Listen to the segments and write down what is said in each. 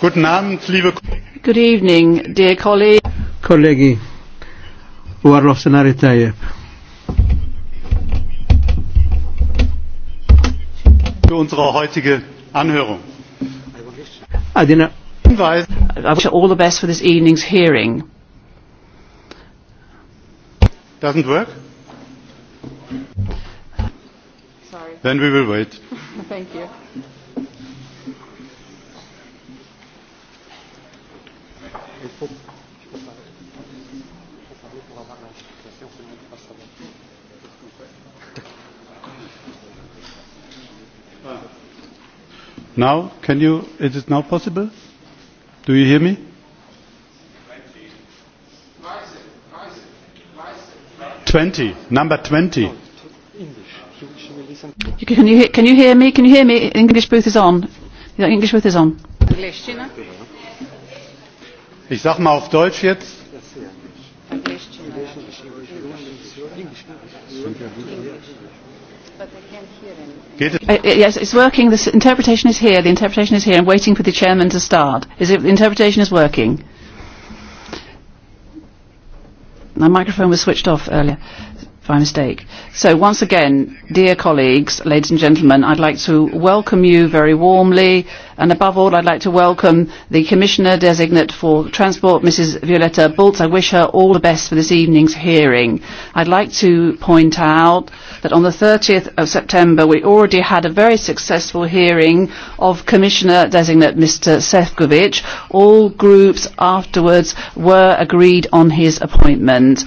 Guten Abend, liebe Good evening, dear colleague. Kollegi, u għarrof senari tajjeb. Für unsere heutige Anhörung. Adina. I wish you all the best for this evening's hearing. Doesn't work? Sorry. Then we will wait. Thank you. Now, can you, is it now possible? Do you hear me? Twenty, number twenty. You can, you, can you hear me? Can you hear me? English booth is on. The English booth is on. Ich sag mal auf Deutsch jetzt. Good. Uh, uh, yes, it's working. The interpretation is here. The interpretation is here. I'm waiting for the chairman to start. Is it? The interpretation is working. My microphone was switched off earlier. Uh, by mistake. So once again, dear colleagues, ladies and gentlemen, I'd like to welcome you very warmly. And above all, I'd like to welcome the Commissioner Designate for Transport, Mrs. Violetta Bultz. I wish her all the best for this evening's hearing. I'd like to point out that on the 30th of September, we already had a very successful hearing of Commissioner Designate Mr. Sefcovic. All groups afterwards were agreed on his appointment.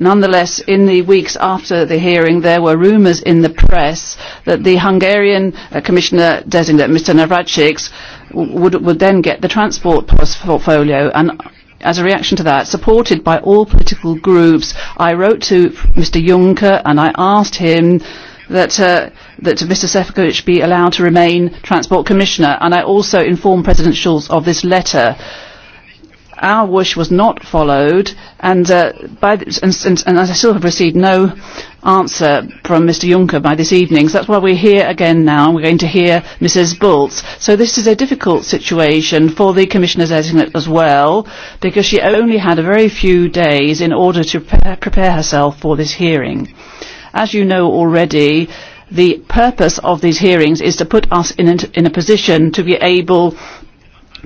Nonetheless, in the weeks after the hearing, there were rumours in the press that the Hungarian uh, Commissioner Designate, Mr. Navracics would, would then get the transport portfolio. And as a reaction to that, supported by all political groups, I wrote to Mr. Juncker and I asked him that uh, that Mr. Sefcovic be allowed to remain Transport Commissioner. And I also informed President Schulz of this letter. Uh, our wish was not followed, and, uh, by th and, and, and I still have received no answer from Mr Juncker by this evening. So that's why we're here again now. and We're going to hear Mrs Bultz. So this is a difficult situation for the Commissioner's designate as well, because she only had a very few days in order to pre prepare herself for this hearing. As you know already, the purpose of these hearings is to put us in a, in a position to be able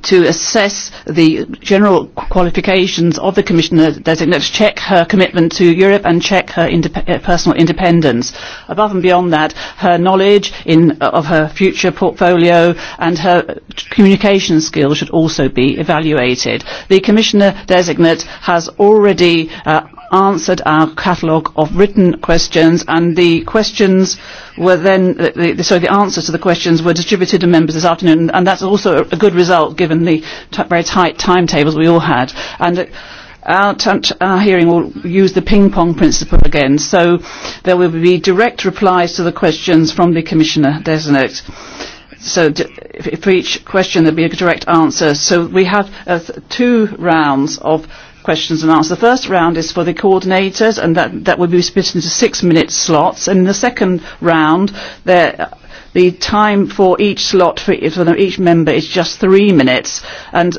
to assess the general qualifications of the commissioner designate, check her commitment to Europe and check her indep uh, personal independence. Above and beyond that, her knowledge in, uh, of her future portfolio and her communication skills should also be evaluated. The commissioner designate has already uh, answered our catalogue of written questions and the questions were then, the, the sorry, the answers to the questions were distributed to members this afternoon, and that's also a good result given the t very tight timetables we all had. And uh, our, our hearing will use the ping-pong principle again, so there will be direct replies to the questions from the Commissioner-designate so for each question there'll be a direct answer. So we have uh, two rounds of questions and answers. The first round is for the coordinators, and that, that will be split into six-minute slots. And in the second round, there, the time for each slot for, for each member is just three minutes. And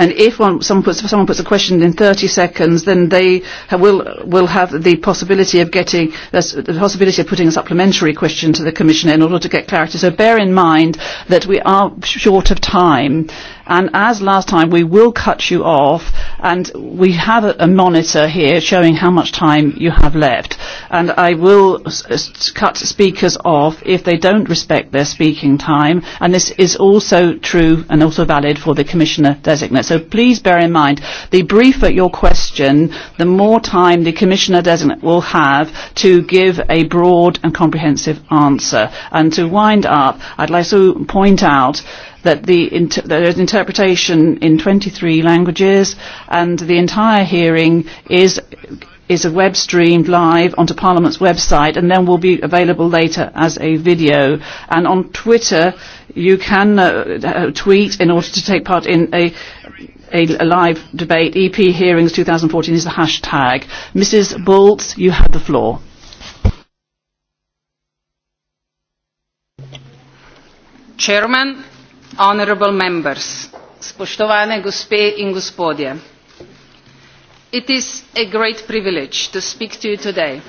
and if one, someone, puts, someone puts a question in 30 seconds, then they ha will, will have the possibility of getting the possibility of putting a supplementary question to the commissioner in order to get clarity. So bear in mind that we are short of time. And as last time, we will cut you off, and we have a, a monitor here showing how much time you have left. And I will s cut speakers off if they don't respect their speaking time, and this is also true and also valid for the Commissioner designate. So please bear in mind, the briefer your question, the more time the Commissioner designate will have to give a broad and comprehensive answer. And to wind up, I'd like to point out that the inter there is interpretation in 23 languages and the entire hearing is is a web streamed live onto Parliament's website and then will be available later as a video. And on Twitter, you can uh, uh tweet in order to take part in a a, a live debate. EP Hearings 2014 is the hashtag. Mrs. Bultz, you have the floor. Chairman, honorable members, spoštovane gospe in gospodje. It is a great privilege to speak to you today.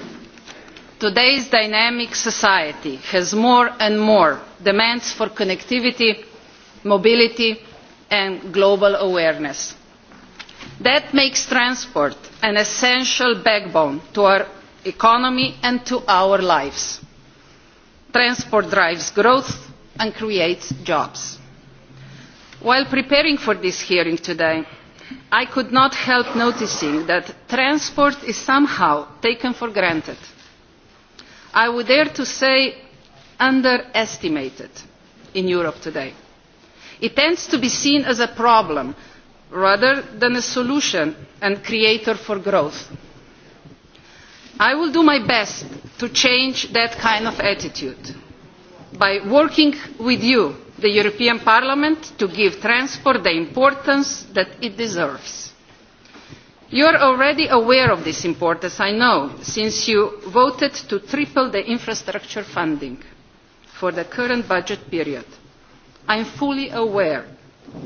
Today's dynamic society has more and more demands for connectivity, mobility and global awareness. That makes transport an essential backbone to our economy and to our lives. Transport drives growth and creates jobs. While preparing for this hearing today, I could not help noticing that transport is somehow taken for granted. I would dare to say underestimated in Europe today. It tends to be seen as a problem rather than a solution and creator for growth. I will do my best to change that kind of attitude by working with you the European Parliament to give transport the importance that it deserves. You are already aware of this importance, I know, since you voted to triple the infrastructure funding for the current budget period. I am fully aware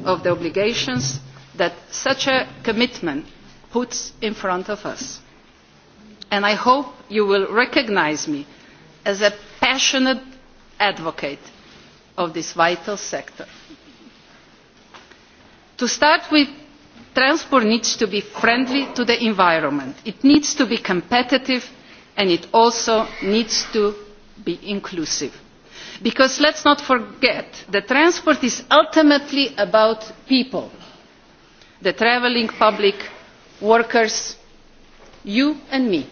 of the obligations that such a commitment puts in front of us. And I hope you will recognise me as a passionate advocate of this vital sector. To start with, transport needs to be friendly to the environment. It needs to be competitive and it also needs to be inclusive. Because let's not forget that transport is ultimately about people, the travelling public, workers, you and me.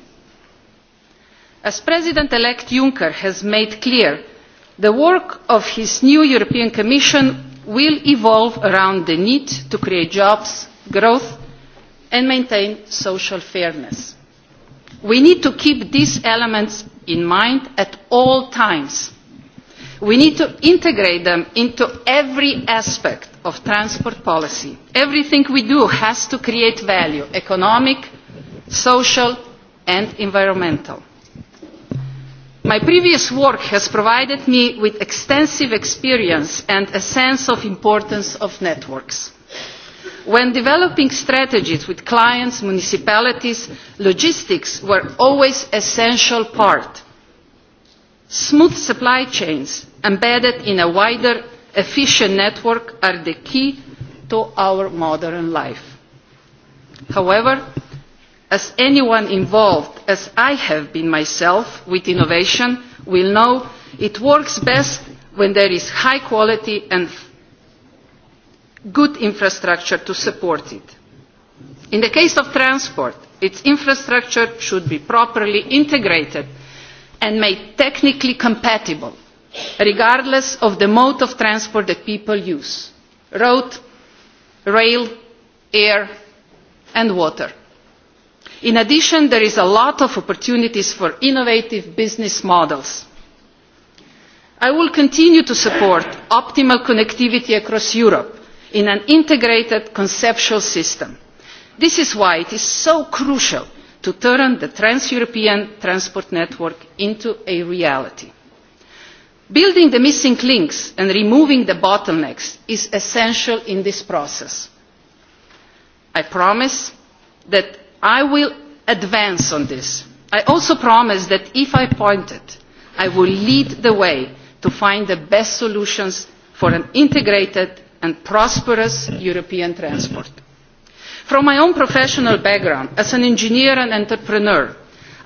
As President-elect Juncker has made clear, The work of his new European Commission will evolve around the need to create jobs, growth and maintain social fairness. We need to keep these elements in mind at all times. We need to integrate them into every aspect of transport policy. Everything we do has to create value, economic, social and environmental. My previous work has provided me with extensive experience and a sense of importance of networks. When developing strategies with clients, municipalities, logistics were always an essential part. Smooth supply chains embedded in a wider, efficient network are the key to our modern life. However, as anyone involved, as I have been myself with innovation, will know it works best when there is high quality and good infrastructure to support it. In the case of transport, its infrastructure should be properly integrated and made technically compatible, regardless of the mode of transport that people use, road, rail, air and water. In addition, there is a lot of opportunities for innovative business models. I will continue to support optimal connectivity across Europe in an integrated conceptual system. This is why it is so crucial to turn the trans-European transport network into a reality. Building the missing links and removing the bottlenecks is essential in this process. I promise that I will advance on this. I also promise that if I point it, I will lead the way to find the best solutions for an integrated and prosperous European transport. From my own professional background, as an engineer and entrepreneur,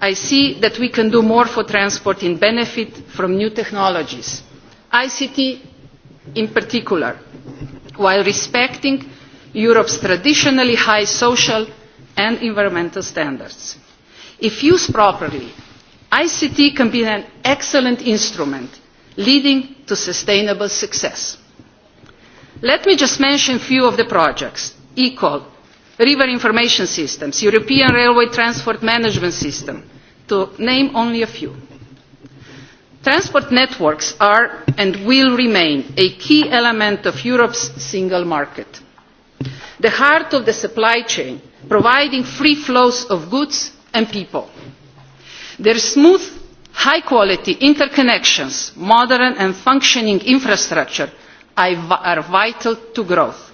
I see that we can do more for transport in benefit from new technologies, ICT in particular, while respecting Europe's traditionally high social and environmental standards. If used properly, ICT can be an excellent instrument leading to sustainable success. Let me just mention a few of the projects. ECOL, River Information Systems, European Railway Transport Management System, to name only a few. Transport networks are and will remain a key element of Europe's single market. The heart of the supply chain providing free flows of goods and people. Their smooth, high-quality interconnections, modern and functioning infrastructure are vital to growth.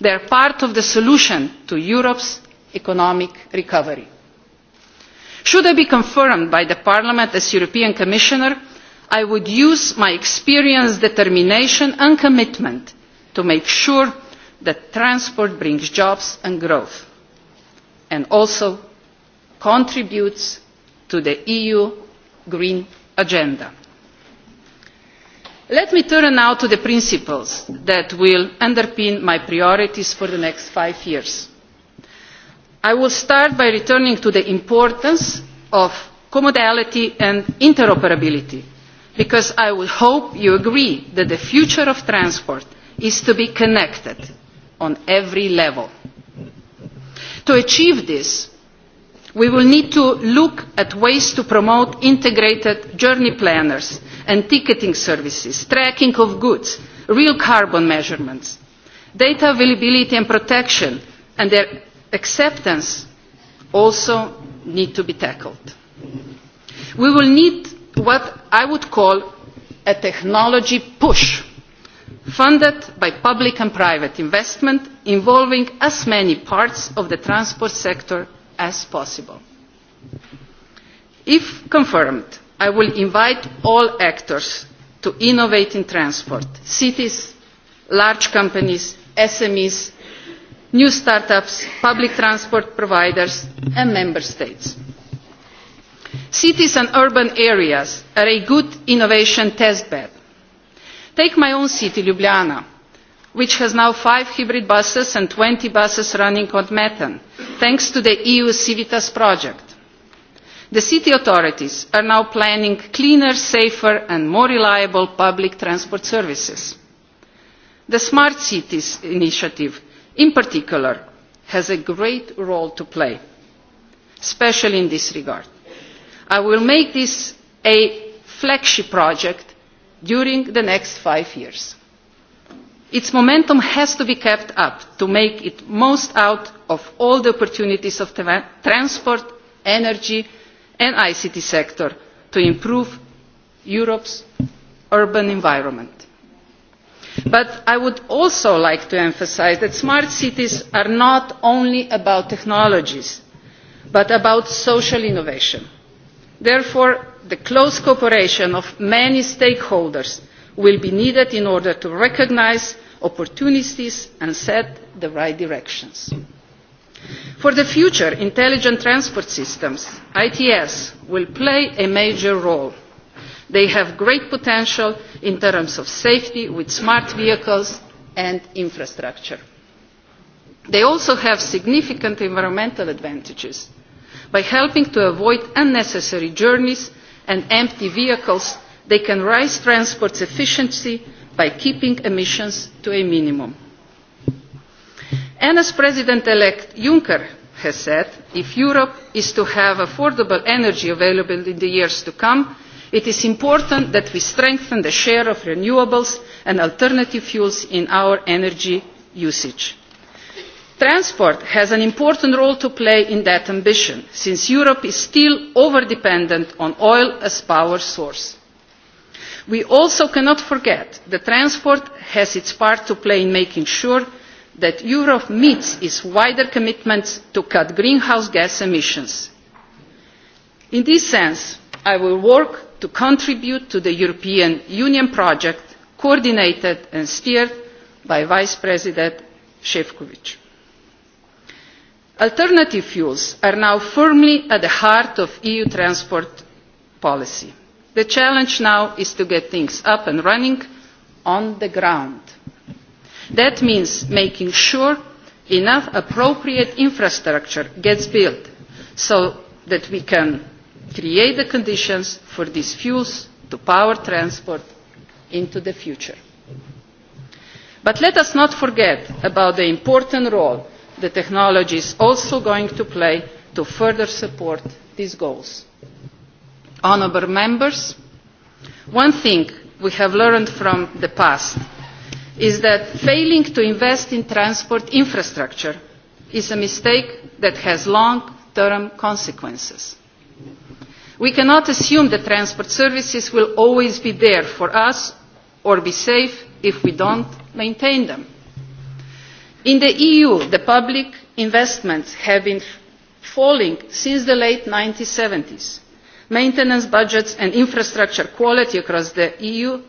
They are part of the solution to Europe's economic recovery. Should I be confirmed by the Parliament as European Commissioner, I would use my experience, determination and commitment to make sure that transport brings jobs and growth and also contributes to the EU Green Agenda. Let me turn now to the principles that will underpin my priorities for the next five years. I will start by returning to the importance of commodality and interoperability, because I would hope you agree that the future of transport is to be connected on every level. To achieve this, we will need to look at ways to promote integrated journey planners and ticketing services, tracking of goods, real carbon measurements, data availability and protection, and their acceptance also need to be tackled. We will need what I would call a technology push funded by public and private investment involving as many parts of the transport sector as possible. If confirmed, I will invite all actors to innovate in transport, cities, large companies, SMEs, new startups, public transport providers and member states. Cities and urban areas are a good innovation testbed Take my own city, Ljubljana, which has now five hybrid buses and 20 buses running on methane, thanks to the EU Civitas project. The city authorities are now planning cleaner, safer and more reliable public transport services. The Smart Cities initiative, in particular, has a great role to play, especially in this regard. I will make this a flagship project during the next five years. Its momentum has to be kept up to make it most out of all the opportunities of the transport, energy and ICT sector to improve Europe's urban environment. But I would also like to emphasise that smart cities are not only about technologies, but about social innovation. Therefore, the close cooperation of many stakeholders will be needed in order to recognise opportunities and set the right directions. For the future intelligent transport systems, ITS will play a major role. They have great potential in terms of safety with smart vehicles and infrastructure. They also have significant environmental advantages by helping to avoid unnecessary journeys and empty vehicles, they can raise transport efficiency by keeping emissions to a minimum. And as President-elect Juncker has said, if Europe is to have affordable energy available in the years to come, it is important that we strengthen the share of renewables and alternative fuels in our energy usage transport has an important role to play in that ambition, since Europe is still over-dependent on oil as a power source. We also cannot forget that transport has its part to play in making sure that Europe meets its wider commitments to cut greenhouse gas emissions. In this sense, I will work to contribute to the European Union project coordinated and steered by Vice President Shevkovich. Alternative fuels are now firmly at the heart of EU transport policy. The challenge now is to get things up and running on the ground. That means making sure enough appropriate infrastructure gets built so that we can create the conditions for these fuels to power transport into the future. But let us not forget about the important role the technology is also going to play to further support these goals. Honourable members, one thing we have learned from the past is that failing to invest in transport infrastructure is a mistake that has long-term consequences. We cannot assume that transport services will always be there for us or be safe if we don't maintain them. In the EU, the public investments have been falling since the late 1970s. Maintenance budgets and infrastructure quality across the EU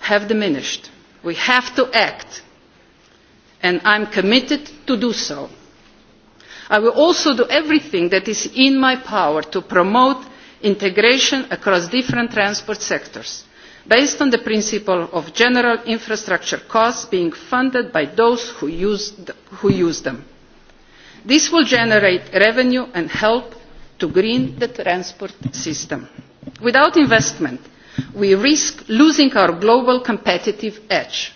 have diminished. We have to act, and I'm committed to do so. I will also do everything that is in my power to promote integration across different transport sectors based on the principle of general infrastructure costs being funded by those who use, the, who use them. This will generate revenue and help to green the transport system. Without investment, we risk losing our global competitive edge.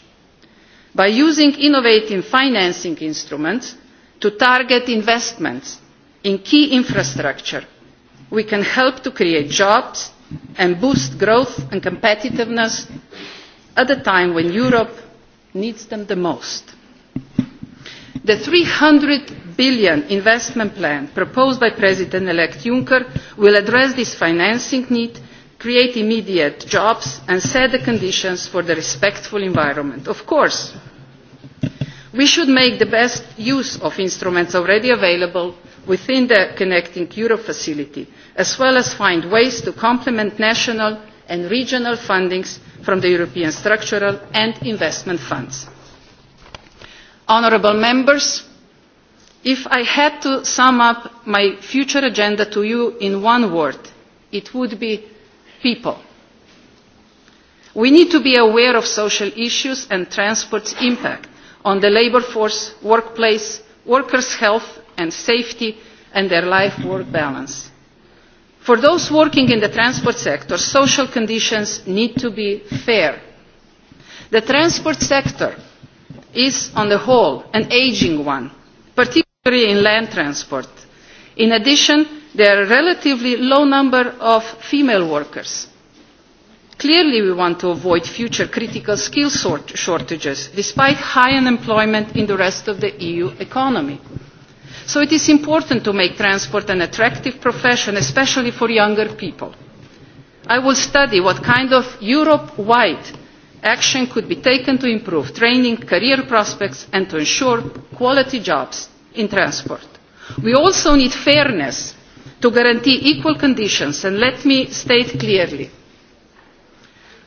By using innovative financing instruments to target investments in key infrastructure, we can help to create jobs and boost growth and competitiveness at a time when Europe needs them the most. The EUR three hundred billion investment plan proposed by President-elect Juncker will address this financing need, create immediate jobs and set the conditions for the respectful environment. Of course, we should make the best use of instruments already available within the Connecting Europe facility, as well as find ways to complement national and regional fundings from the European structural and investment funds. Honourable members, if I had to sum up my future agenda to you in one word, it would be people. We need to be aware of social issues and transport's impact on the labour force, workplace, workers' health and safety and their life-work balance. For those working in the transport sector, social conditions need to be fair. The transport sector is, on the whole, an aging one, particularly in land transport. In addition, there are a relatively low number of female workers. Clearly, we want to avoid future critical skill shortages, despite high unemployment in the rest of the EU economy. So it is important to make transport an attractive profession, especially for younger people. I will study what kind of Europe-wide action could be taken to improve training, career prospects and to ensure quality jobs in transport. We also need fairness to guarantee equal conditions and let me state clearly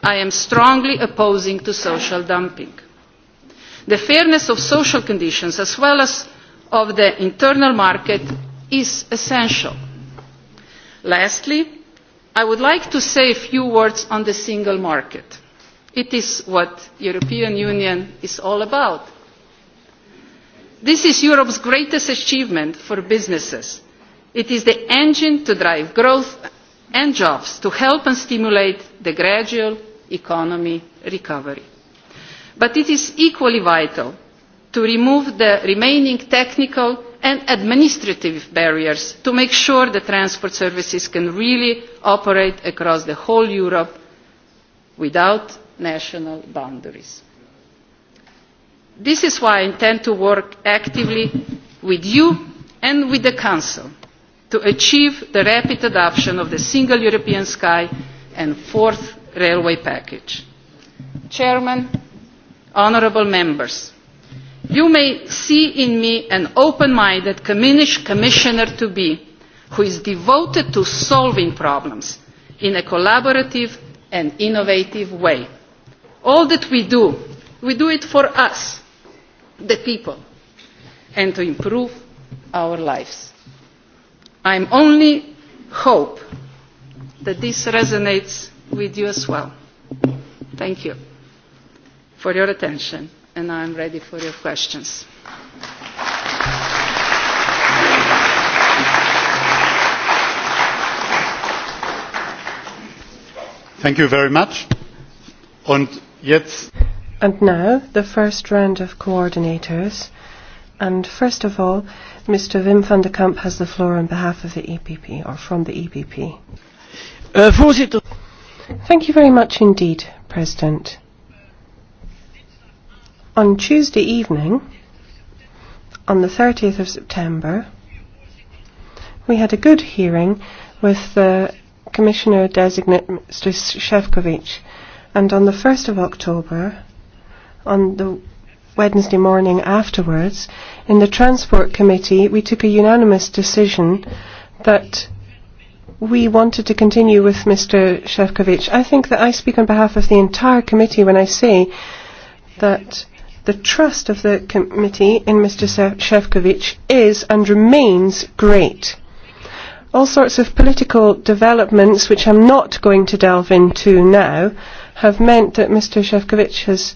I am strongly opposing to social dumping. The fairness of social conditions as well as of the internal market is essential. Lastly, I would like to say a few words on the single market. It is what the European Union is all about. This is Europe's greatest achievement for businesses. It is the engine to drive growth and jobs to help and stimulate the gradual economy recovery. But it is equally vital to remove the remaining technical and administrative barriers to make sure that transport services can really operate across the whole Europe without national boundaries. This is why I intend to work actively with you and with the Council to achieve the rapid adoption of the Single European Sky and Fourth Railway Package. Chairman, honourable members, You may see in me an open-minded commissioner to be, who is devoted to solving problems in a collaborative and innovative way. All that we do, we do it for us, the people, and to improve our lives. I only hope that this resonates with you as well. Thank you for your attention and I'm ready for your questions. Thank you very much. Und jetzt And now the first round of coordinators. And first of all, Mr. Wim van der Kamp has the floor on behalf of the EPP, or from the EPP. Uh, eh, Thank you very much indeed, President. On Tuesday evening, on the 30th of September, we had a good hearing with the Commissioner Designate Mr. Shevkovich, and on the 1st of October, on the Wednesday morning afterwards, in the Transport Committee, we took a unanimous decision that we wanted to continue with Mr. Shevkovich. I think that I speak on behalf of the entire committee when I say that The trust of the committee in Mr. Shevkovich is and remains great. All sorts of political developments, which I'm not going to delve into now, have meant that Mr. Shevkovich has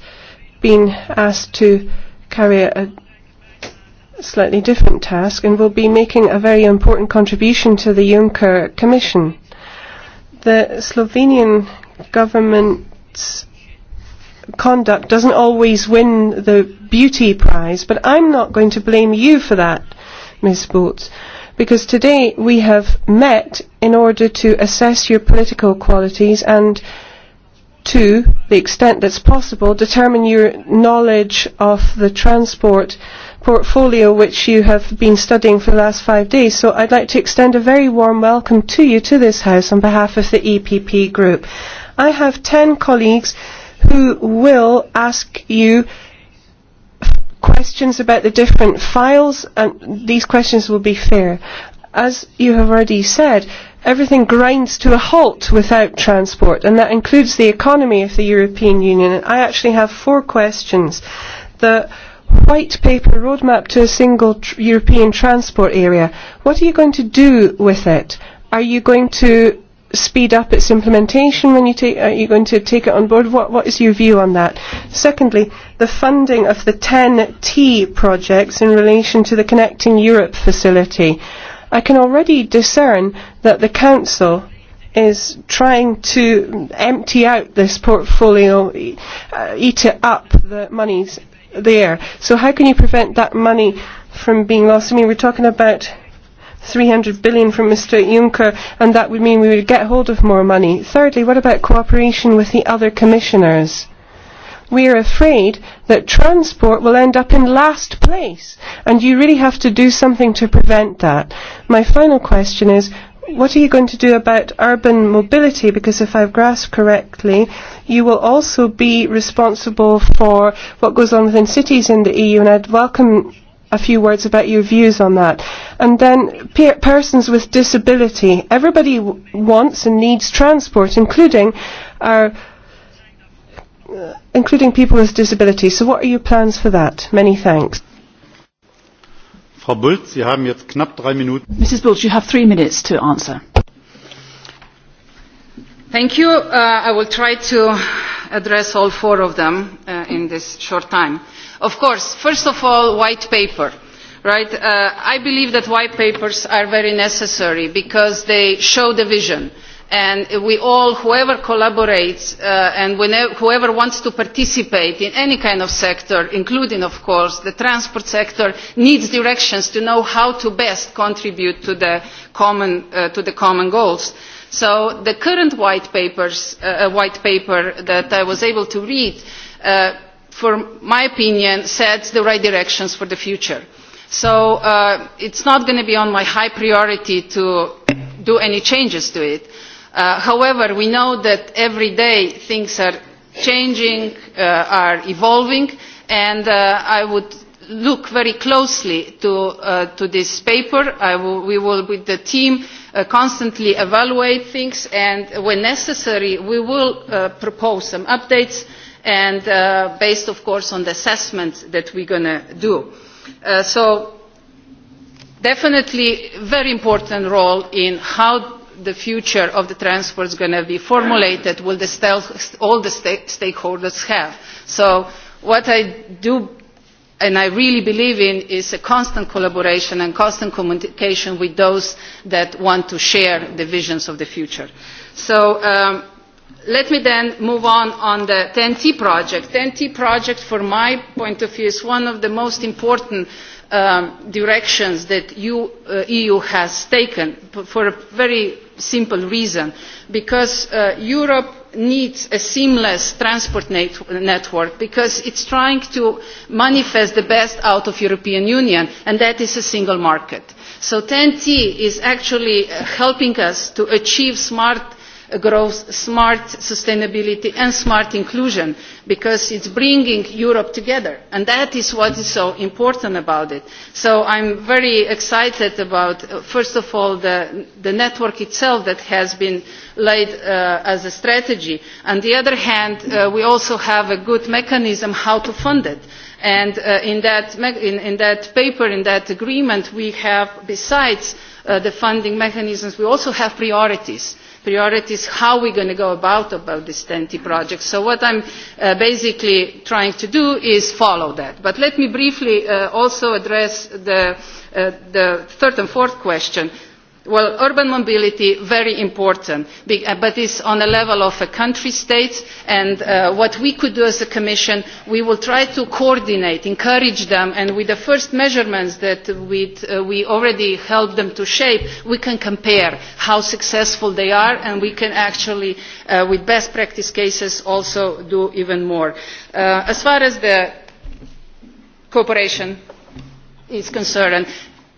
been asked to carry a slightly different task and will be making a very important contribution to the Juncker Commission. The Slovenian government's conduct doesn't always win the beauty prize, but I'm not going to blame you for that, Ms. Boots, because today we have met in order to assess your political qualities and to the extent that's possible, determine your knowledge of the transport portfolio which you have been studying for the last five days. So I'd like to extend a very warm welcome to you to this House on behalf of the EPP group. I have ten colleagues who will ask you questions about the different files, and these questions will be fair. As you have already said, everything grinds to a halt without transport, and that includes the economy of the European Union. And I actually have four questions. The white paper roadmap to a single tr European transport area, what are you going to do with it? Are you going to speed up its implementation when you take, are uh, you going to take it on board? What, what is your view on that? Secondly, the funding of the 10T projects in relation to the Connecting Europe facility. I can already discern that the Council is trying to empty out this portfolio, uh, eat it up, the monies there. So how can you prevent that money from being lost? I mean, we're talking about 300 billion from Mr. Juncker, and that would mean we would get hold of more money. Thirdly, what about cooperation with the other commissioners? we are afraid that transport will end up in last place, and you really have to do something to prevent that. My final question is, what are you going to do about urban mobility? Because if I've grasped correctly, you will also be responsible for what goes on within cities in the EU, and I'd welcome a few words about your views on that. And then pe persons with disability. Everybody wants and needs transport, including our uh, including people with disabilities. So what are your plans for that? Many thanks. Frau Bult, Sie haben jetzt knapp drei Minuten. Mrs. Bult, you have three minutes to answer. Thank you. Uh, I will try to address all four of them uh, in this short time. Uh, Of course, first of all, white paper. Right? Uh, I believe that white papers are very necessary because they show the vision. And we all, whoever collaborates uh, and whenever, whoever wants to participate in any kind of sector, including, of course, the transport sector, needs directions to know how to best contribute to the common, uh, to the common goals. So the current white, papers, uh, uh white paper that I was able to read uh, for my opinion, sets the right directions for the future. So uh, it's not going to be on my high priority to do any changes to it. Uh, however, we know that every day things are changing, uh, are evolving, and uh, I would look very closely to, uh, to this paper. I will, we will, with the team, uh, constantly evaluate things, and when necessary, we will uh, propose some updates and uh, based, of course, on the assessment that we're going to do. Uh, so definitely very important role in how the future of the transport is going to be formulated will the st all the st stakeholders have. So what I do and I really believe in is a constant collaboration and constant communication with those that want to share the visions of the future. So um, let me then move on on the TNT project. TNT project, from my point of view, is one of the most important um, directions that you, uh, EU has taken for a very simple reason, because uh, Europe needs a seamless transport net network because it's trying to manifest the best out of European Union, and that is a single market. So TNT is actually uh, helping us to achieve smart growth, smart sustainability and smart inclusion because it's bringing Europe together and that is what is so important about it. So I'm very excited about, uh, first of all, the, the network itself that has been laid uh, as a strategy. On the other hand, uh, we also have a good mechanism how to fund it. And uh, in, that, in, in that paper, in that agreement, we have, besides uh, the funding mechanisms, we also have priorities priorities, how we're going to go about, about this TEN-T project. So what I'm uh, basically trying to do is follow that. But let me briefly uh, also address the, uh, the third and fourth question Well, urban mobility, very important, uh, but it's on the level of a country state, and uh, what we could do as a Commission, we will try to coordinate, encourage them, and with the first measurements that uh, we already helped them to shape, we can compare how successful they are, and we can actually, uh, with best practice cases, also do even more. Uh, as far as the cooperation is concerned,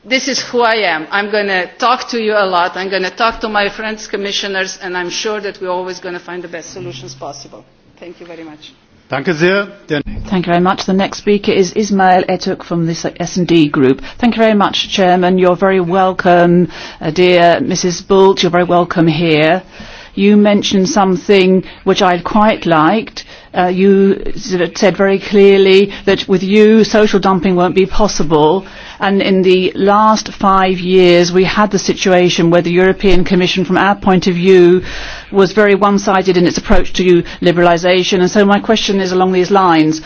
this is who I am. I'm going to talk to you a lot. I'm going to talk to my friends, commissioners, and I'm sure that we're always going to find the best solutions possible. Thank you very much. Thank you very much. The next speaker is Ismail Etuk from the S&D Group. Thank you very much, Chairman. You're very welcome, uh, dear Mrs. Bult. You're very welcome here. You mentioned something which I quite liked Uh, you said very clearly that with you, social dumping won't be possible. And in the last five years, we had the situation where the European Commission, from our point of view, was very one-sided in its approach to liberalisation. And so my question is along these lines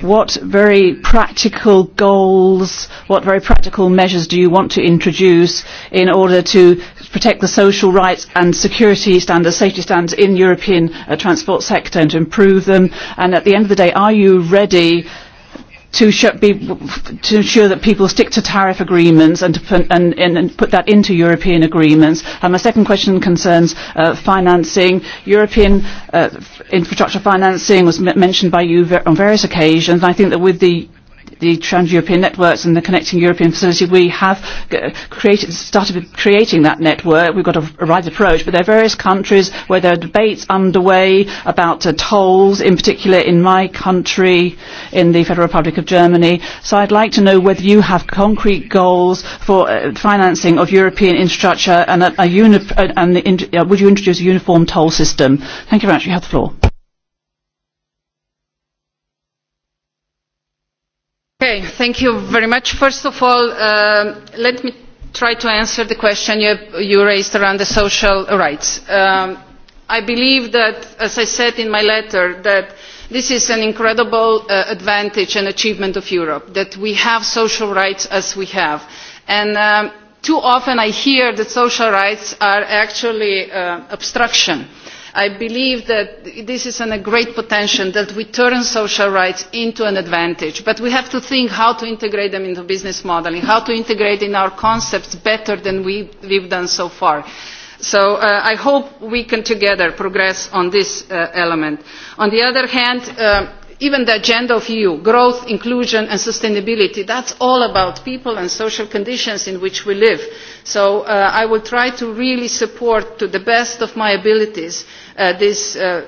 what very practical goals, what very practical measures do you want to introduce in order to protect the social rights and security standards, safety standards in European uh, transport sector and to improve them? And at the end of the day, are you ready to, sh be, to ensure that people stick to tariff agreements and, to put, and, and, and put that into European agreements. And my second question concerns uh, financing. European uh, infrastructure financing was mentioned by you on various occasions. And I think that with the the Trans-European networks and the Connecting European Facility, we have created, started creating that network. We've got a, a right approach, but there are various countries where there are debates underway about uh, tolls, in particular in my country, in the Federal Republic of Germany. So I'd like to know whether you have concrete goals for uh, financing of European infrastructure and, a, a uni uh, and the, uh, would you introduce a uniform toll system? Thank you very much. You have the floor. Okay, thank you very much. First of all, uh, let me try to answer the question you, you raised around the social rights. Um, I believe that, as I said in my letter, that this is an incredible uh, advantage and achievement of Europe, that we have social rights as we have. And um, too often I hear that social rights are actually uh, obstruction I believe that this is an, a great potential that we turn social rights into an advantage. But we have to think how to integrate them into business modeling, how to integrate in our concepts better than we, we've done so far. So uh, I hope we can together progress on this uh, element. On the other hand, uh, even the agenda of eu growth inclusion and sustainability that's all about people and social conditions in which we live so uh, i will try to really support to the best of my abilities uh, this uh,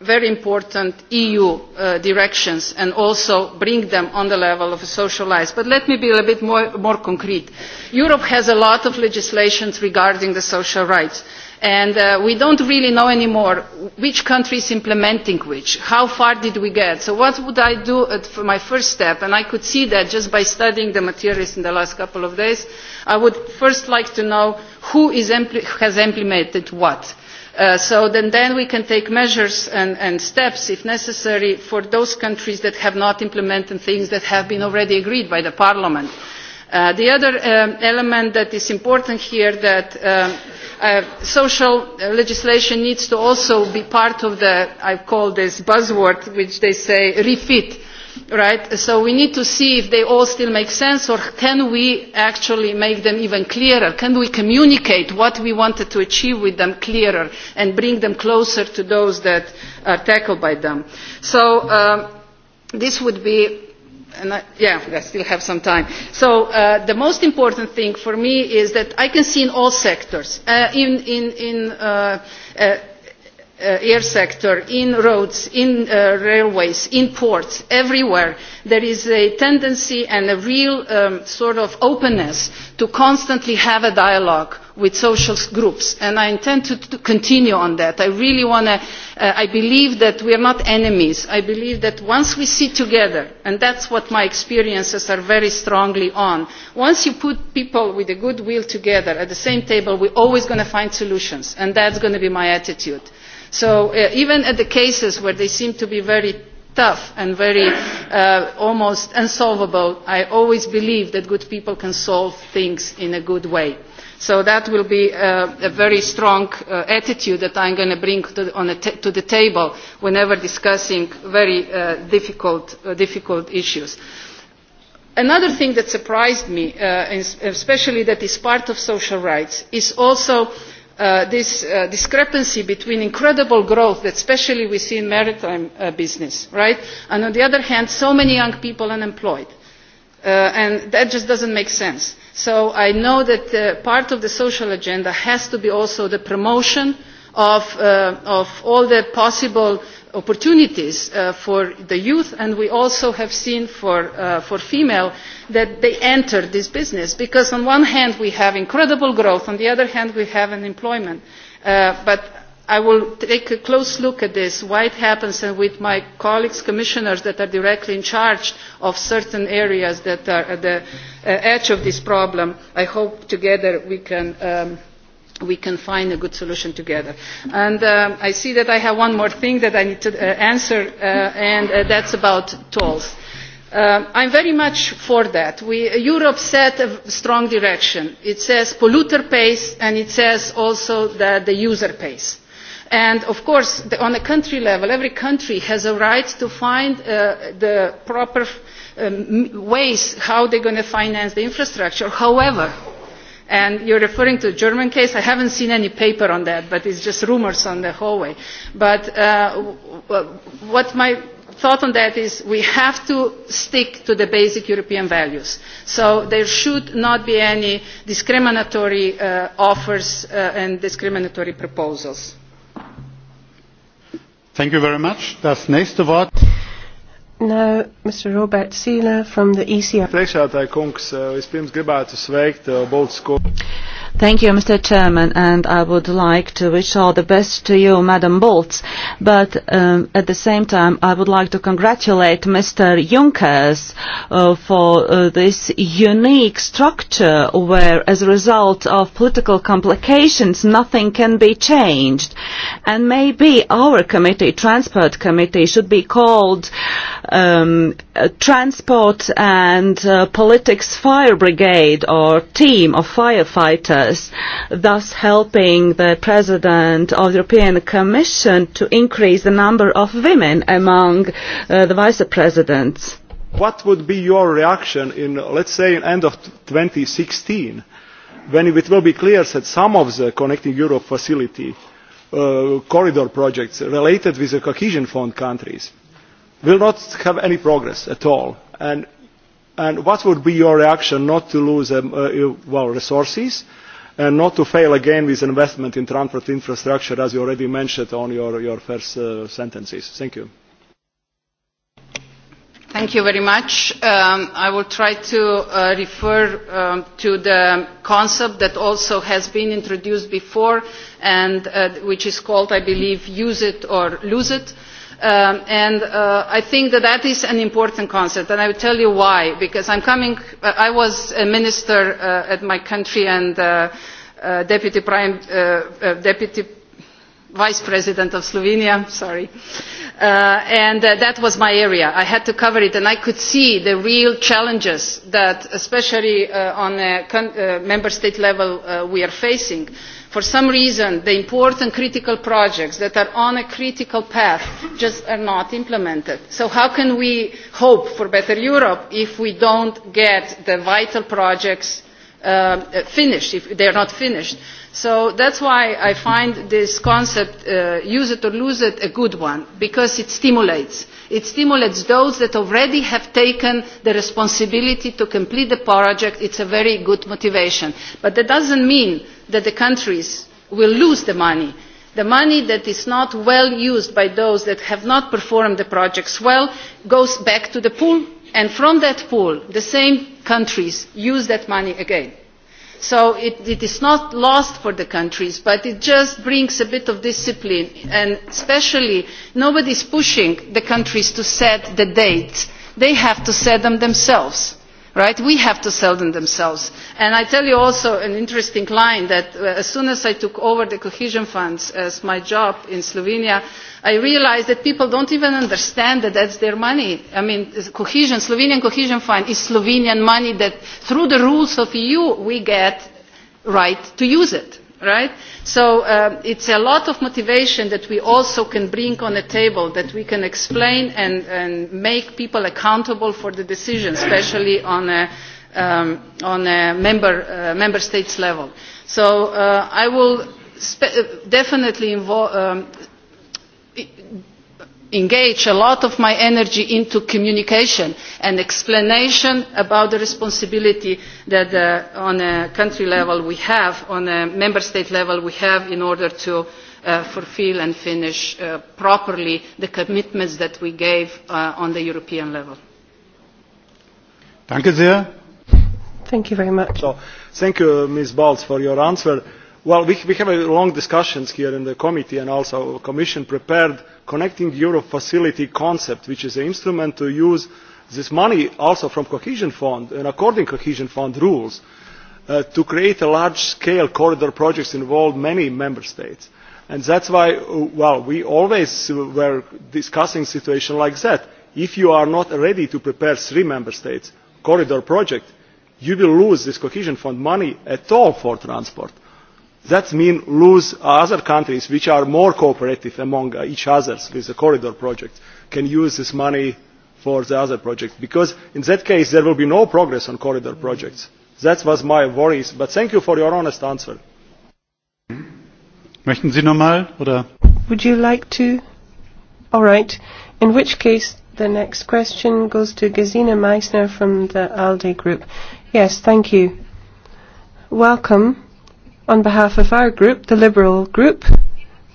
very important EU uh, directions and also bring them on the level of a social But let me be a little bit more, more concrete. Europe has a lot of legislation regarding the social rights. And uh, we don't really know anymore which country is implementing which, how far did we get. So what would I do at, for my first step? And I could see that just by studying the materials in the last couple of days. I would first like to know who is impl has implemented what. Uh, so then, then we can take measures and, and steps, if necessary, for those countries that have not implemented things that have been already agreed by the Parliament. Uh, the other um, element that is important here that um, uh, social legislation needs to also be part of the, I call this buzzword, which they say refit, right? So we need to see if they all still make sense or can we actually make them even clearer? Can we communicate what we wanted to achieve with them clearer and bring them closer to those that are tackled by them? So um, this would be and I, yeah, I still have some time. So uh, the most important thing for me is that I can see in all sectors, uh, in, in, in uh, uh, uh, air sector, in roads, in uh, railways, in ports, everywhere, there is a tendency and a real um, sort of openness to constantly have a dialogue with social groups. And I intend to, to continue on that. I really want to, uh, I believe that we are not enemies. I believe that once we sit together, and that's what my experiences are very strongly on, once you put people with a good will together at the same table, we're always going to find solutions. And that's going to be my attitude. So uh, even at the cases where they seem to be very tough and very uh, almost unsolvable, I always believe that good people can solve things in a good way. So that will be uh, a very strong uh, attitude that I'm going to bring to, the table whenever discussing very uh, difficult, uh, difficult issues. Another thing that surprised me, uh, especially that is part of social rights, is also uh, this uh, discrepancy between incredible growth that especially we see in maritime uh, business, right? And on the other hand, so many young people unemployed. Uh, and that just doesn't make sense. So I know that uh, part of the social agenda has to be also the promotion of, uh, of all the possible opportunities uh, for the youth and we also have seen for, uh, for female that they enter this business because on one hand we have incredible growth, on the other hand we have unemployment. Uh, but I will take a close look at this, why it happens, and with my colleagues, commissioners that are directly in charge of certain areas that are at the uh, edge of this problem. I hope together we can um, we can find a good solution together. And uh, I see that I have one more thing that I need to uh, answer, uh, and uh, that's about tolls. Uh, I'm very much for that. We, Europe set a strong direction. It says polluter pays, and it says also that the user pays. And of course, the, on a country level, every country has a right to find uh, the proper um, ways how they're going to finance the infrastructure. However, And you're referring to the German case. I haven't seen any paper on that, but it's just rumors on the hallway. But uh, what my thought on that is we have to stick to the basic European values. So there should not be any discriminatory uh, offers uh, and discriminatory proposals. Thank you very much. Das nächste Wort. Now, Mr. Robert Sina from the ECR. Priekšā tā kungs, eh, vispirms gribētu sveikt eh, Boltsko. Uh, Thank you, Mr. Chairman, and I would like to wish all the best to you, Madam Boltz. But um, at the same time, I would like to congratulate Mr. Junkers uh, for uh, this unique structure where, as a result of political complications, nothing can be changed. And maybe our committee, Transport Committee, should be called um, Transport and uh, Politics Fire Brigade or Team of Firefighters business, thus helping the President of the European Commission to increase the number of women among uh, the Vice Presidents. What would be your reaction in, let's say, in end of 2016, when it will be clear that some of the Connecting Europe facility uh, corridor projects related with the cohesion fund countries will not have any progress at all. And, and what would be your reaction not to lose um, uh, uh well, resources and not to fail again with investment in transport infrastructure as you already mentioned on your, your first uh, sentences. Thank you. Thank you very much. Um, I will try to uh, refer um, to the concept that also has been introduced before and uh, which is called, I believe, use it or lose it Um, and uh, I think that that is an important concept, and I will tell you why. Because I'm coming, uh, I was a minister uh, at my country and uh, uh, deputy prime, uh, uh, deputy vice president of Slovenia, sorry. Uh, and uh, that was my area. I had to cover it, and I could see the real challenges that, especially uh, on a con uh, member state level, uh, we are facing. Uh, For some reason, the important critical projects that are on a critical path just are not implemented. So how can we hope for better Europe if we don't get the vital projects Um, uh, finished, if they are not finished. So that's why I find this concept, uh, use it or lose it, a good one, because it stimulates. It stimulates those that already have taken the responsibility to complete the project. It's a very good motivation. But that doesn't mean that the countries will lose the money. The money that is not well used by those that have not performed the projects well goes back to the pool And from that pool, the same countries use that money again. So it, it is not lost for the countries, but it just brings a bit of discipline. And especially, nobody is pushing the countries to set the dates. They have to set them themselves right? We have to sell them themselves. And I tell you also an interesting line that uh, as soon as I took over the cohesion funds as my job in Slovenia, I realized that people don't even understand that that's their money. I mean, cohesion, Slovenian cohesion fund is Slovenian money that through the rules of EU we get right to use it right? So uh, it's a lot of motivation that we also can bring on the table, that we can explain and, and make people accountable for the decision, especially on a, um, on a member, uh, member states level. So uh, I will spe uh, definitely involve um, engage a lot of my energy into communication and explanation about the responsibility that uh, on a country level we have, on a member state level we have in order to uh, fulfill and finish uh, properly the commitments that we gave uh, on the European level. Danke sehr. Thank you very much. So, thank you, Ms. Balz, for your answer. Well, we, we have a long discussions here in the committee and also the Commission prepared Connecting Europe Facility concept, which is an instrument to use this money also from Cohesion Fund and according to Cohesion Fund rules uh, to create a large-scale corridor projects involved many member states. And that's why, uh, well, we always were discussing situation like that. If you are not ready to prepare three member states corridor project, you will lose this cohesion fund money at all for transport. That means lose other countries which are more cooperative among each other with the corridor project can use this money for the other projects because in that case there will be no progress on corridor projects. That was my worries, but thank you for your honest answer. Möchten Sie nochmal oder? Would you like to? All right. In which case, the next question goes to Gesine Meissner from the ALDE group. Yes, thank you. Welcome On behalf of our group, the Liberal Group,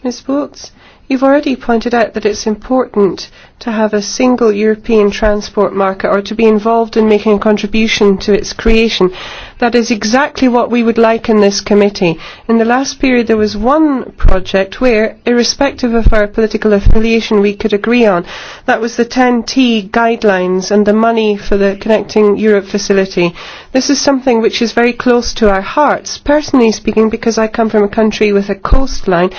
Ms. Boots, You've already pointed out that it's important to have a single European transport market or to be involved in making a contribution to its creation. That is exactly what we would like in this committee. In the last period there was one project where, irrespective of our political affiliation, we could agree on. That was the 10T guidelines and the money for the Connecting Europe facility. This is something which is very close to our hearts, personally speaking, because I come from a country with a coastline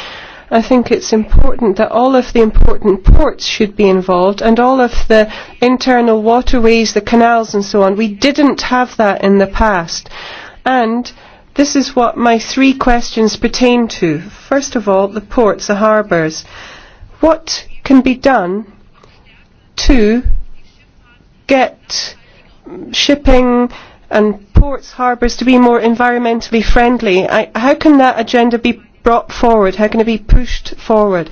I think it's important that all of the important ports should be involved and all of the internal waterways, the canals and so on. We didn't have that in the past. And this is what my three questions pertain to. First of all, the ports, the harbours. What can be done to get shipping and ports, harbours to be more environmentally friendly? I, how can that agenda be brought forward, how can it be pushed forward?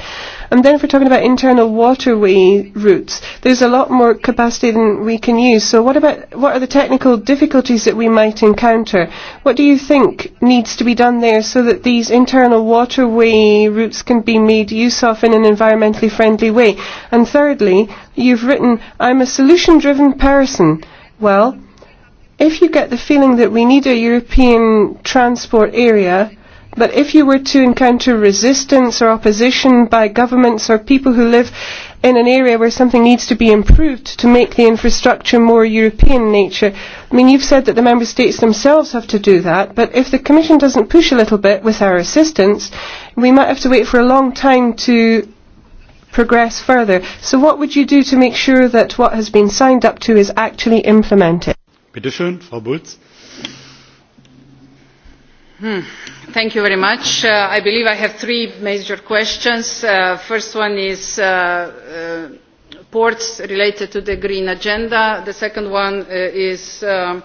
And then if we're talking about internal waterway routes, there's a lot more capacity than we can use. So what about, what are the technical difficulties that we might encounter? What do you think needs to be done there so that these internal waterway routes can be made use of in an environmentally friendly way? And thirdly, you've written, I'm a solution-driven person. Well, if you get the feeling that we need a European transport area, But if you were to encounter resistance or opposition by governments or people who live in an area where something needs to be improved to make the infrastructure more European in nature, I mean, you've said that the member states themselves have to do that, but if the Commission doesn't push a little bit with our assistance, we might have to wait for a long time to progress further. So what would you do to make sure that what has been signed up to is actually implemented? Bitte schön, Frau Bulz. Hmm. Thank you very much. Uh, I believe I have three major questions. Uh, first one is uh, uh, ports related to the green agenda. The second one uh, is uh,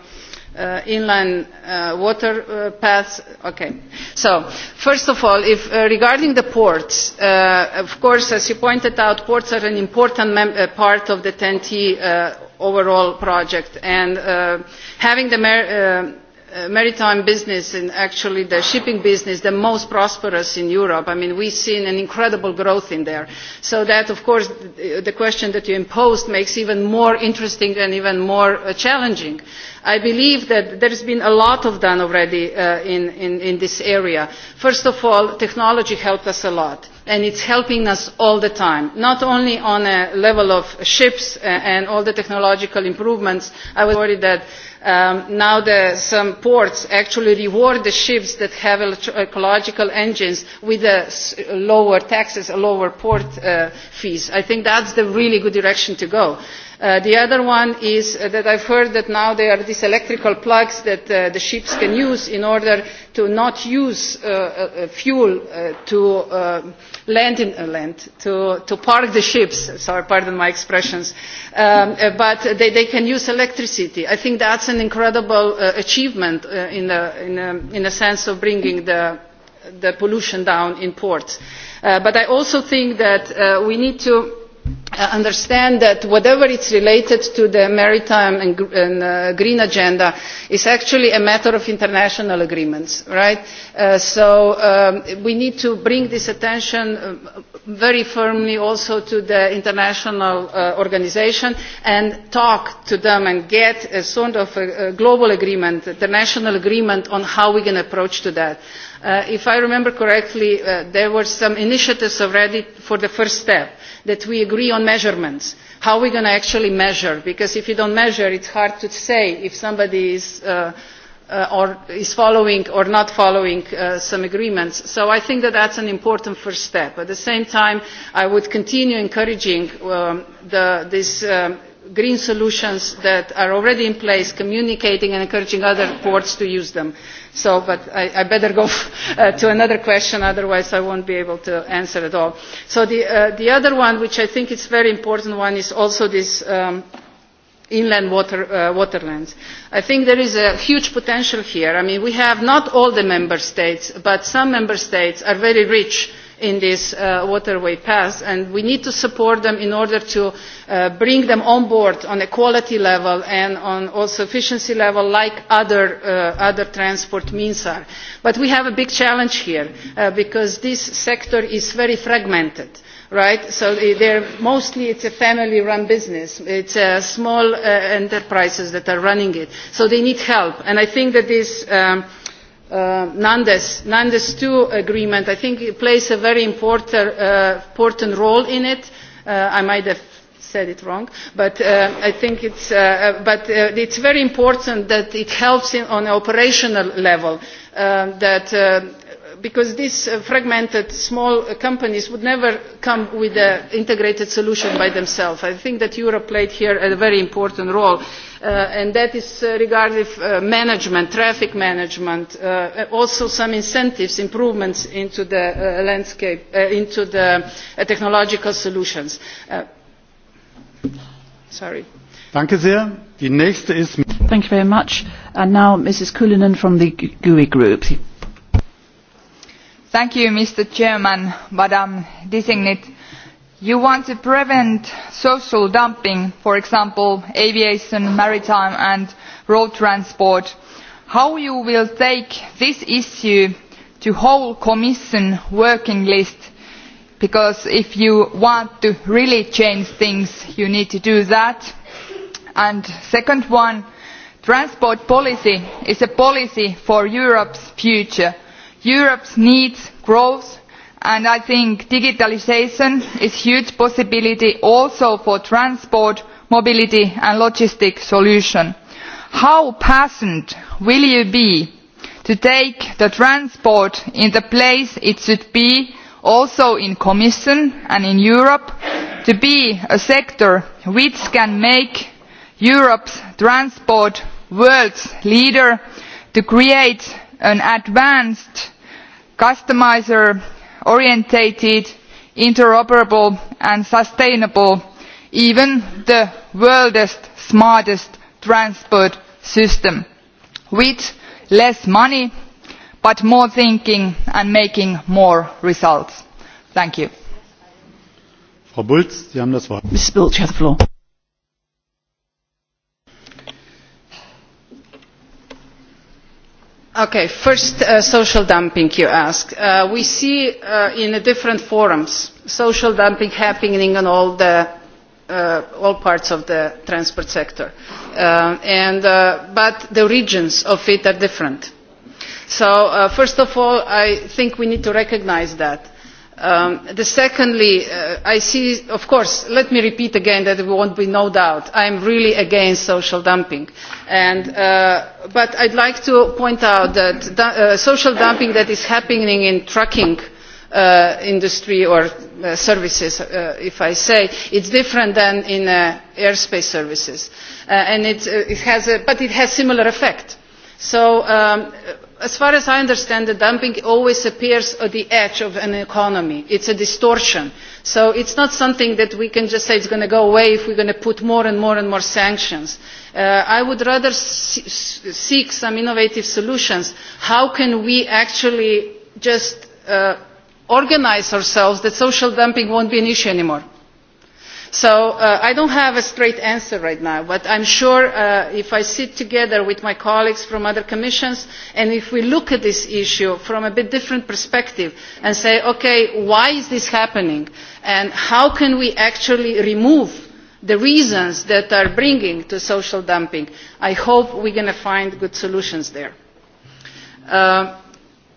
uh, inland uh, water uh, paths. Okay. So, first of all, if, uh, regarding the ports, uh, of course, as you pointed out, ports are an important mem uh, part of the TEN-T uh, overall project. And uh, having the... Mer uh, uh, maritime business and actually the shipping business the most prosperous in Europe. I mean, we've seen an incredible growth in there. So that, of course, the question that you imposed makes even more interesting and even more uh, challenging. I believe that there has been a lot of done already uh, in, in, in this area. First of all, technology helped us a lot and it's helping us all the time, not only on a level of ships uh, and all the technological improvements. I was worried that Um, now the, some ports actually reward the ships that have ecological engines with a lower taxes, a lower port uh, fees. I think that's the really good direction to go. Uh, the other one is uh, that I've heard that now there are these electrical plugs that uh, the ships can use in order to not use uh, uh, uh fuel uh, to uh, land in uh, land, to, to park the ships, sorry, pardon my expressions, um, uh, but they, they can use electricity. I think that's an incredible uh, achievement uh, in, the in, a, in a sense of bringing the, the pollution down in ports. Uh, but I also think that uh, we need to Uh, understand that whatever is related to the maritime and, and uh, green agenda is actually a matter of international agreements, right? Uh, so um, we need to bring this attention uh, very firmly also to the international uh, organization and talk to them and get a sort of a, a global agreement, international agreement on how we can approach to that. Uh, if I remember correctly, uh, there were some initiatives already for the first step that we agree on measurements. How are we going to actually measure? Because if you don't measure, it's hard to say if somebody is, uh, uh, or is following or not following uh, some agreements. So I think that that's an important first step. At the same time, I would continue encouraging um, the, this um, green solutions that are already in place, communicating and encouraging other ports to use them. So, but I, I better go uh, to another question, otherwise I won't be able to answer at all. So the, uh, the other one, which I think is very important one, is also this um, inland water, uh, waterlands. I think there is a huge potential here. I mean, we have not all the member states, but some member states are very rich in this uh, waterway path and we need to support them in order to uh, bring them on board on a quality level and on also efficiency level like other, uh, other transport means are. But we have a big challenge here uh, because this sector is very fragmented right? So uh, they're mostly it's a family-run business. It's uh, small uh, enterprises that are running it. So they need help. And I think that this um, uh, Nandes, Nandes II agreement, I think it plays a very important, uh, important role in it. Uh, I might have said it wrong, but uh, I think it's, uh, uh but, uh, it's very important that it helps in, on an operational level, uh, that uh, because these uh, fragmented small uh, companies would never come with an integrated solution by themselves. I think that Europe played here a very important role, uh, and that is uh, regarding uh, management, traffic management, uh, uh also some incentives, improvements into the uh, landscape, uh, into the uh, technological solutions. Uh, sorry. Thank you very much. And now Mrs. Kulinen from the GUI Group. Thank you, Mr. Chairman, Madam Designate. You want to prevent social dumping, for example, aviation, maritime and road transport. How you will take this issue to whole Commission working list? Because if you want to really change things, you need to do that. And second one, transport policy is a policy for Europe's future Europe needs growth and I think digitalisation is a huge possibility also for transport, mobility and logistic solution. How passionate will you be to take the transport in the place it should be also in the Commission and in Europe to be a sector which can make Europe's transport world's leader to create an advanced customiser orientated interoperable and sustainable even the world's smartest transport system with less money but more thinking and making more results. Thank you. Frau Bulz, Sie haben das Wort. Ms. Bulz, Okay, first uh, social dumping you ask. Uh, we see uh, in the different forums social dumping happening in all the uh, all parts of the transport sector. Uh, and, uh, but the regions of it are different. So uh, first of all, I think we need to recognize that Um, secondly, uh, I see, of course, let me repeat again that there won't be no doubt. I am really against social dumping. And, uh, but I'd like to point out that uh, social dumping that is happening in trucking uh, industry or uh, services, uh, if I say, it's different than in uh, airspace services. Uh, and it, uh, it has a, but it has similar effect. So um, as far as I understand, the dumping always appears at the edge of an economy. It's a distortion. So it's not something that we can just say it's going to go away if we're going to put more and more and more sanctions. Uh, I would rather seek some innovative solutions. How can we actually just uh, organize ourselves that social dumping won't be an issue anymore? So uh, I don't have a straight answer right now, but I'm sure uh, if I sit together with my colleagues from other commissions and if we look at this issue from a bit different perspective and say, okay, why is this happening and how can we actually remove the reasons that are bringing to social dumping, I hope we're going to find good solutions there. Uh,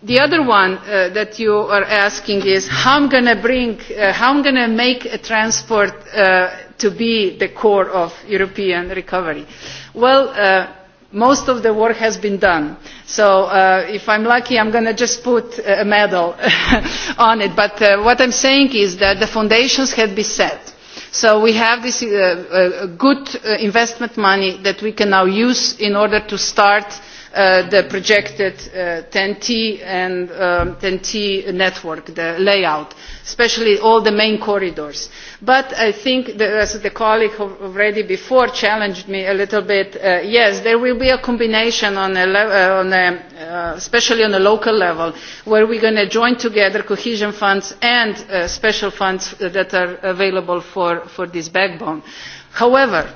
The other one uh, that you are asking is how I'm going to bring, uh, how I'm going to make a transport uh, to be the core of European recovery. Well, uh, most of the work has been done. So uh, if I'm lucky, I'm going to just put a medal on it. But uh, what I'm saying is that the foundations had been set. So we have this uh, uh, good uh, investment money that we can now use in order to start uh, uh, the projected uh, 10T and um, 10T network, the layout, especially all the main corridors. But I think, the as the colleague already before challenged me a little bit, uh, yes, there will be a combination, on a uh, on a, uh, especially on a local level, where we're going to join together cohesion funds and uh, special funds uh, that are available for, for this backbone. However,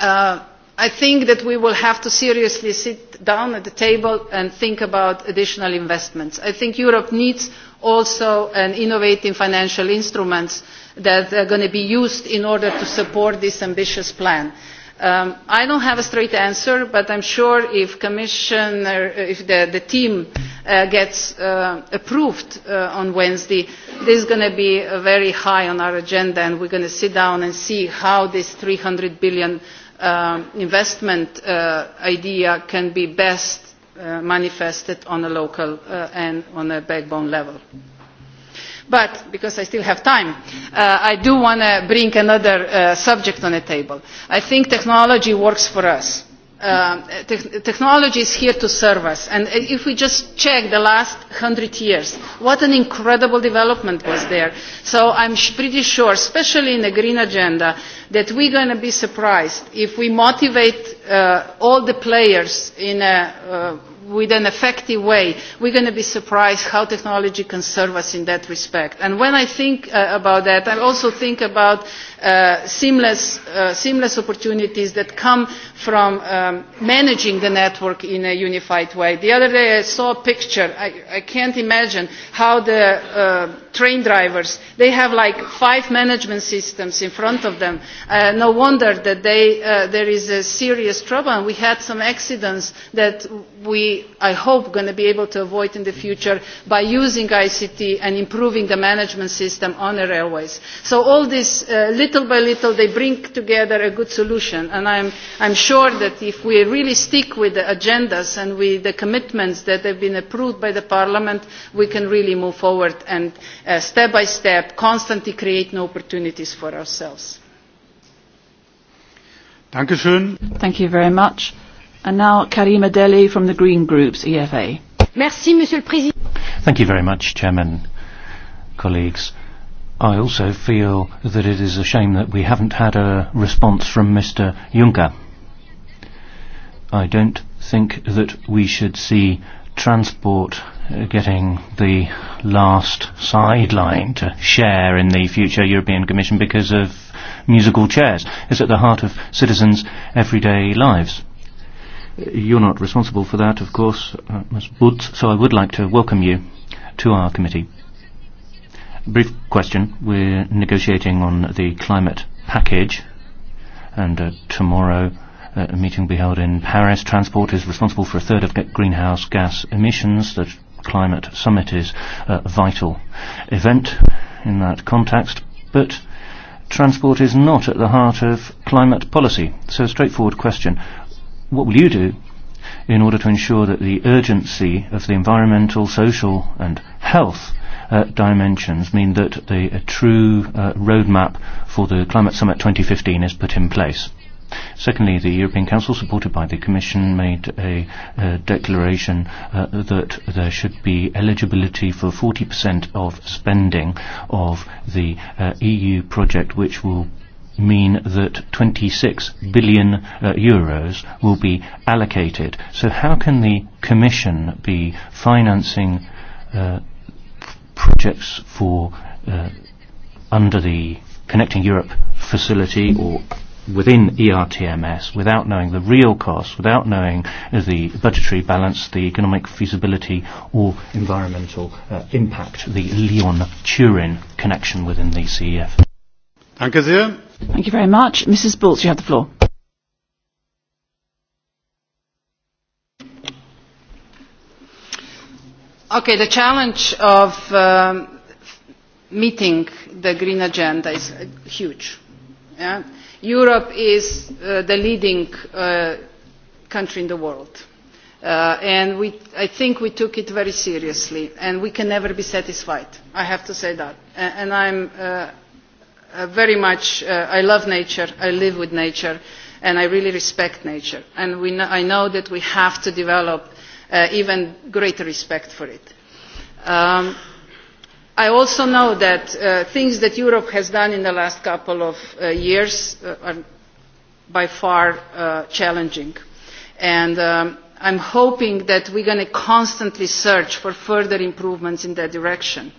uh, I think that we will have to seriously sit down at the table and think about additional investments. I think Europe needs also an innovative financial instruments that are going to be used in order to support this ambitious plan. Um, I don't have a straight answer, but I'm sure if Commissioner, if the, the team uh, gets uh, approved uh, on Wednesday, this is going to be uh, very high on our agenda, and we're going to sit down and see how this 300 billion uh, investment uh, idea can be best uh, manifested on a local uh, and on a backbone level. But because I still have time, uh, I do want to bring another uh, subject on the table. I think technology works for us uh, te technology is here to serve us. And if we just check the last hundred years, what an incredible development was there. So I'm sh pretty sure, especially in the green agenda, that we're going to be surprised if we motivate uh, all the players in a uh, with an effective way, we're going to be surprised how technology can serve us in that respect. And when I think uh, about that, I also think about uh, seamless, uh, seamless opportunities that come from um, managing the network in a unified way. The other day I saw a picture, I, I can't imagine how the uh, train drivers, they have like five management systems in front of them. Uh, no wonder that they, uh, there is a serious trouble. We had some accidents that we we, I hope, going to be able to avoid in the future by using ICT and improving the management system on the railways. So all this, uh, little by little, they bring together a good solution. And I'm, I'm sure that if we really stick with the agendas and with the commitments that have been approved by the Parliament, we can really move forward and uh, step by step constantly create new opportunities for ourselves. Thank you very much. And now Karima Deli from the Green Group's EFA. Merci, Monsieur le Président. Thank you very much, Chairman, colleagues. I also feel that it is a shame that we haven't had a response from Mr. Juncker. I don't think that we should see transport getting the last sideline to share in the future European Commission because of musical chairs. It's at the heart of citizens' everyday lives. You're not responsible for that, of course, uh, Ms. Woods, so I would like to welcome you to our committee. Brief question. We're negotiating on the climate package, and uh, tomorrow uh, a meeting will be held in Paris. Transport is responsible for a third of greenhouse gas emissions. The climate summit is a vital event in that context, but transport is not at the heart of climate policy. So a straightforward question what will you do in order to ensure that the urgency of the environmental, social and health uh, dimensions mean that the a true uh, roadmap for the Climate Summit 2015 is put in place? Secondly, the European Council, supported by the Commission, made a uh, declaration uh, that there should be eligibility for 40% of spending of the uh, EU project, which will mean that 26 billion uh, euros will be allocated. So how can the Commission be financing uh, projects for uh, under the Connecting Europe facility or within ERTMS without knowing the real costs, without knowing the budgetary balance, the economic feasibility or environmental uh, impact, the Lyon-Turin connection within the CEF. Danke sehr. Thank you very much. Mrs. Bultz, you have the floor. Okay, the challenge of um, meeting the green agenda is uh, huge. Yeah? Europe is uh, the leading uh, country in the world. Uh, and we, I think we took it very seriously, and we can never be satisfied. I have to say that. And, and I'm, uh, uh, very much, uh, I love nature, I live with nature, and I really respect nature. And we know, I know that we have to develop uh, even greater respect for it. Um, I also know that uh, things that Europe has done in the last couple of uh, years uh, are by far uh, challenging. And um, I'm hoping that we're going to constantly search for further improvements in that direction.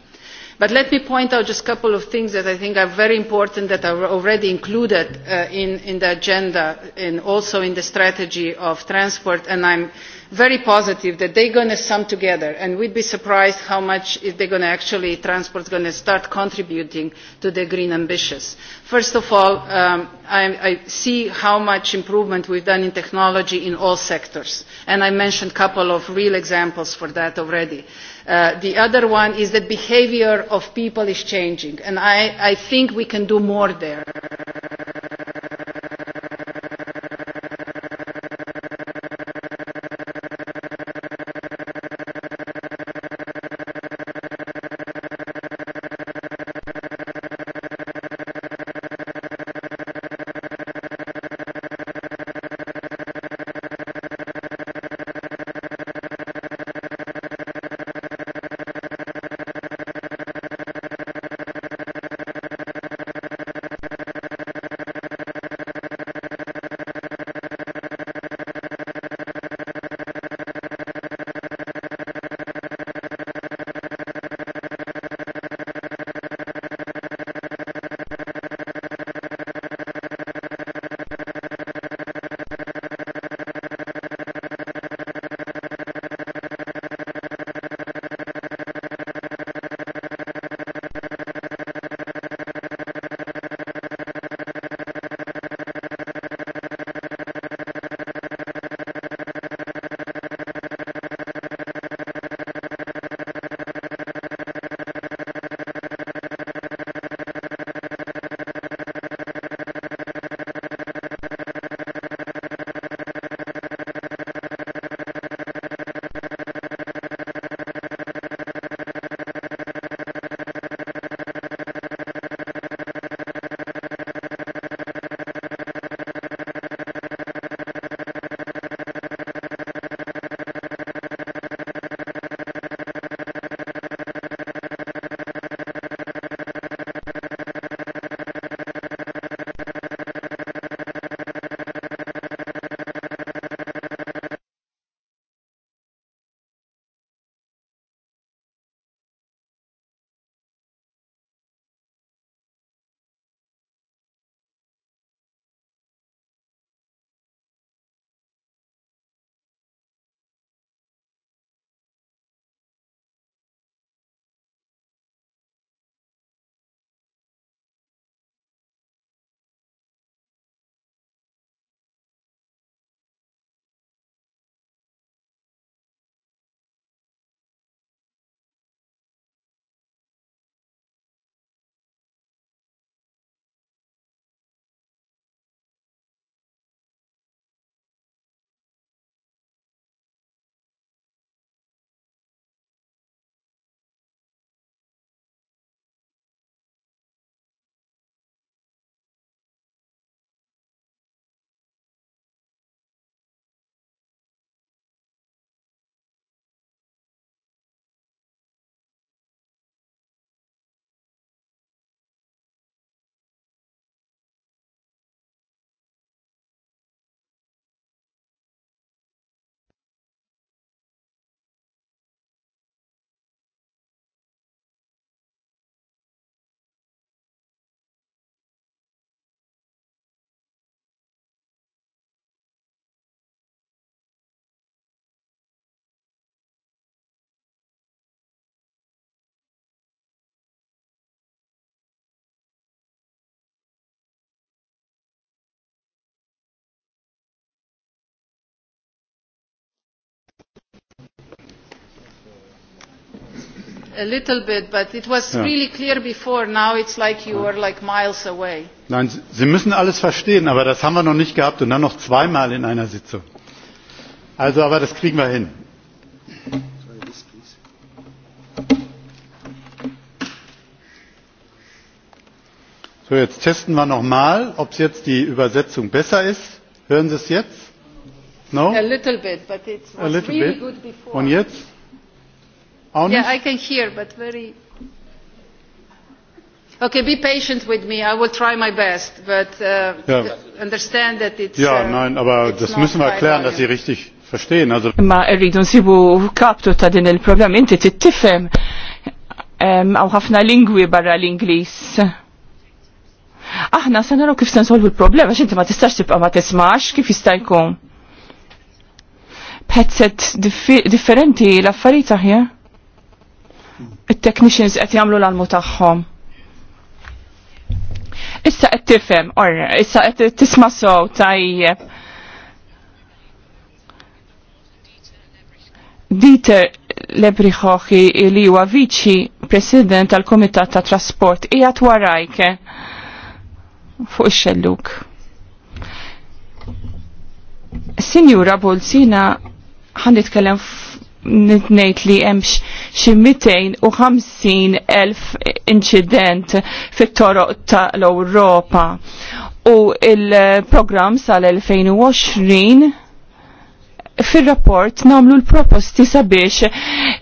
But let me point out just a couple of things that I think are very important that are already included uh, in, in the agenda and also in the strategy of transport, and I'm very positive that they're going to sum together, and we'd be surprised how much they're going to actually, transport's going to start contributing to the green ambitions. First of all, um, I, I see how much improvement we've done in technology in all sectors, and I mentioned a couple of real examples for that already. Uh, the other one is that behavior of people is changing, and I, I think we can do more there. a little bit, but it was ja. really clear before. Now it's like you are like miles away. Nein, Sie müssen alles verstehen, aber das haben wir noch nicht gehabt und dann noch zweimal in einer Sitzung. Also, aber das kriegen wir hin. So, jetzt testen wir nochmal, ob es jetzt die Übersetzung besser ist. Hören Sie es jetzt? No? A little bit, but it was really bit. good before. Und jetzt? Honest? Yeah, I can hear, but very. Okay, be patient with me. I will try my best, but uh, yeah. understand that it's. Yeah, uh, nein, aber das müssen wir erklären, dass Sie richtig verstehen. Also. Ma erridu nsibu kaptu ta' din il-problem. Inti tittifem għaw ħafna lingwi barra l-Inglis. Aħna sa naraw kif sensolvu l problem għax inti ma tistax tibqa' ma tismax kif jistajkom. jkun. differenti l-affarijiet aħjar il-technicians qed jagħmlu l-almu tagħhom. Issa qed tifhem, or issa qed tisma' sow tajjeb. Dieter Lebriħoħi li huwa viċi president tal-Kumitat ta' Trasport hija warajke eh, fuq ix-xelluk. Sinjura Bolzina ħan nitkellem nitnejt li jemx ximmitejn u ħamsin elf incident fit-toroq tal-Europa. U il-program sal-2020 fil-rapport namlu l-proposti sabiex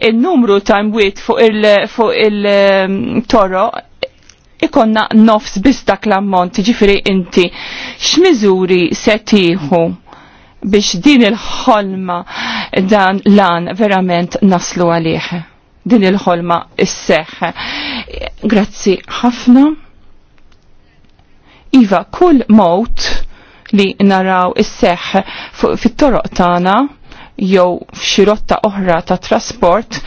il-numru ta' imwiet fuq il-toro ikonna nofs bistak dak l-ammont, ġifiri inti, x'miżuri se tieħu? biex din il-ħolma dan lan verament naslu għalih. Din il-ħolma is-seħ. Grazzi ħafna. Iva, kull mot li naraw is-seħ fit-toroq tagħna jew f'xi rotta oħra ta' trasport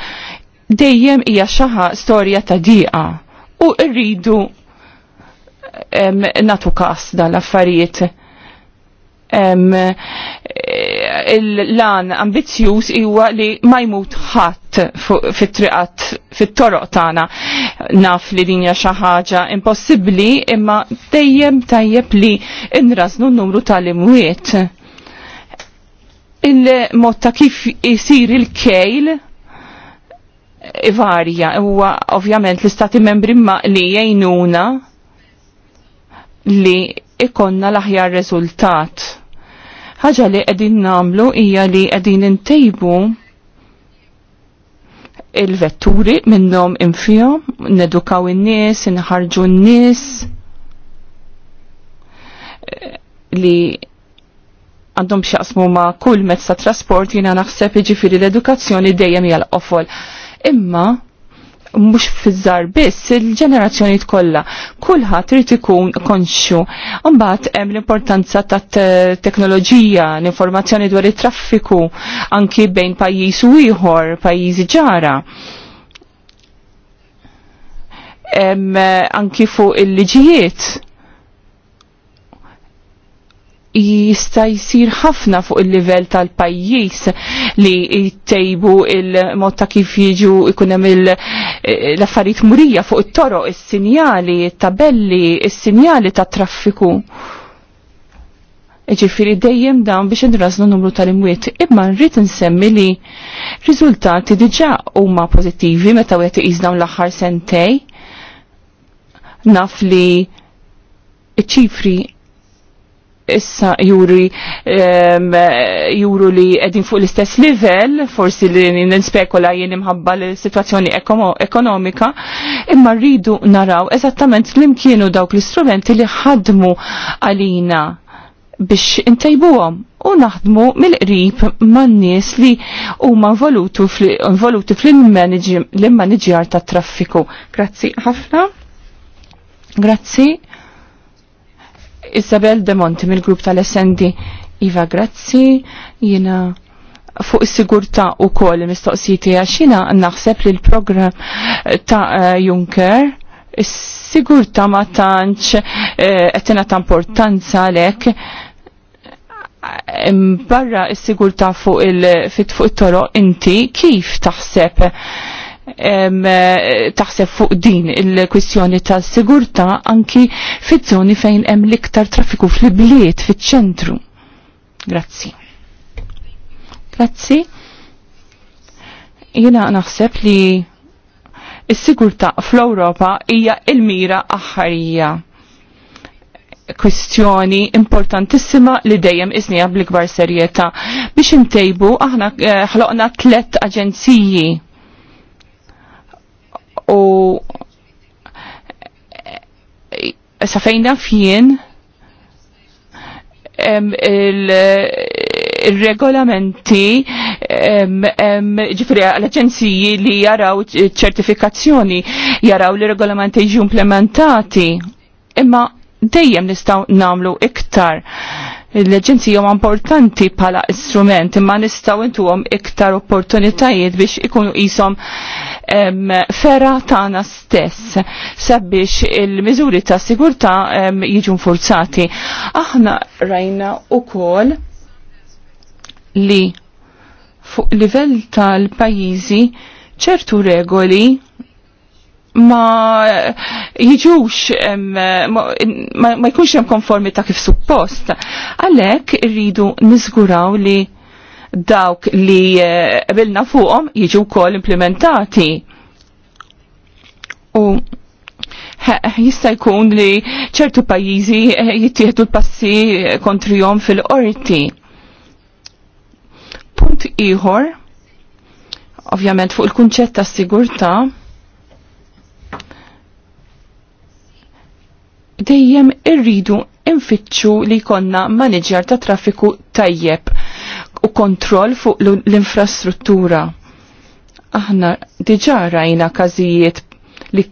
dejjem hija xaħa storja ta' diqa u rridu natu kas dal-affarijiet Eh, il-lan ambizjus huwa li ma jmut ħadd fit-triqat fit-toroq tagħna. Naf li dinja xi ħaġa impossibbli imma dejjem tajjeb li nrażnu n-numru tal-imwiet. Il-mod ta' kif jisir il-kejl varja huwa ovvjament l-istati membri ma li jgħinuna li ikonna l-aħjar rezultat Ħaġa li qegħdin nagħmlu hija li qegħdin intejbu il-vetturi minnhom infihom, nedukaw in-nies, inħarġu n-nies eh, li għandhom xaqsmu ma kull mezz trasport jina naħseb iġifiri l-edukazzjoni dejjem hija l-qofol. Imma mhux fizzar biss, il-ġenerazzjoni tkolla. Kulħadd trid ikun konxu. Mbagħad hemm l-importanza tat-teknoloġija, l-informazzjoni dwar it-traffiku anki bejn pajjiż u ieħor, pajjiżi ġara. Eh, anki fuq il-liġijiet jista' jsir ħafna fuq il-livell tal-pajjiż li jtejbu il-mod ta' kif jiġu ikun hemm l-affarijiet murija fuq it-toroq, is-sinjali, it-tabelli, is-sinjali tat-traffiku. Ġifiri dejjem dan biex nraznu numru tal-imwiet, imma rrid nsemmi li riżultati diġà huma pożittivi meta wieħed iqis dawn l-aħħar sentej. Naf li ċifri issa juri um, juru li edin fuq l-istess livell, forsi li ninspekola jien imħabba l-situazzjoni ekonomika, imma rridu naraw eżattament l-imkienu dawk l-istrumenti li ħadmu għalina biex intajbuhom u naħdmu mill-qrib man-nies li huma involuti fl-immaniġjar tat traffiku. Grazzi ħafna. Grazzi. Isabel De Monti mill-grupp tal-SND. Iva, grazzi, jina fuq is-sigurtà wkoll mistoqsiti għax jiena naħseb li l-programm ta' eh, Juncker is-sigurtà ma tantx eh, qed ta' importanza lek barra is-sigurtà fuq il-fit fuq it-toroq inti kif taħseb Eh, taħseb fuq din il-kwistjoni ta' sigurta anki fiż-żoni fejn hemm l-iktar traffiku fl-bliet fiċ-ċentru. Grazzi. Grazzi. Jiena naħseb li is-sigurta fl-Ewropa hija il-mira aħħarija kwestjoni importantissima li dejjem isnija bl-ikbar serjeta. Biex intejbu, aħna eh, ħloqna tlet aġenziji u sa dan fien il-regolamenti ġifri l-aġenziji li jaraw ċertifikazzjoni jaraw li regolamenti ġi implementati imma dejjem nistaw namlu iktar l leġenzija huma importanti bħala istrument imma nistgħu ntuhom iktar opportunitajiet biex ikunu qishom fera tagħna stess sabiex il-miżuri ta' sigurtà jiġu mfurzati. Aħna rajna ukoll li fuq livell tal-pajjiżi ċertu regoli ma jiġux ma jkunx hemm ta' kif suppost. Għalhekk irridu niżguraw li dawk li eh, qabilna fuqhom jiġu wkoll implementati. U jista' jkun li ċertu pajjiżi eh, jittieħdu l-passi eh, kontrihom fil-qorti. Punt ieħor, ovvjament fuq il-kunċett tas-sigurtà, dejjem irridu infittxu li konna manager ta' traffiku tajjeb u kontroll fuq l-infrastruttura. Aħna diġa rajna każijiet li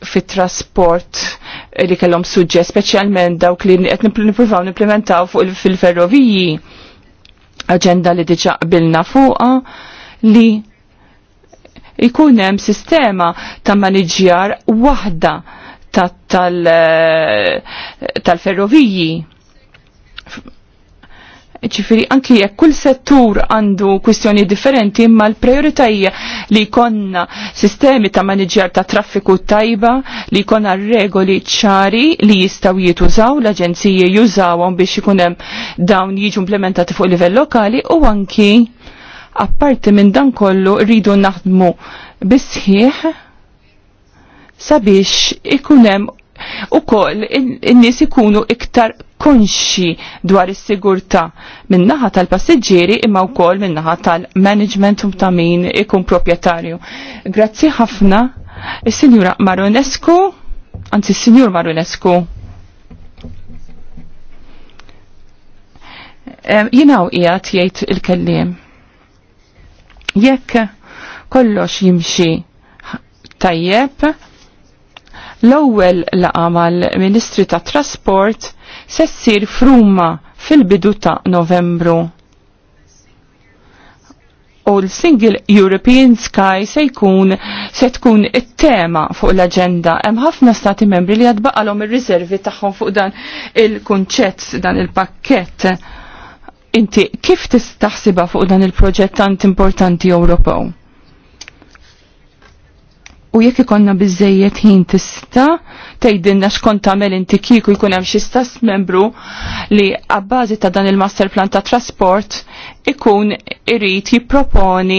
fit trasport li kellhom suġġe speċjalment dawk li qed nippruvaw nimplementaw fuq fil-ferroviji aġenda li diġa qbilna fuqha li jkun hemm sistema ta' maniġjar waħda Eh, tal-ferroviji. Ġifiri, anki jekk kull settur għandu kwistjoni differenti, imma l-prioritajja li konna sistemi ta' maniġjar ta' traffiku tajba, li konna regoli ċari li jistaw jitużaw, l-aġenziji jużawhom biex ikunem dawn jiġu implementati fuq livell lokali u anki apparti minn dan kollu rridu naħdmu bisħieħ sabiex ikunem u koll in nis ikunu iktar konxi dwar is-sigurtà min-naħa tal-passiġġieri imma wkoll min-naħa tal-management u ta' min ikun proprjetarju. Grazzi ħafna is-Sinjura Maronescu, anzi is-Sinjur Maronescu. Jinaw qiegħed jgħid il-kelliem. Jekk kollox jimxi tajjeb, L-ewwel laqa mal-Ministri ta' Trasport se ssir fruma fil-bidu ta' Novembru. U l-Single European Sky se jkun se tkun it-tema fuq l-aġenda. Hemm ħafna stati membri li jadbaqalhom ir-riservi tagħhom fuq dan il-kunċett dan il-pakkett. Inti kif tistaħsiba fuq dan il-proġett tant importanti Ewropew? u jekk ikonna biżejjed ħin tista tgħidilna x'kont tagħmel inti kieku jkun hemm xi stas membru li abbażi ta' dan il-master plan ta' trasport ikun irid jipproponi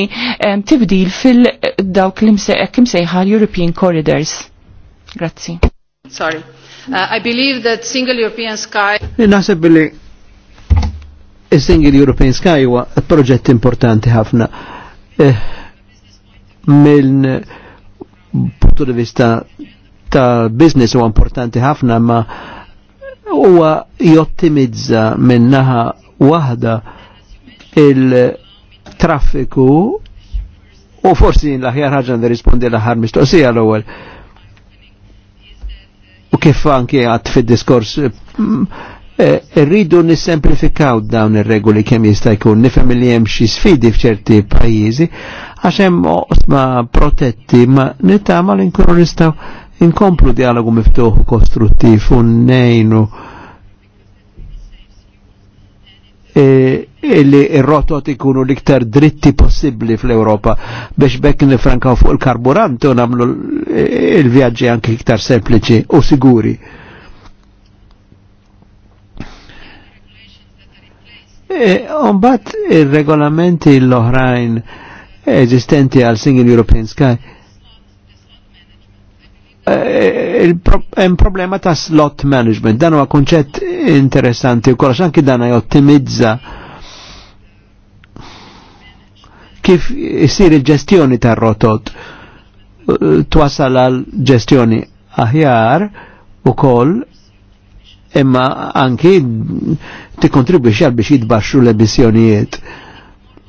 tibdil fil-dawk li msejħek imsejħa European Corridors. Grazzi. Sorry. Uh, I believe that single European sky. Naħseb billi single European sky huwa proġett importanti ħafna. Eh, punto di vista ta' business huwa importanti ħafna ma huwa jottimizza min-naħa waħda il-traffiku u forsi l-aħjar ħagġa rispondi l-aħħar mistoqsija l-ewwel. U kif anki għad fid-diskors irridu mm, e, nissemplifikaw dawn ir-regoli kemm jista' jkun nifhem li hemm xi sfidi f'ċerti pajjiżi għaxem hemm oqsma protetti ma nita ma l nkunu nistaw inkomplu dialogu miftuħu u kostruttiv u nejnu illi e, e il-rotot ikunu liktar dritti possibli fl-Europa biex bekk nifrankaw fuq il-karburant u namlu il-vjaġġi anki iktar sempliċi u siguri. E, Umbat il-regolamenti l-oħrajn il eżistenti għal Single European Sky. Eh, eh, hemm problema ta' slot management, dan huwa konċett interessanti u kollox anki dan jottimizza kif isir il-ġestjoni tar-rotot eh, twasal għal ġestjoni aħjar u koll imma anki ti għal biex jitbaxxu l-emissjonijiet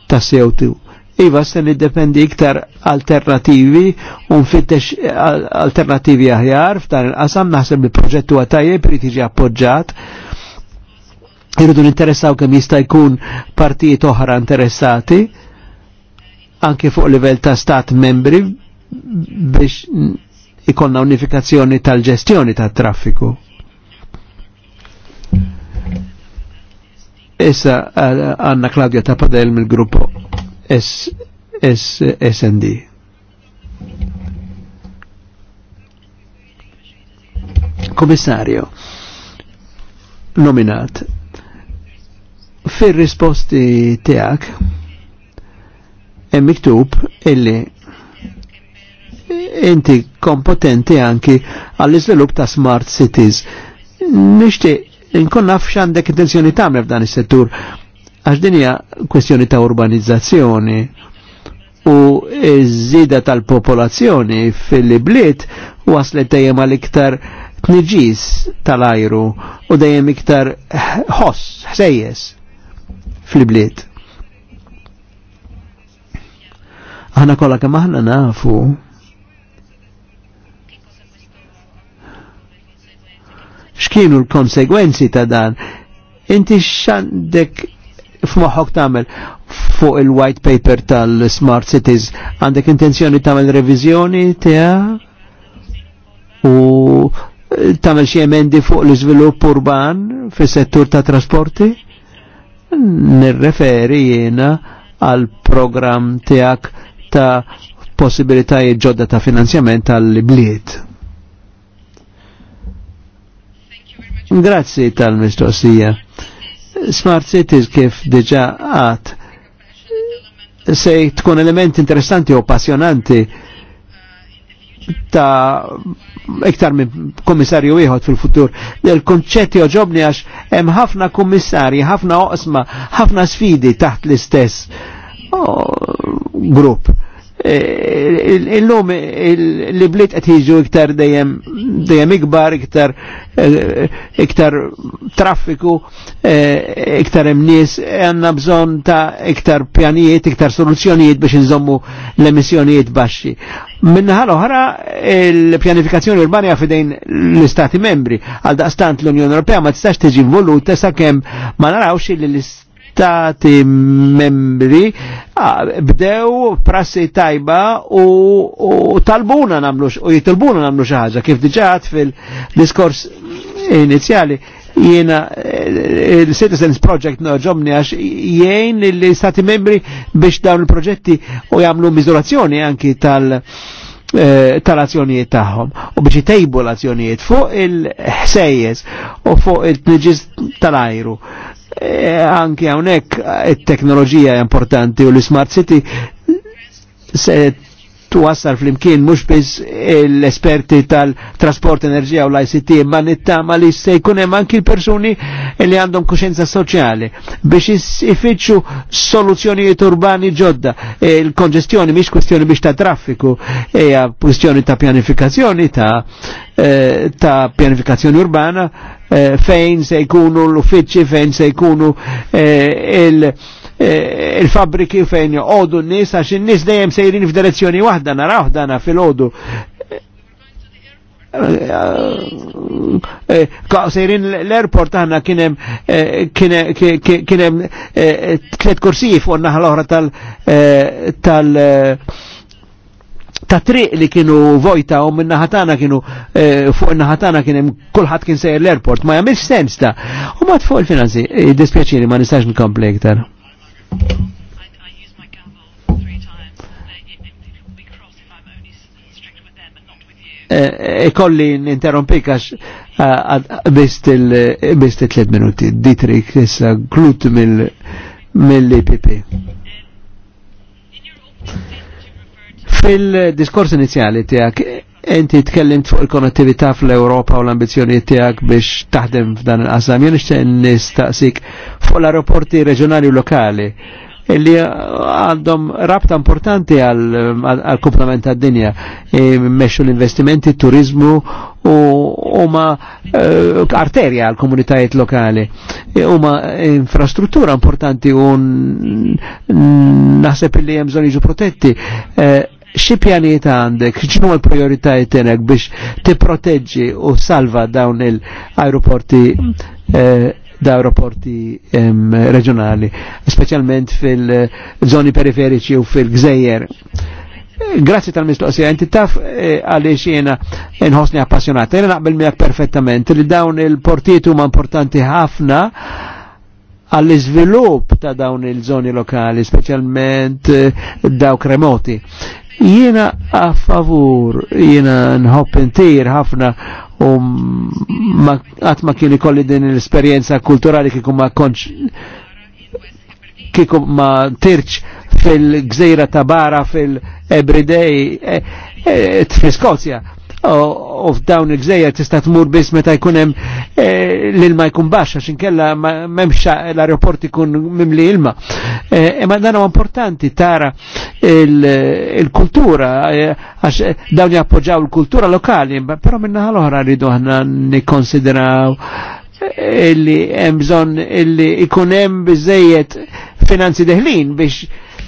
ta' CO2. Iva se niddependi iktar alternativi un fittex alternativi aħjar f'dan il-qasam naħseb li proġett huwa tajjeb irid jiġi appoġġjat. Irridu ninteressaw kemm jista' jkun partijiet oħra interessati anke fuq livell ta' stat membri biex ikonna unifikazzjoni tal-ġestjoni tat-traffiku. Issa għanna Claudia Tapadel mill-gruppo S S SND. Commissario, nominat, fir risposti tiegħek hemm miktub illi inti kompetenti anki għall-iżvilupp ta' smart cities. Nixtieq inkun naf x'għandek intenzjoni tagħmel f'dan is-settur Għax din hija kwestjoni ta' urbanizzazzjoni u iż-żida tal-popolazzjoni fil-bliet waslet dejjem għal iktar tniġis tal-ajru u dejjem iktar ħoss, ħsejjes fil-bliet. Aħna kollha kemm aħna nafu x'kienu l-konsegwenzi ta' dan. Inti x'għandek f'moħħok tagħmel fuq il-white paper tal-Smart Cities għandek intenzjoni tagħmel reviżjoni tiegħek u tagħmel xi emendi fuq l-iżvilupp urban fis-settur ta' trasporti? Nirreferi jiena għal programm tiegħek ta' possibilitajiet ġodda ta' finanzjament tal-bliet. Grazzi tal-mistoqsija smart cities kif diġa għat se tkun element interessanti u passjonanti ta' iktar minn komissarju ieħor fil-futur. Il-konċetti oġobni għax hemm ħafna komissarji, ħafna oqsma, ħafna sfidi taħt l-istess oh, grupp Oh, Eh, illum li bliet qed jiġu iktar dejjem dejjem ikbar, iktar eh, iktar traffiku, eh, iktar hemm nies għandna bżonn ta' iktar pjanijiet, iktar soluzzjonijiet biex inżommu l-emissjonijiet baxxi. Minnaħal oħra il-pjanifikazzjoni urbana fidejn l-Istati membri, għal daqstant l-Unjoni Ewropea ma tistax tiġi involuta sakemm ma narawx li l-Istati stati membri bdew prassi tajba u, u talbuna namlu u jitalbuna namlu xaħġa kif diġat fil-diskors inizjali jiena il-Citizens eh, eh, Project ġomni għax jien l-Stati membri biex dawn il-proġetti u jamlu mizurazzjoni anki tal- eh, tal-azzjonijiet tagħhom u biex tejbu l-azzjonijiet fuq il-ħsejjes u fuq il-tniġis tal-ajru. E, anki hawnhekk it-teknoloġija e, importanti u l-smart city se tuwassal fl-imkien mux biz l-esperti tal-trasport enerġija u l-ICT imma nittama li se jkunem anki l-persuni li għandhom kuxenza soċjali biex ifittxu soluzzjonijiet urbani ġodda e, il-konġestjoni mish kwestjoni biex ta' traffiku hija kwestjoni ta' pjanifikazzjoni ta' ta' pjanifikazzjoni urbana Eh, fejn se jkunu l-uffiċċji, fejn se jkunu eh, il- eh, il-fabriki fejn joqodu n-nis, għax n-nis dejjem sejrin f'direzzjoni waħda, naraw dana fil-ħodu. Sejrin l-airport għanna kienem kienem tlet kursiji fuq naħa l-oħra tal- ta' triq li kienu vojta u minn naħatana kienu eh, fuq naħatana kien hemm kulħadd kien sejjer l-airport ma jagħmilx sens ta' u ma tfuq il-finanzi eh, dispjaċini ma nistax nkompli iktar. Eh, ikolli ninterrompik għax bist il-tlet minuti. Ditrik issa glut mill-IPP. Fil-diskors inizjali tijak, enti tkellimt fuq il-konnettività fl-Europa u l ambizjoni tijak biex taħdem f'dan il-qasam. Jien nixtieq nistaqsik fuq l-aeroporti reġjonali u lokali illi għandhom rabta importanti għal komplement tad dinja e, meċu l-investimenti, turizmu u huma eh, arterja għal komunitajiet lokali. E, huma infrastruttura importanti u naħseb illi hemm bżonn jiġu protetti. E, xi pjanieta għandek, x'inhu l-prijoritajiet tenek biex tipproteġġi u salva dawn il-aeroporti eh, da aeroporti regionali, specialment fil zoni periferiċi u fil-gżejjer. Grazie tal-mistoqsija, inti taf eh, għaliex eh, jena nħosni appassjonata. Jena naqbel miak perfettament li dawn il-portijiet huma importanti ħafna għall-iżvilupp ta' dawn il-żoni lokali, specialment eh, dawk remoti. Jiena a favur, jiena nħobb intir ħafna u għat ma kien ikolli din l-esperienza kulturali kikum ma konċ kikum ma tirċ fil-gżejra tabara fil-everyday e, e, e- skozja u f'dawn il-gżejjer tista' tmur biss meta jkun hemm eh, l-ilma jkun baxxa xinkella m'hemmx l-aeroport ikun mimli ilma. Eh, imma dan huwa importanti tara il-kultura eh, għax dawn jappoġġaw il-kultura lokali, però minnaħa l-oħra rridu aħna nikkonsidraw illi hemm bżonn illi ikun hemm biżejjed finanzi deħlin biex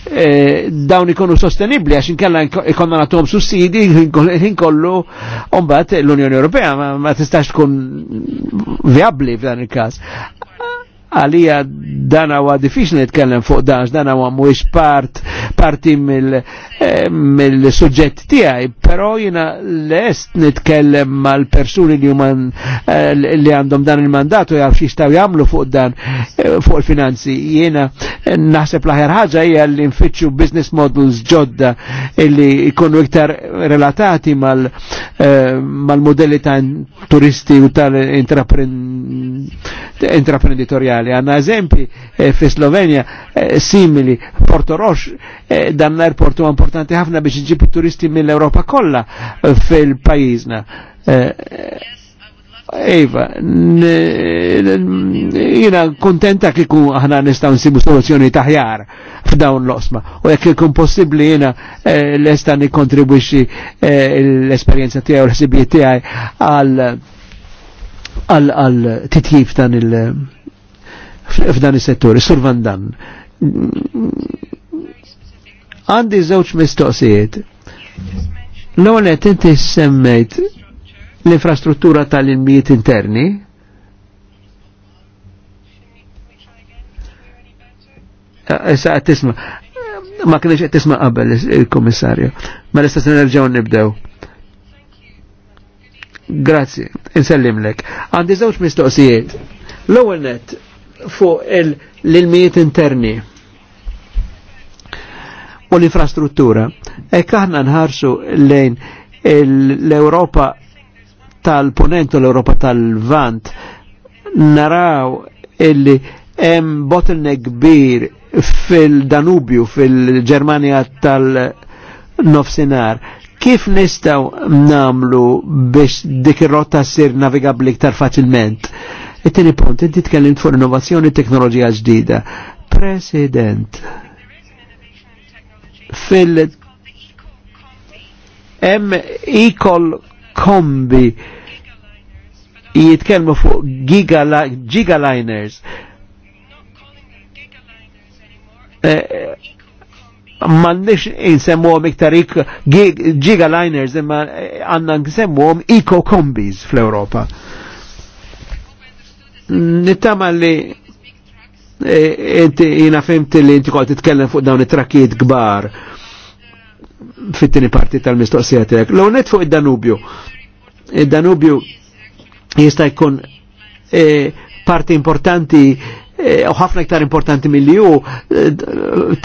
Eh, dawn ikonu sostenibli għax inkella ikonna natom sussidi inkollu ombat l-Unjoni Ewropea ma, ma tistax tkun viabli f'dan il kas għalija dan huwa diffiċli nitkellem fuq dan, dan huwa mhuwiex part parti mill-suġġett eh, tiegħi, però jiena lest nitkellem mal-persuni li huma eh, li għandhom dan il-mandat u jaf x'jistgħu jagħmlu fuq dan eh, fuq il-finanzi. Jiena naħseb l-aħjar ħaġa hija li nfittxu business models ġodda illi jkunu iktar relatati mal-modelli ta' turisti u tal-intraprenditorjali illegali. Għanna eżempi eh, fi Slovenia eh, simili, Portorox, eh, dan l-airportu importanti ħafna biex iġib turisti mill-Europa kollha eh, fil-pajizna. Eh, Ejva, eh, jina kontenta kiku ħana nistaw nsibu soluzjoni taħjar f'dawn l-osma. U jek ikun possibli jina eh, l estan nikontribwixi eh, l-esperienza tijaj u l-ħsibijiet tijaj għal għal titjib dan il- f'dan is-settur, is-Sur Van Dan. Għandi żewġ mistoqsijiet. L-ewwel qed inti semmejt l-infrastruttura tal-inmijiet interni. Eh, issa qed tisma' ma kienx qed tisma' qabel il-Kummissarju. Ma mela l nerġgħu nibdew. Grazzi, insellimlek. Għandi żewġ mistoqsijiet. L-ewwel net, fuq l-ilmijiet interni u l-infrastruttura. E kaħna nħarsu lejn l-Europa tal-ponent u l-Europa tal-vant naraw illi hemm bottleneck kbir fil-Danubju, fil-Germania tal-Nofsinar. Kif nistaw namlu biex dik ir-rotta sir navigabli iktar faċilment? it tini punt, inti tkellimt fuq innovazzjoni e teknoloġija ġdida. President, fil- M. ikol kombi jitkellmu fuq gigaliners. Giga nix Eh, eh mannix insemmuhom iktar gigaliners imma għanna għandna nsemmuhom eco-combis fl europa Nittama li e, inti jina fimti li inti kol titkellem fuq dawn it-trakkijiet kbar fit-tini parti tal-mistoqsija tiegħek. Law net fuq id-Danubju. Id-Danubju jista' jkun e, parti importanti e, u ħafna iktar importanti mill ju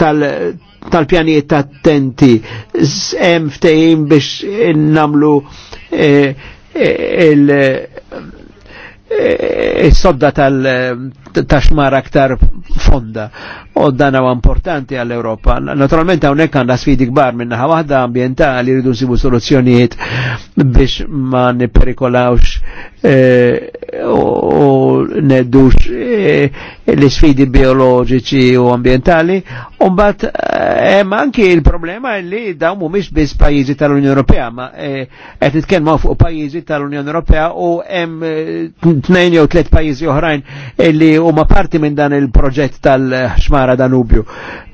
tal-pjanijiet ta' tenti hemm ftehim biex namlu il- is-sodda eh, eh, eh, tal- ta' xmar aktar fonda. U dan huwa importanti għall europa Naturalment hawnhekk għandha sfidi kbar minnaħa waħda ambientali ridu nsibu soluzzjonijiet biex ma nipperikolawx e, u neddux e, l-sfidi bioloġiċi u ambientali. U mbagħad e, hemm anki il-problema li dawn mhumiex biss pajjiżi tal-Unjoni Ewropea, ma qed nitkellmu fuq pajjiżi tal-Unjoni Ewropea u hemm tnejn jew tliet pajjiżi oħrajn li huma parti minn dan il-proġett tal-ħxmara Danubju.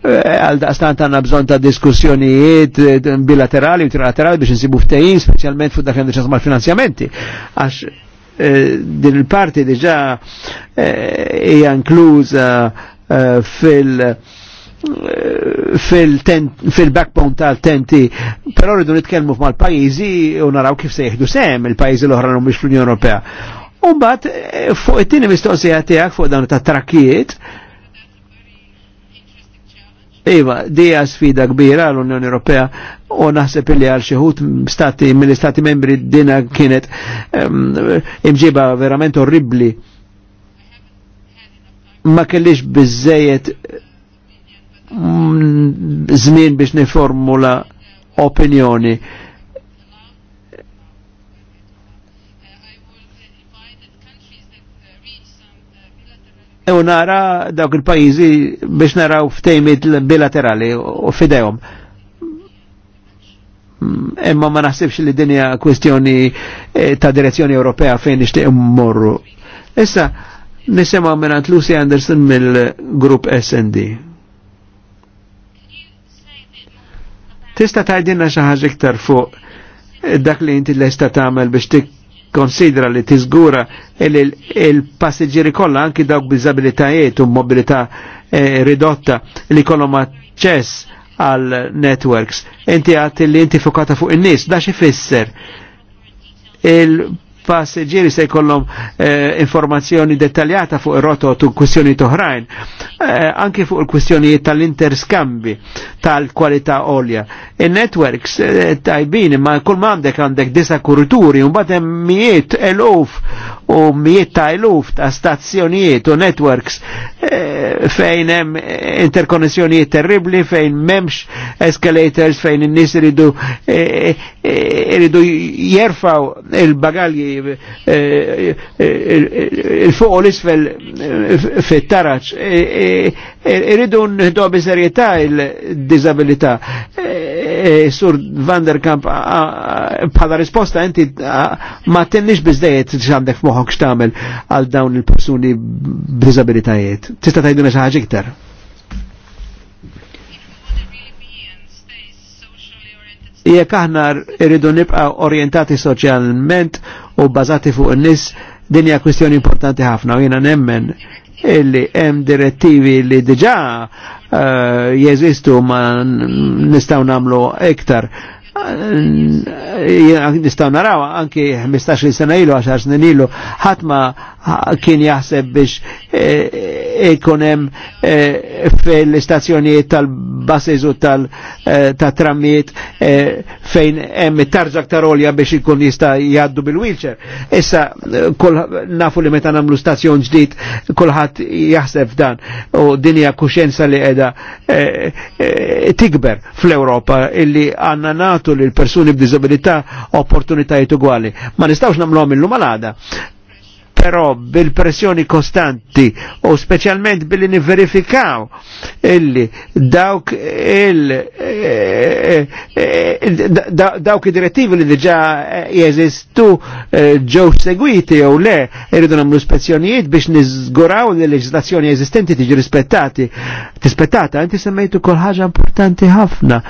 E, għal daqstan għanna bżon ta' diskussjonijiet e, bilaterali u trilaterali biex nsibu ftejin, specialment fuq dak li mal-finanzjamenti. Għax e, din il-parti diġa hija inkluża fil- fil-backbone tal-tenti, però rridu nitkellmu mal-pajizi u naraw kif se jihdu sem il-pajizi l-oħra mhumiex fl-Unjoni Ewropea. Umbat, eh, fuq it-tini mistoqsija tijak fuq dawn ta' trakkijiet, Iva, dija sfida kbira l-Unjoni Ewropea u naħseb li għal xieħut stati mill-istati membri dina kienet imġiba verament orribli. Ma kellix bizzejet mm, zmin biex niformula opinjoni u nara dawk il-pajizi biex naraw ftejmit bilaterali u fidejhom. Mm, Imma ma naħsibx li dinja kwestjoni e, ta' direzzjoni Ewropea fejn nixtieq morru. Issa nisema minnant Lucy Anderson mill-grupp SD. Tista' tgħidilna xi ħaġa iktar fuq dak li inti lesta tagħmel biex tik konsidra li tizgura il-passiġġieri kollha anki dawk biżabilitajiet u mobilità eh, ridotta li kollhom aċċess għal networks. Inti għati li inti fokata fuq in-nies, da xi fisser passiġġieri se jkollhom eh, informazzjoni dettaljata fuq ir-rotot u kwistjoni oħrajn, eh, anke fuq il-kwistjonijiet tal-interskambi tal-kwalità olja. In-networks eh, tajbin imma kull m'għandek għandek disa kurituri u mbagħad hemm mijiet eluf u mijiet ta' eluf ta' stazzjonijiet u networks eh, fejn hemm interkonnessjonijiet terribli fejn memx escalators fejn in-nies iridu eh, eh iridu jerfaw il-bagalji il-fuq u l-isfel eh, fit-taraċ. E, e, e, Irridu nħdu b'serjetà il-disabilità. Sur Van der Kamp, bħala risposta inti ma tennix bizdejiet x'għandek moħok x'tagħmel għal dawn il-persuni b'dizabilitajiet. Tista' tgħidulna xi iktar. jekk aħna rridu nibqa' orjentati soċjalment u bbażati fuq in-nies din hija kwistjoni importanti ħafna u jiena nemmen illi hemm direttivi li diġà uh, jeżistu ma nistgħu nagħmlu iktar eh, nistgħu naraw anki 15 sena ilu, 10 snin ilu, ħatma Ah, kien jaħseb biex eh, eh, ikonem eh, fil-istazzjonijiet tal-basis u tal-trammijiet fejn hemm tarġa ta' olja biex ikun jista' jgħaddu bil-wheelchair. Issa nafu li meta nagħmlu stazzjon ġdid kulħadd jaħseb dan u dinja kuxenza li qiegħda tikber fl-Ewropa illi għandna natu lill persuni b'diżabilità opportunitajiet ugwali. Ma nistgħux nagħmluhom illum għal però bil-pressjoni kostanti u specialment billi niverifikaw illi dawk il eh, eh, eh, dawk i direttivi li diġa jesistu ġew segwiti u le irridu namlu spezzjonijiet biex nizguraw li l-leġislazzjoni jesistenti tiġi rispettati tispettata inti semmejtu kol ħaġa importanti ħafna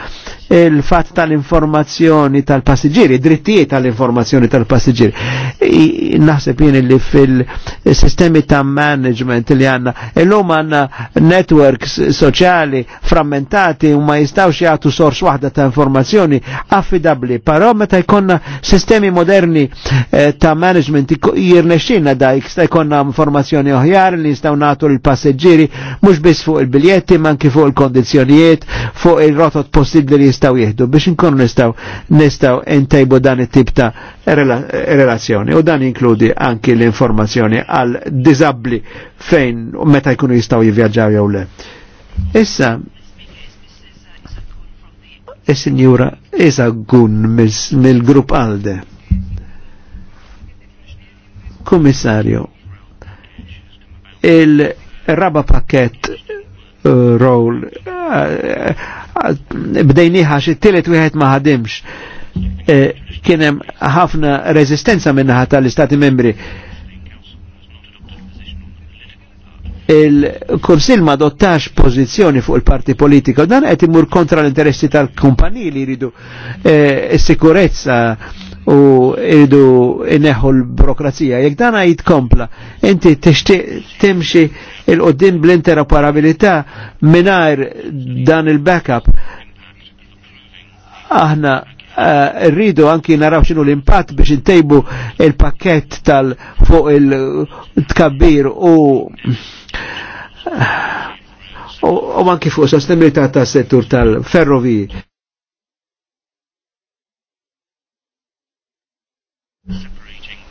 il-fat tal-informazzjoni tal-passiġiri, drittijiet tal-informazzjoni tal-passiġiri. Naħseb jien li fil-sistemi ta' management li għanna, il-lum għanna networks soċjali frammentati u ma jistawx jgħatu sors waħda ta' informazzjoni affidabli, però meta jkonna sistemi moderni eh, ta' management jirnexxina da jista' jkonna informazzjoni oħjar li jistaw nagħtu l passiġiri mhux biss fuq il-biljetti, ma anki fuq il-kondizzjonijiet, fuq il-rotot possibbli li nistaw jihdu biex nkunu nistaw nistaw intajbu dan it-tip ta' relazzjoni u dan inkludi anki l-informazzjoni għal dizabli fejn u meta jkunu jistaw jivjaġġaw jew le. Issa, il sinjura e isa gun mill-grupp Alde. Komissarju, il-raba pakket uh, roll uh, bdejniħa xi tielet wieħed ma ħadimx. E, hemm ħafna rezistenza minnaħa tal-Istati membri. Il-Kunsil ma dottax pożizzjoni fuq il-parti politika, dan qed imur kontra l-interessi tal-kumpaniji li jridu e, sikurezza u iridu ineħu l-burokrazija. Jek dana jitkompla, inti tixtieq timxi il-qoddim bl-interoperabilità minar dan il-backup. Aħna eh, rridu anki naraw xinu l-impatt biex intejbu il-pakket tal fuq il-tkabbir u u anki fuq sostenibilità tas settur tal-ferroviji.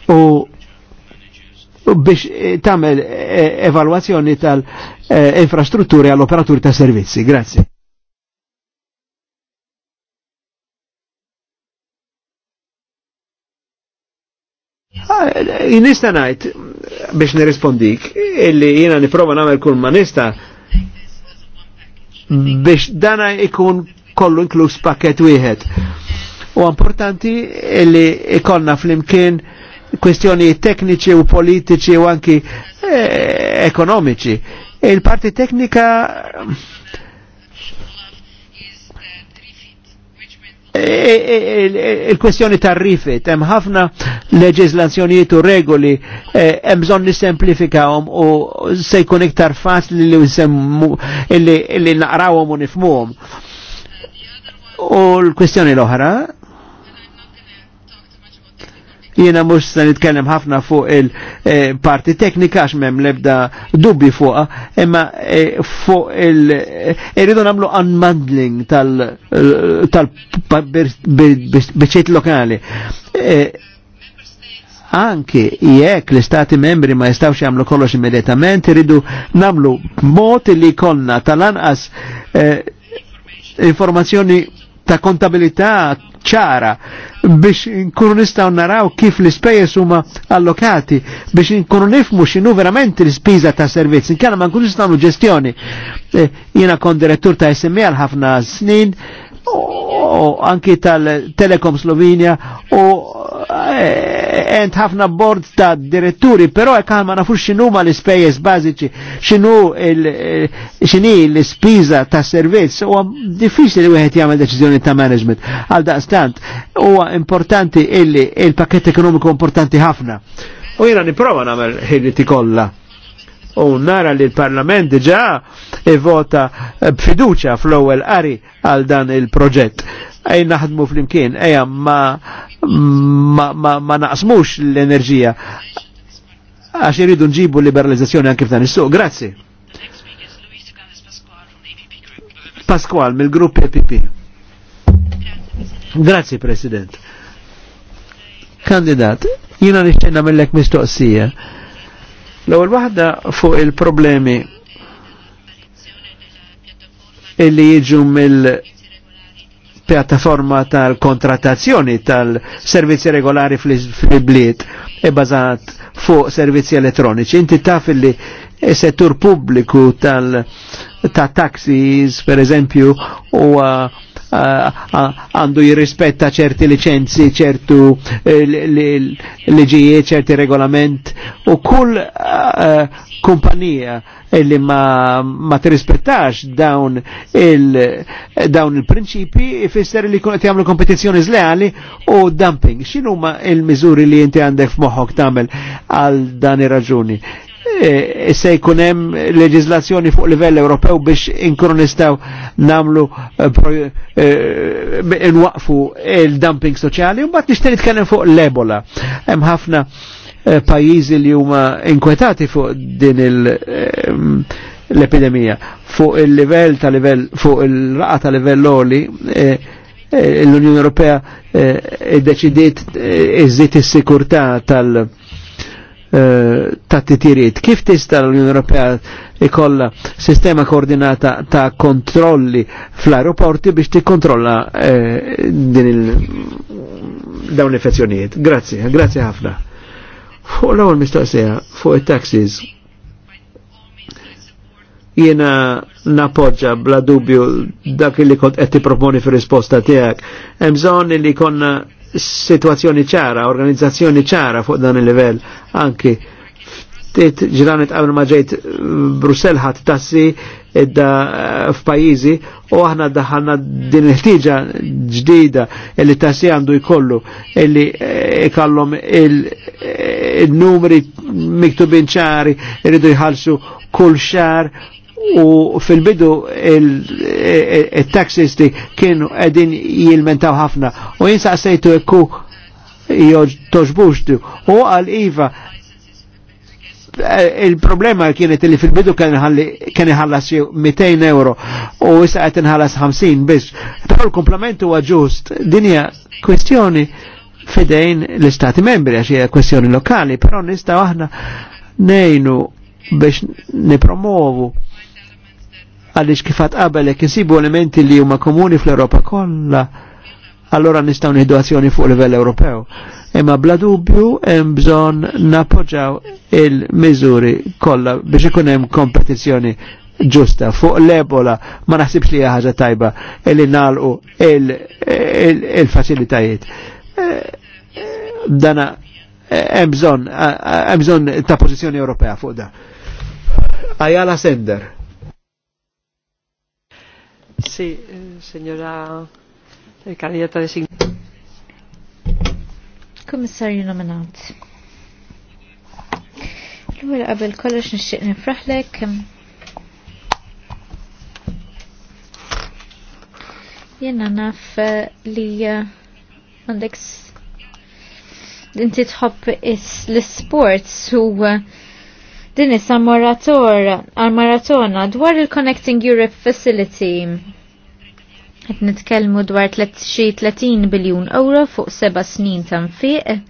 U biex eh, tamel eh, evalwazzjoni tal-infrastrutturi eh, għall-operaturi ta' servizzi. Grazie. Ah, nista najt biex nirrispondik illi jina niprofa namel kull ma nista biex dana ikun kollu inkluż pakket wieħed U importanti li ikonna fl-imkien kwestjoni tekniċi u politiċi u anki eh, ekonomiċi. Il-parti teknika eh, eh, il-kwestjoni tar rifit hemm ħafna leġislazzjonijiet u regoli eh, hemm bżonn nissemplifikawhom u se jkun iktar faċli li nsemmu li naqrawhom u nifmuhom. U l-kwestjoni l-oħra Jiena mhux se nitkellem ħafna fuq il-parti eh, teknika għax m'hemm lebda dubbi fuqa, imma eh, fuq il- eh, irridu nagħmlu unmandling tal-biċċiet lokali. Anki jekk l-istati membri ma jistawx jagħmlu kollox immedjatament, irridu nagħmlu mod li konna tal-anqas informazzjoni ta' kontabilità ċara biex nkunu nistaw naraw kif l-ispejjeż huma allokati biex nkunu nifmu x'inhu verament l-ispiża ta' servizz. Inkella ma nkunux nistgħu ġestjoni. E, Jiena kon direttur ta' SMA e għal ħafna snin u anki tal-Telekom Slovenia u eh, ent ħafna board ta' diretturi, però jekk ma nafux x'inhuma l-ispejjeż bażiċi, x'inhu eh, x'inhi l spiza ta' servizz, huwa diffiċli li wieħed jagħmel deċizjoni ta' management. Għal stant huwa importanti illi il-pakket ekonomiku importanti ħafna. U jiena nipprova namel ħilti kolla u nara li l-Parlament diġa vota eh, b'fiduċa fl-ewwel qari għal dan il-proġett. Ej naħdmu fl-imkien, ejja ma, ma, ma, ma naqsmux l-enerġija għax iridu nġibu liberalizzazzjoni anke f'dan is-suq. Grazzi. Pasqual mill-grupp EPP. Grazzi President. Kandidat, jina nixtenna mill ek mistoqsija L-ewwel waħda fuq il-problemi illi jiġu mill pjattaforma tal-kontrattazzjoni tal-servizzi regolari fl-bliet e bazat fuq servizzi elettroniċi. Inti taf li settur pubbliku tal ta' taxis, per eżempju, u Eh, għandu jirrispetta ċerti licenzi, ċertu eh, liġijiet, ċerti regolament u kull eh, kumpanija illi ma, ma t-rispettax dawn il dawn il fisser li kunet jagħmlu kompetizjoni zleali u dumping. Xinu ma il mizuri li jinti għandek f'moħħok tagħmel għal dan ir-raġuni? Eh, se jkun hemm leġislazzjoni fuq livell Ewropew biex inkunu nistgħu nagħmlu eh, eh, nwaqfu il-dumping soċjali u mbagħad nixtieq nitkellem fuq l-Ebola. Hemm ħafna pajjiżi li huma inkwetati fuq din il- l-epidemija fuq il-livell ta' livell fuq il-raqa ta' livell loli l-Unjoni Ewropea iddeċidiet iżżid is-sikurtà tal- Eh, ta' titiriet. Kif tista' l-Unjoni Ewropea ikolla sistema koordinata ta' kontrolli fl-aeroporti biex tikkontrolla eh, din il dawn l-infezzjonijiet? Grazzi, grazzi ħafna. Fuq l-ewwel mistoqsija fuq it-taxis jiena napoġġa bla dubju dak li kont qed tipproponi fir-risposta tiegħek. Hemm bżonn li konna situazzjoni ċara, organizzazzjoni ċara fuq dan il-level anki ftit ġranet għamil ma eh, Brussel ħat tassi idda eh, f'pajjiżi u aħna daħalna din il-ħtieġa ġdida illi tassi għandu jkollu illi eh, ikallhom il-numri miktubin ċari irridu jħalsu kull xar u fil-bidu il-taxisti e, e, kienu għedin jilmentaw ħafna u jinsaqsejtu ekku toġbuxtu u għal Iva e, il-problema kienet li fil-bidu kien iħallas 200 euro u issa qed inħallas 50 biss. Però l komplementu huwa dinja kwestjoni fidejn l-istati membri għax hija kwestjoni lokali, però nista' aħna nejnu biex nipromovu għaliex kifat qabel jekk insibu elementi li huma komuni fl europa kollha, allora nistgħu nieħdu fuq livell Ewropew. Imma bla dubju hemm bżonn napoġġaw il-miżuri kollha biex ikun hemm kompetizzjoni ġusta fuq l-ebola ma naħsibx li ħaġa tajba li nalqu il-facilitajiet. Dana hemm bżonn ta' pożizzjoni Ewropea fuq da. Ajala Sender. Sí, señora candidata designada. Komissarju nominat. L-ewwel qabel kollox nixtieq nifraħlek jenna naf eh, li eh, għandek inti tħobb l-sport su eh, din issa morator għal-maratona dwar il-Connecting Europe Facility. Qed nitkellmu dwar xi 30 biljun euro fuq seba snin ta' nfiq,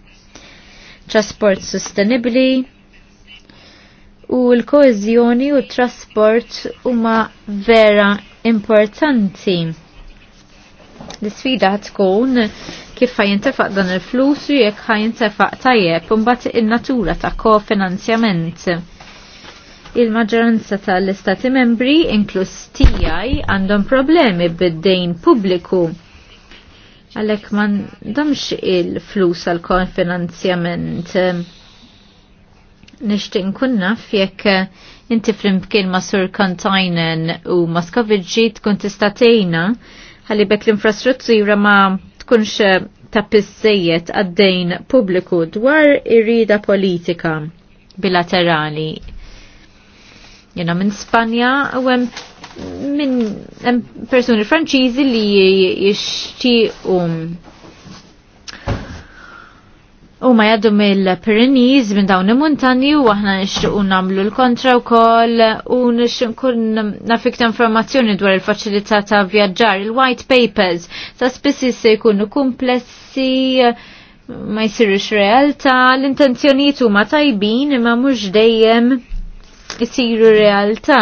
trasport sostenibbli, u l koezjoni u trasport huma vera importanti. L-sfida tkun kif ħajintefaq dan il-flus u jekk ħajintefaq tajjeb bat in-natura ta' kofinanzjament il-maġġoranza tal-istati membri inkluż tiegħi għandhom problemi bid-dejn pubbliku għalek man domx il-flus għal konfinanzjament nishtin kunna fjek inti flimkien ma sur Kantajnen u Moskoviġi tkun tistatejna għalli bekk l-infrastruttura ma tkunx tappissejiet għaddejn publiku dwar irrida politika bilaterali Jena minn Spanja u hemm minn persuni Franċiżi li jixtiequ U ma jaddu mill-Pyrenees minn dawn il-montani u aħna nixtiequ nagħmlu l-kontra wkoll u nixtieq nkun nafik informazzjoni dwar il-faċilità ta' vjaġġar, il-white papers, ta' spessi se jkunu komplessi ma jsirux realtà, l-intenzjonijiet huma tajbin imma mhux dejjem isiru realtà.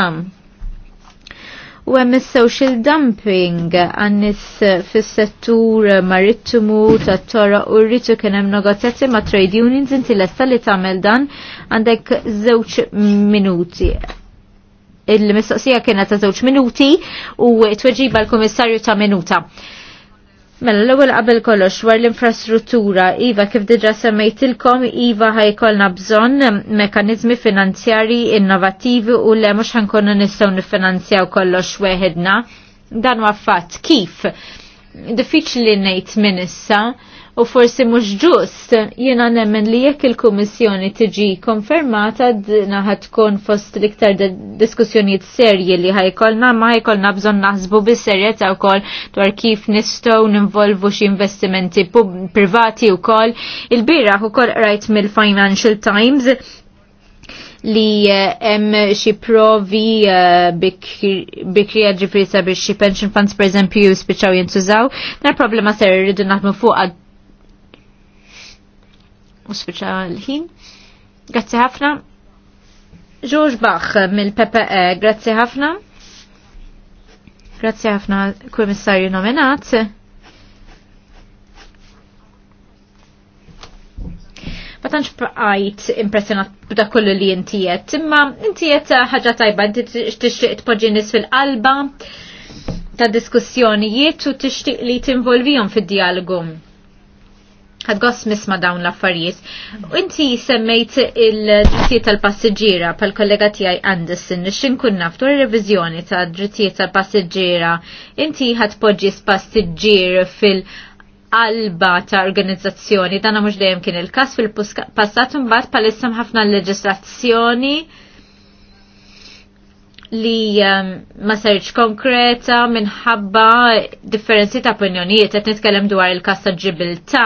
U hemm is-social dumping għan-nies fis-settur marittimu tat-toroq u rritu kien hemm negozjati ma' trade unions inti lesta li tagħmel dan għandek żewġ minuti. Il-mistoqsija kienet ta' żewġ minuti u tweġiba l-Kummissarju ta' minuta. Mela l-ewwel qabel kollox dwar l-infrastruttura iva kif diġà semmejtilkom iva ħajkolna bżonn mekkaniżmi finanzjari innovattivi u le mhux ħankonu nistgħu niffinanzjaw kollox weħedna. Dan waffat, fatt kif diffiċli ngħid minn issa u forsi mhux ġust jiena nemmen li jekk il-Kummissjoni tiġi konfermata dina tkun fost l-iktar diskussjonijiet serji li ħajkolna ma ħajkolna bżonn naħsbu bis u wkoll dwar kif nistgħu ninvolvu xi investimenti privati wkoll. Il-bieraħ ukoll rajt mill-Financial Times li eh, hemm xi provi eh, bikrija ġifri sabiex xi pension funds pereżempju spiċċaw jintużaw, nar problema ser irridu naħdmu fuq u sfiċa l-ħin. Grazzi ħafna. George Bach mill-PPE, grazzi ħafna. Grazzi ħafna kummissarju nominat. ma tantx bqajt impressionat b'da kollu li intijet, imma intijet ħaġa tajba, inti tixtieq tpoġġi nies fil-qalba ta' diskussjonijiet u tixtieq li tinvolvihom fid-dialogu għadgos misma dawn l-affarijiet. Inti semmejt il-drittijiet tal-passiġġiera pal-kollega tijaj Anderson, xinkun naftu il-revizjoni ta' drittijiet tal-passiġġiera. Inti ħadpoġġi s-passiġġir fil- qalba ta' organizzazzjoni, dana mux dejjem kien il-kas fil-passat pal-issam ħafna l leġislazzjoni li um, ma sarġ konkreta minħabba differenzi ta' opinjonijiet qed nitkellem dwar il-kas ta' ġibilta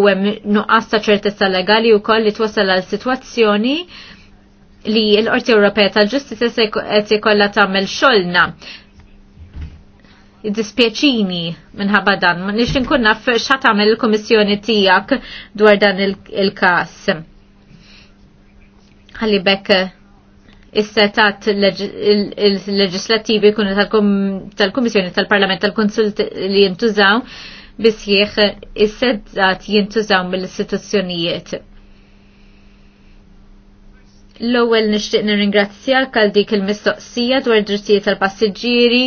u hemm nuqqas ta' ċertezza legali wkoll li twassal għal sitwazzjoni li l-Qorti Ewropea tal-Ġustizja qed ikollha tagħmel xogħolna id-dispjaċini minħabba dan, nix nkun naf xat il-komissjoni tijak dwar dan il-kas. Il Għalli bekk is-setat il-leġislattivi kunu tal-Kummissjoni tal-Parlament tal-Konsult li jintużaw jieħ is-setat jintużaw mill-istituzzjonijiet. L-ewwel nixtieq nirringrazzja għal dik il-mistoqsija dwar drittijiet tal-passiġġieri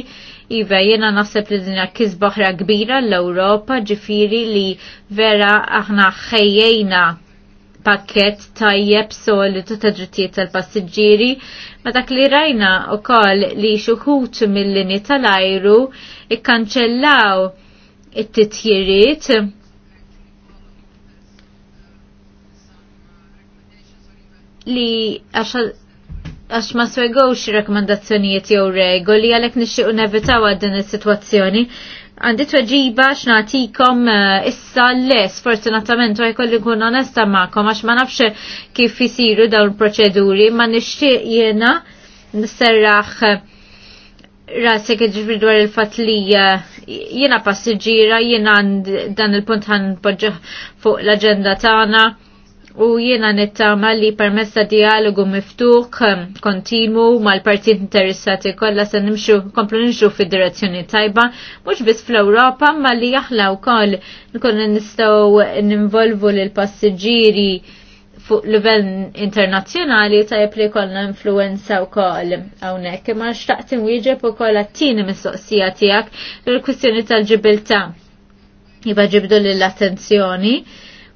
Iva, jena naħseb li dinja kizboħra kbira l-Europa ġifiri li vera aħna ħejjejna pakket tajjeb solitu ta' drittijiet tal-passiġġieri, ma dak li rajna u koll li xuħut mill-lini tal-ajru ikkanċellaw it-titjiriet li għax ma swegħux rekomendazzjonijiet jew regoli għalek nixtiequ nevitaw għad din is-sitwazzjoni għandi tweġiba x'natikom eh, issa l-les, sfortunatament għaj kolli kun onesta ma'kom għax ma nafx kif jisiru dawn proċeduri ma nixtieq jiena nisserraħ eh, rasek ġifri dwar il-fat li eh, jiena passiġġiera jiena dan il-punt ħan fuq l-agenda tagħna u jiena nittama li permessa dialogu miftuħ kontinu mal-partit interessati kollha se nimxu komplu nimxu fid-direzzjoni tajba mhux biss fl-Ewropa ma li jaħla wkoll nkunu nistgħu ninvolvu lil passiġġieri fuq livell internazzjonali ta' li kollna influenza wkoll hawnhekk imma xtaqt inwieġeb ukoll għat-tieni mistoqsija tiegħek l-kwistjoni tal-ġibilta. Iba ġibdu lill-attenzjoni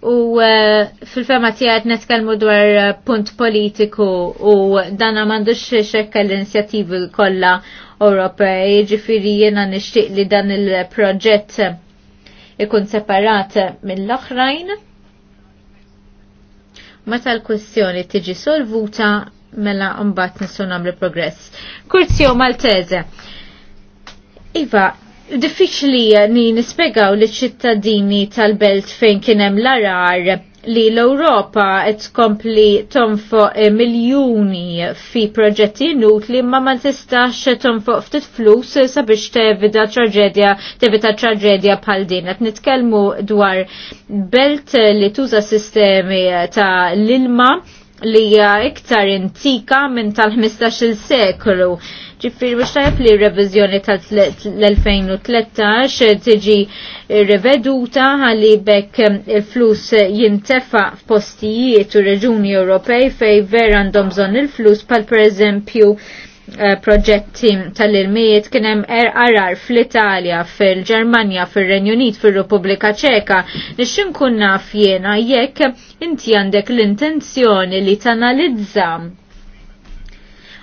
u eh, fil-fema tijad netkelmu dwar eh, punt politiku u dana mandu xiexek l-inizjativi kolla Ewropej, ġifiri jena nishtiq li dan il-proġett ikun separat mill-oħrajn. Meta l-kwestjoni tiġi solvuta, mela mbagħad nisu nagħmlu progress. Kurzio Malteze. Iva, diffiċli ni nispjegaw li ċittadini tal-belt fejn kien hemm l-arar li l-Europa qed tkompli tonfoq eh, miljuni fi proġetti inutli ma ma tistax tonfoq ftit flus sabiex tevita traġedja tevita traġedja bħal din. Et nitkellmu dwar belt li tuża sistemi ta' l-ilma li hija iktar intika minn tal-15 seklu Ġifiri biex tajab li revizjoni tal-2013 tiġi reveduta għalli bekk il-flus jintefa f'postijiet u reġuni Ewropej fej vera għandhom bżonn il-flus pal per eżempju eh, proġetti tal-ilmijiet kienem RRR fl-Italja, fil-Germania, fil-Renju Unit, fil-Repubblika Ċeka. Nixin kunna fjena jekk inti għandek l-intenzjoni li tanalizza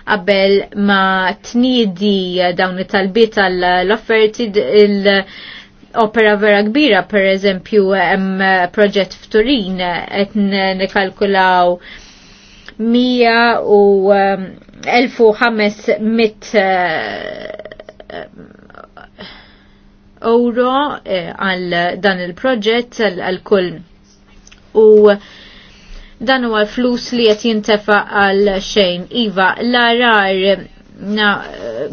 qabel ma tnidi dawn it-talbiet tal-offerti il- opera vera kbira, per eżempju, hemm proġett f'Turin qed nikalkulaw 100 u 1500 um, uh, euro eh, għal dan il-proġett għal kull u dan huwa l-flus li qed jintefa għal xejn. Iva, l-arar na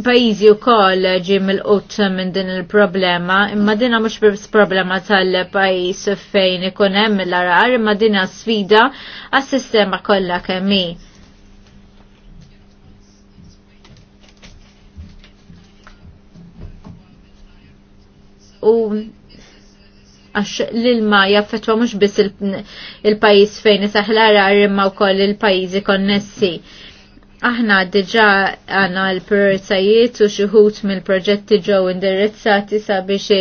pajizi u kol ġim il-qut minn din il-problema, imma dina mux bibs problema tal-pajis fejn ikonem l-arar, imma dina sfida għas-sistema kollha kemmi. U għax l-ilma jaffetwa mux biss il-pajis fejn saħlara imma u koll il-pajizi konnessi. Aħna diġa għana l-prioritajiet u xuħut mill-proġetti ġew indirizzati sabiex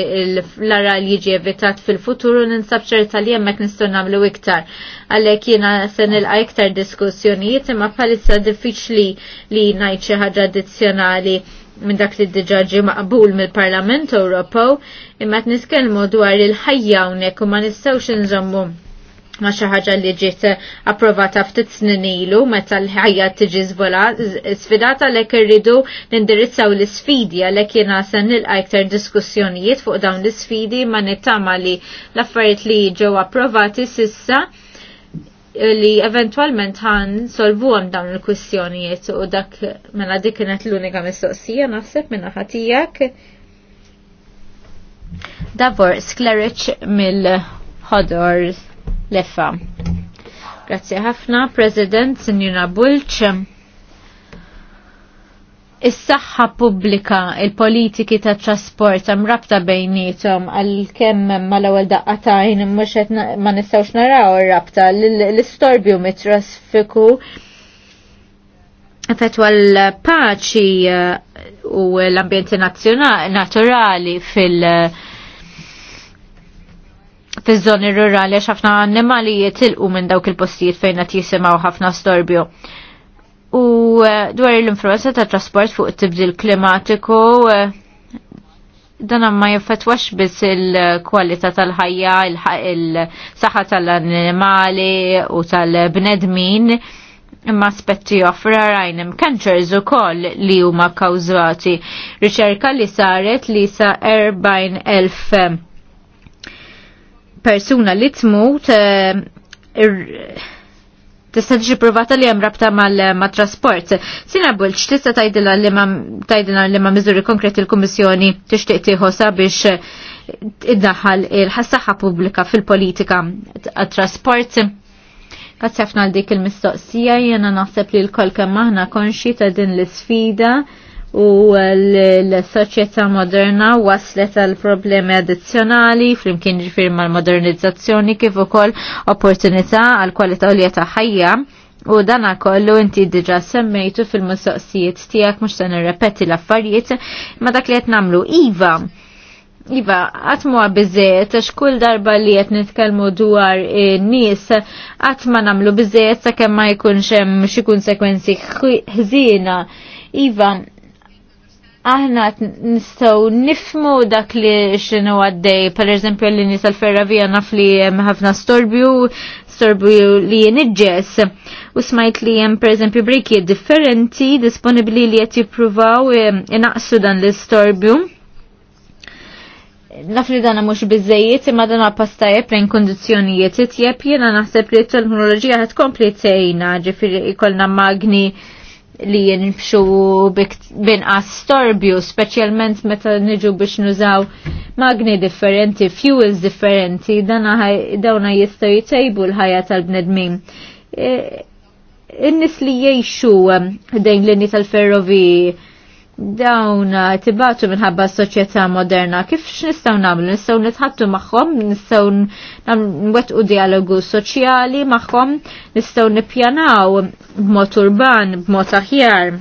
l-ara li jiġi evitat fil-futur u ninsab ċerta li jemmek nistgħu nagħmlu iktar. Għalhekk jiena se nilqa' iktar diskussjonijiet imma bħalissa diffiċli li ngħid xi ħaġa addizzjonali minn dak li diġaġi maqbul mill-Parlament Ewropew imma qed niskelmu dwar il-ħajja hawnhekk u ma nistgħux inżommu ma xi ħaġa li ġiet approvata ftit snin ilu meta l-ħajja tiġi sfidata lek irridu nindirizzaw l-isfidi għalhekk jiena se nilqa' iktar diskussjonijiet fuq dawn l-isfidi ma nittama li l-affarijiet li ġew approvati sissa li eventualment għan solvu għam dawn il-kwistjonijiet u dak mela dik kienet l-unika mistoqsija naħseb minna ħatijak. Davor Skleric mill-ħodor leffa. Grazie ħafna, President Sinjuna Bulċ. Is-saħħa pubblika, il-politiki ta' trasport hemm rabta bejnietom għalkemm mal-ewwel daqqatajn mhux qed ma nistgħux naraw ir-rabta l-istorbju mit-trasfiku fetwa l-paċi uh, u l-ambjenti naturali fil- fi żoni rurali għax ħafna annimali jitilqu minn dawk il-postijiet fejn qed jisimgħu ħafna storbju. U eh, dwar l-influenza ta' trasport fuq it-tibdil klimatiku, eh, dan ma jaffetwax biss il-kwalità tal-ħajja, il-saħħa tal-animali u tal-bnedmin, imma aspetti oħra rajnem cancers u koll li huma kkawżati Riċerka li saret li sa 40,000 eh, persuna li tmut tista' tiġi provata li hemm rabta mal-trasport. Eh, Sina Bulċ, tista' tgħidilha li ma tgħidilha li ma miżuri konkreti l-Kummissjoni tixtieq tieħosa biex eh, iddaħħal il-ħassaħa pubblika fil-politika għat-trasport. Għazzafna għal dik il-mistoqsija, jena naħseb li l-kol kemm aħna konxi ta' din l-sfida u l-soċjetà moderna waslet għal problemi addizzjonali flimkien ġifir mal-modernizzazzjoni kif ukoll opportunità għal kwalità għolja ta' ħajja u dana kollu inti diġa semmejtu fil-mistoqsijiet tiegħek mhux se repeti l-affarijiet ma dak li qed nagħmlu iva. Iva, għatmu għabizet, xkull darba li għet nitkelmu dwar nis, għatma namlu bizet, sa' kemma ma jkunx hemm xikun sekwenzi ħzina. Iva, aħna nistgħu nifmu dak li x'inhu għaddej, pereżempju li nies ferravija naf li hemm ħafna storbju, storbju li jinġess. U smajt li hemm pereżempju briki differenti disponibbli li qed jippruvaw eh, inaqsu dan l-istorbju. Naf li dana mhux bizzejiet, imma dana pasta lejn kondizjonijiet, jep jiena naħseb li t-teknoloġija għat kompli t-tejna, ġifiri ikolna magni li jinfxu binqas storbju, specialment meta niġu biex nużaw magni differenti, fuels differenti, dawna jistaw jitajbu l-ħajja tal-bnedmin. E, innis li jiexu um, dejn l-inni tal-ferrovi dawn tibatu minħabba s-soċjetà moderna, kif x'nistgħu nagħmlu? Nistgħu nitħattu magħhom, nistgħu nwettqu dialogu soċjali magħhom, nistgħu nippjanaw b'mod urban, b'mod aħjar.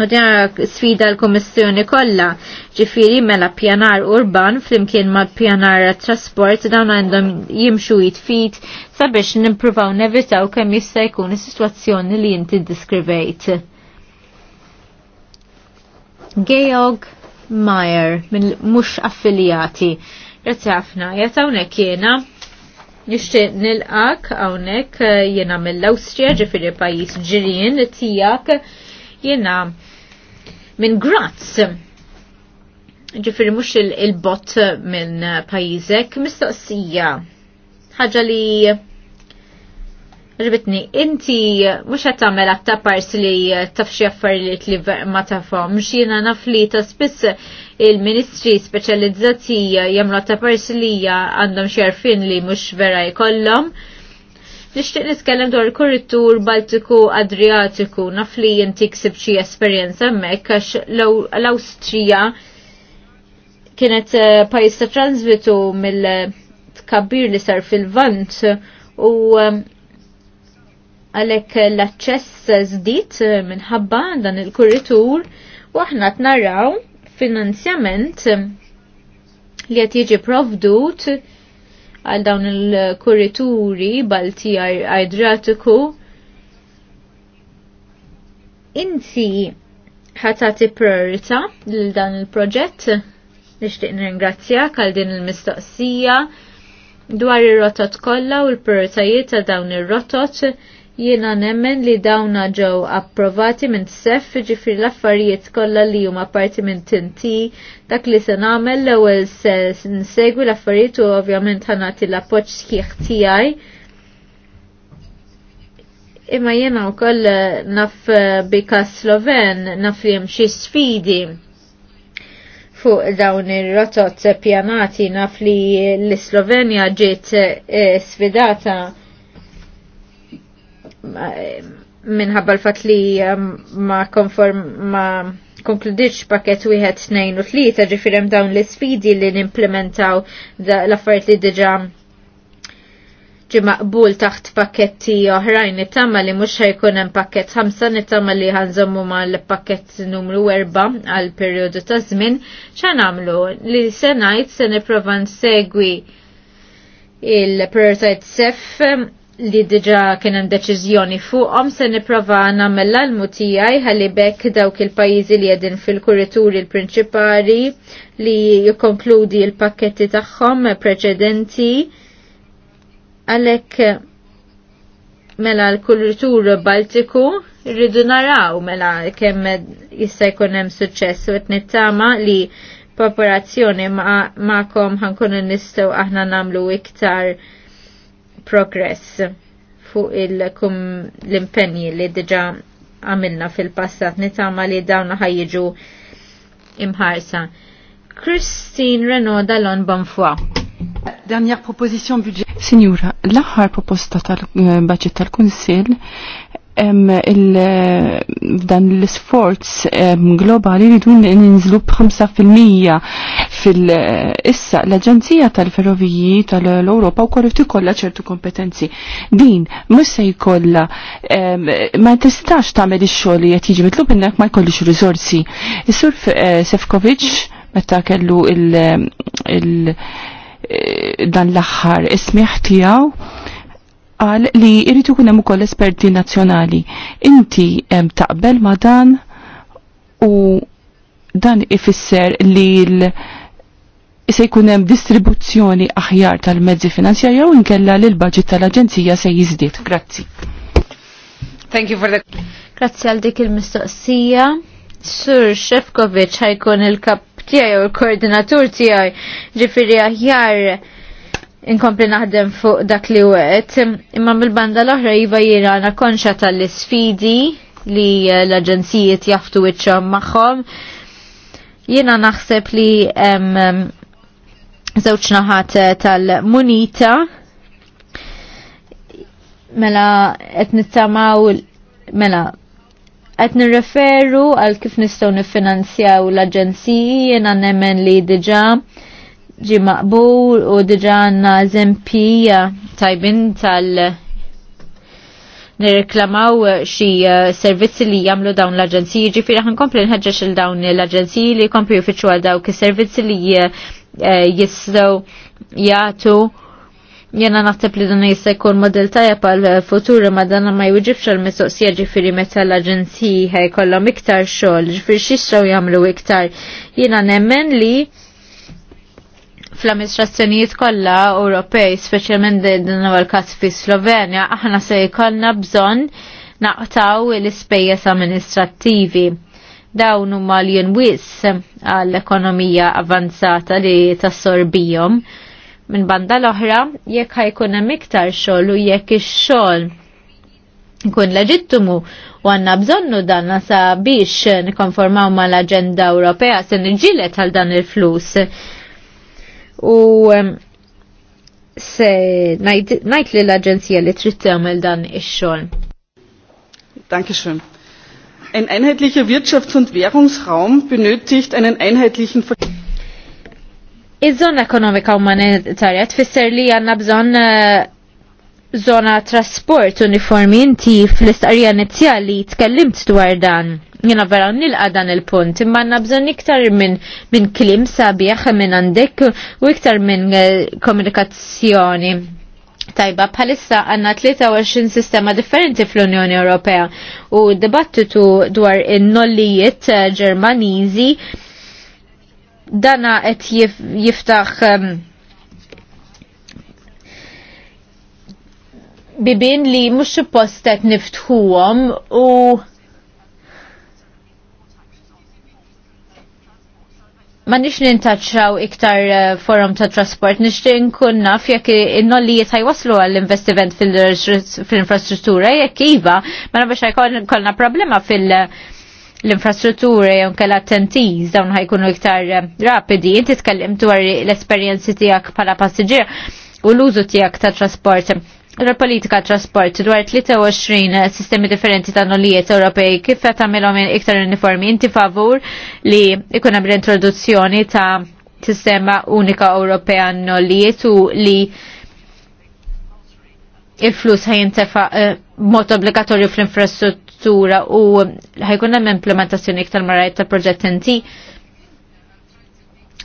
U din sfida l kummissjoni kollha, ġifieri mela pjanar urban flimkien ma' pjanar trasport dawn għandhom jimxu jitfit sabiex nippruvaw nevitaw kemm jista' jkun is-sitwazzjoni li inti diskrivejt. Georg Meyer, minn mux affiljati. Grazie ħafna, jatawnek jena. Nishtiq nilqak għawnek eh, jena mill-Austria ġifiri pajis ġirin, tijak jena minn Graz. Ġifiri mux il-bot minn pajizek mistoqsija. ħaġa li ribitni, inti mux għat tamel għatta pars li tafxie affarijiet li ma tafom, xina naf li ta' spiss il-ministri specializzati jamlu għatta pars li għandhom xerfin li mux vera jkollom. Nishtiq niskellem dwar korrittur Baltiku Adriatiku, naf li inti ksib xi esperjenza hemmhekk għax l-Awstrija kienet eh, pajis ta' transvitu mill-tkabbir li sar fil-vant u eh, għalek l-access zdit minħabba dan il-kurritur u aħna t-narraw finanzjament li għat jieġi provdut għal dawn il-kurrituri balti idratiku. Inti ħatati priorita l dan il-proġett nishtiq ringrazzjak għal din il-mistoqsija dwar ir-rotot kollha u l-prioritajiet ta' dawn ir-rotot Jiena nemmen li dawna ġew approvati minn sef ġifri l-affarijiet kollha li huma parti minn tinti dak li se nagħmel l-ewwel se nsegwi l-affarijiet u ovvjament ħanati l-appoġġ sħiħ tiegħi. Imma jiena wkoll naf bika Sloven naf li hemm xi sfidi fuq dawn ir-rotot pjanati naf li l-Slovenja ġiet eh, sfidata minħabba l-fat li um, ma konform ma konkludiċ paket wieħed 2 u tlieta ġifirem dawn l sfidi li nimplementaw l-affarijiet li diġà ġi maqbul taħt pakketti oħrajn nittama li mhux ħajkun hemm pakkett 5 nittama li ħanżommu l-pakket numru 4 għal perjodu ta' żmien xa għamlu li se ngħid se nipprova nsegwi il prioritajt sef li diġa kien hemm deċiżjoni fuqhom se nipprova nagħmel l tiegħi ħalli bekk dawk il-pajjiżi li qegħdin fil-kurituri l-prinċipali li jikkonkludi l-pakketti tagħhom preċedenti għalhekk mela l-kuritur Baltiku rridu naraw mela kemm jista' jkun hemm suċċess u qed nittama li popolazzjoni ma'kom ma ħankunu nistgħu aħna nagħmlu iktar progress fuq il-kum l-impenji li diġa għamilna fil-passat nitama li dawna ħajġu imħarsa. Christine Renaud Dallon Bonfoy. Dernière proposition budget. Signora, l-aħħar proposta tal-budget tal eh, kunsil f'dan l-sforz globali li dun ninżlu b'5% fil-issa l-Aġenzija tal-Ferroviji tal-Ewropa wkoll qed ikollha ċertu kompetenzi. Din mhux se jkollha ma tistax tagħmel ix-xogħol li qed jiġi mitlub innek ma jkollix riżorsi. Is-Sur eh, Sefkovic meta kellu il- eh, dan l-aħħar ismiħ tiegħu qal li jrid ikun hemm ukoll esperti nazzjonali. Inti hemm taqbel ma dan u dan ifisser li l se jkun hemm distribuzzjoni aħjar tal-mezzi finanzjarja u nkella li l-budget tal-Aġenzija se jiżdied. Grazzi. Thank you for the... Grazzi għal dik il-mistoqsija. Sur Shefkovic ħajkun il-kap tiegħi u l-koordinatur tiegħi ġifieri aħjar inkompli naħdem fuq dak li wet, imma mill-banda l-oħra jiva jira konxa tal-sfidi li l-aġenzijiet jaftu iċċom maħħom. Jena naħseb li zewċ naħat tal-munita, mela qed nittamaw mela qed nirreferu għal kif nistgħu nifinanzjaw l-aġenziji jiena nemmen li diġà ġi maqbul u diġanna eżempija tajbin tal- nirreklamaw xi eh, servizzi li jagħmlu dawn l-aġenziji, ġifieri aħna nkompli nħeġġeġ il dawn l-aġenziji li jkomplu juffiċċju għal dawk is-servizzi li eh, eh, jistgħu jagħtu jena naħseb li dan jista' jkun modell tajjeb għal futuri ma dan ma jwiġibx għal mistoqsija ġifieri meta l-aġenziji ħajkollhom iktar xogħol, ġifieri x'jistgħu jagħmlu iktar. Jiena nemmen li fl-amministrazzjonijiet kollha Ewropej, speċjalment din huwa l-każ fi Slovenja, aħna se jkollna bżonn naqtaw l-ispejjeż amministrattivi. Dawn huma l jinwis għall-ekonomija avanzata li tassorbihom. Minn banda l-oħra, jekk ħajkun hemm iktar xogħol u jekk ix-xogħol nkun leġittimu u għanna bżonnu dan sa biex nikonformaw ma l Ewropea se nġilet għal dan il-flus u se najt li l-Aġenzija li trid tagħmel dan ix-xogħol. Dankeschön. Ein einheitlicher Wirtschafts- und Währungsraum benötigt einen einheitlichen Ver Iż-żona ekonomika u monetarja tfisser li għandna bżonn eh, zona trasport uniformi inti fl-istqarrija inizjali tkellimt dwar dan jena vera nilqa dan il-punt, imma għanna bżon iktar minn min klim sabiħ minn għandek u iktar minn eh, komunikazzjoni. Tajba, bħalissa għanna 23 sistema differenti fl-Unjoni Ewropea u dibattitu dwar in-nollijiet eh, ġermaniżi dana qed jif, jiftaħ um, ehm, bibin li mux qed niftħuhom u ma nix nintaċċaw iktar eh, forum ta' trasport, nixtieq nkun naf jekk in-nollijiet waslu għall-investiment fil-infrastruttura, jekk iva, ma nafx kolna problema fil- infrastruttura jew kella tentiz dawn ħajkunu iktar eh, rapidi, inti tkellim dwar l-esperjenzi tiegħek bħala passiġġier u l-użu tiegħek ta' trasport Dwar politika trasport dwar 23 eh, sistemi differenti ta' nolijiet Ewropej kif qed tagħmilhom iktar uniformi inti favur li ikun hemm introduzzjoni ta' sistema unika Ewropea nolijiet u li il-flus ħajintefa eh, mod obbligatorju fl-infrastruttura u ħajkun hemm implementazzjoni iktar marajt ta' proġett inti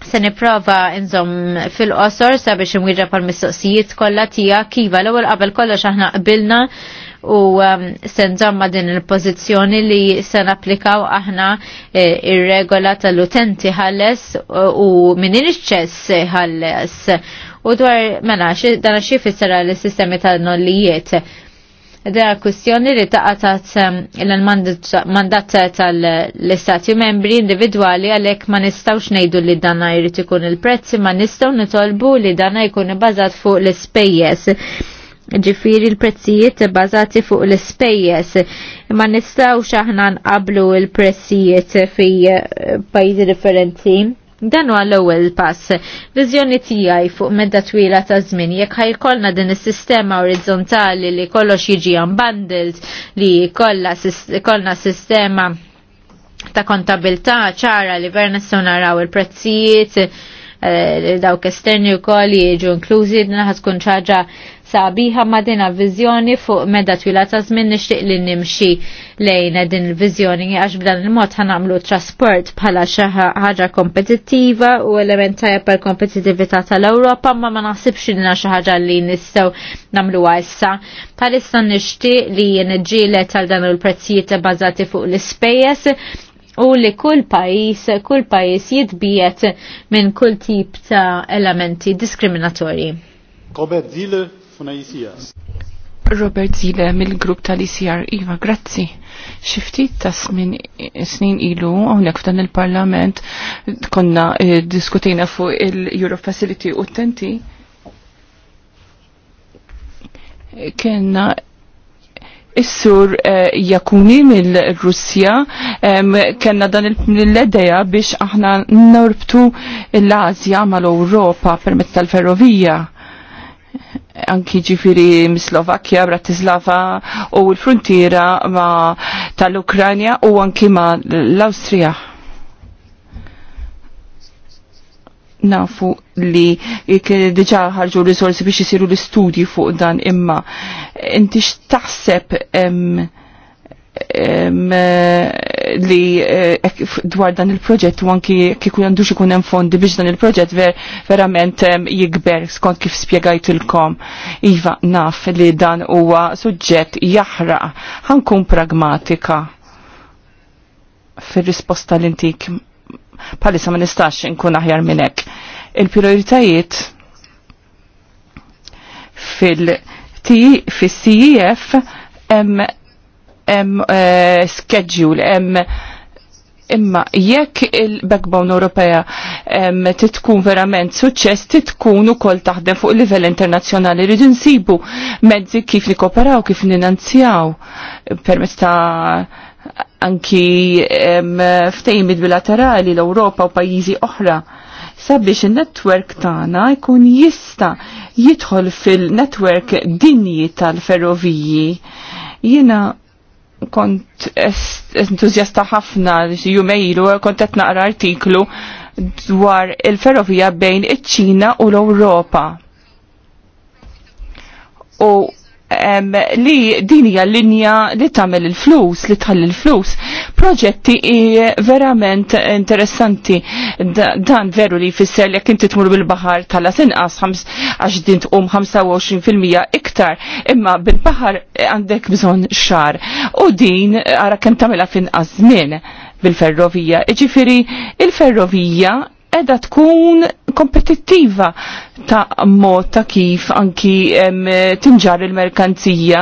se niprofa nżom fil-qosor sabiex imwira pal mistoqsijiet kollha tija kiva l-ewwel qabel kollox aħna qbilna u um, se nżomma din il-pożizzjoni li se napplikaw aħna eh, ir-regola tal-utenti ħalles u min inixċess ħalles u dwar mela dan xi fissera l-sistemi tal-nollijiet Da kwestjoni li taqatat l-mandat tal-istati membri individuali għalek ma nistawx nejdu li dana jrid ikun il-prezzi, ma nistaw nitolbu li dana jkun bazat fuq l-spejjes. Ġifiri l-prezzijiet bazati fuq l-spejjes. Ma nistawx aħna nqablu l-prezzijiet fi eh, pajzi differenti. Dan huwa l-ewwel pass. Viżjoni tiegħi fuq medda twila ta' żmien jekk ħajkolna din is-sistema orizzontali li kollox jiġi unbundled li kollha sistema ta' kontabilta ċara li verna nistgħu naraw il-prezzijiet eh, dawk esterni u koll jiġu inklużi dina tkun ċaġa sabiħa ma' din viżjoni fuq meda twila ta' żmien nixtieq li nimxi lejn din il vizjoni għax b'dan il-mod ħanamlu trasport bħala xi ħaġa kompetittiva u element tajjeb per kompetittività tal-Ewropa ma ma naħsibx li xi ħaġa li nistgħu nagħmluha issa. Bħalissa nixtieq li nġielet tal dan il-prezzijiet bażati fuq l-ispejjeż u li kull pajis, kull pajis jitbijet minn kull tip ta' elementi diskriminatorji. Robert Zile mill-grupp tal-ICR Iva, grazzi. Xiftit ta' snin ilu għonek f'dan il-parlament konna eh, diskutina fuq il-Euro Facility u t-tenti kena Is-sur eh, Jakuni mill-Russja eh, kena dan l-ledeja biex aħna norbtu l-Azja mal-Europa permezz tal-ferrovija anki ġifiri Slovakkja, Bratislava u l-frontiera ma tal-Ukranja u anki ma l-Awstrija. nafu li diġa ħarġu risorsi biex jisiru l-istudji fuq dan imma inti x'taħseb Eh, li eh, dwar dan il-proġett u anki kieku għandux ikun hemm fondi biex dan il-proġett verament jikber skont kif spjegajtilkom. Iva naf li dan huwa suġġett jaħraq ħankun pragmatika fir-risposta l-intik palissa ma nistax nkun aħjar minn hekk. Il-prioritajiet fil-CEF hemm hemm eh, schedule, hemm imma jekk il-backbone Ewropea titkun verament suċċess titkun ukoll taħdem fuq livell internazzjonali rridu nsibu mezzi kif nikoperaw kif ninanzjaw permezz ta' anki ftejmid bilaterali l-Ewropa u pajjiżi oħra sabiex il-network tagħna jkun jista jidħol fil-network dinji tal-ferroviji. Jiena kont entuzjasta ħafna jumejlu, kont qed naqra artiklu dwar il-ferrovija bejn iċ-Ċina u l-Ewropa. U um, li din hija linja li tagħmel il-flus, li tħalli il-flus. Proġetti verament interessanti da, dan veru li jfisser jekk inti tmur bil-baħar tal-asinqas għax din tqum 25% iktar, imma bil bahar għandek bżon xar. U din għara kem tamela fin żmien bil-ferrovija. Iġifiri, il-ferrovija edha tkun kompetittiva ta' mod ta' kif anki tinġar il-merkanzija,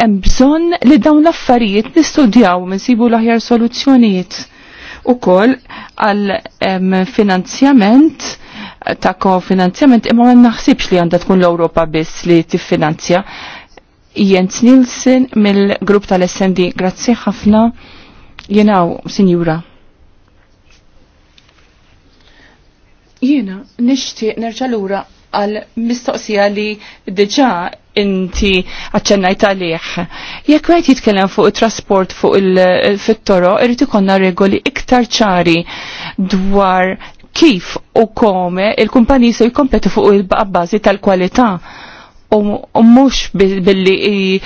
hemm bżonn li dawn l-affarijiet nistudjaw sibu l-aħjar soluzzjonijiet. Ukoll għal finanzjament ta' kofinanzjament imma ma naħsibx li għandha tkun l-Ewropa biss li tiffinanzja. Jens Nilsen mill-grupp tal-SND, grazzi ħafna jenaw, sinjura. Jena, nishti nerġa' lura għal mistoqsija li diġa inti għacċennajt għalih. Jekk għajt jitkellem fuq il-trasport fuq il-fittoro, irrit ikonna regoli iktar ċari dwar kif u kome il-kumpani se jkompetu fuq il-bazi tal-kwalità u mux billi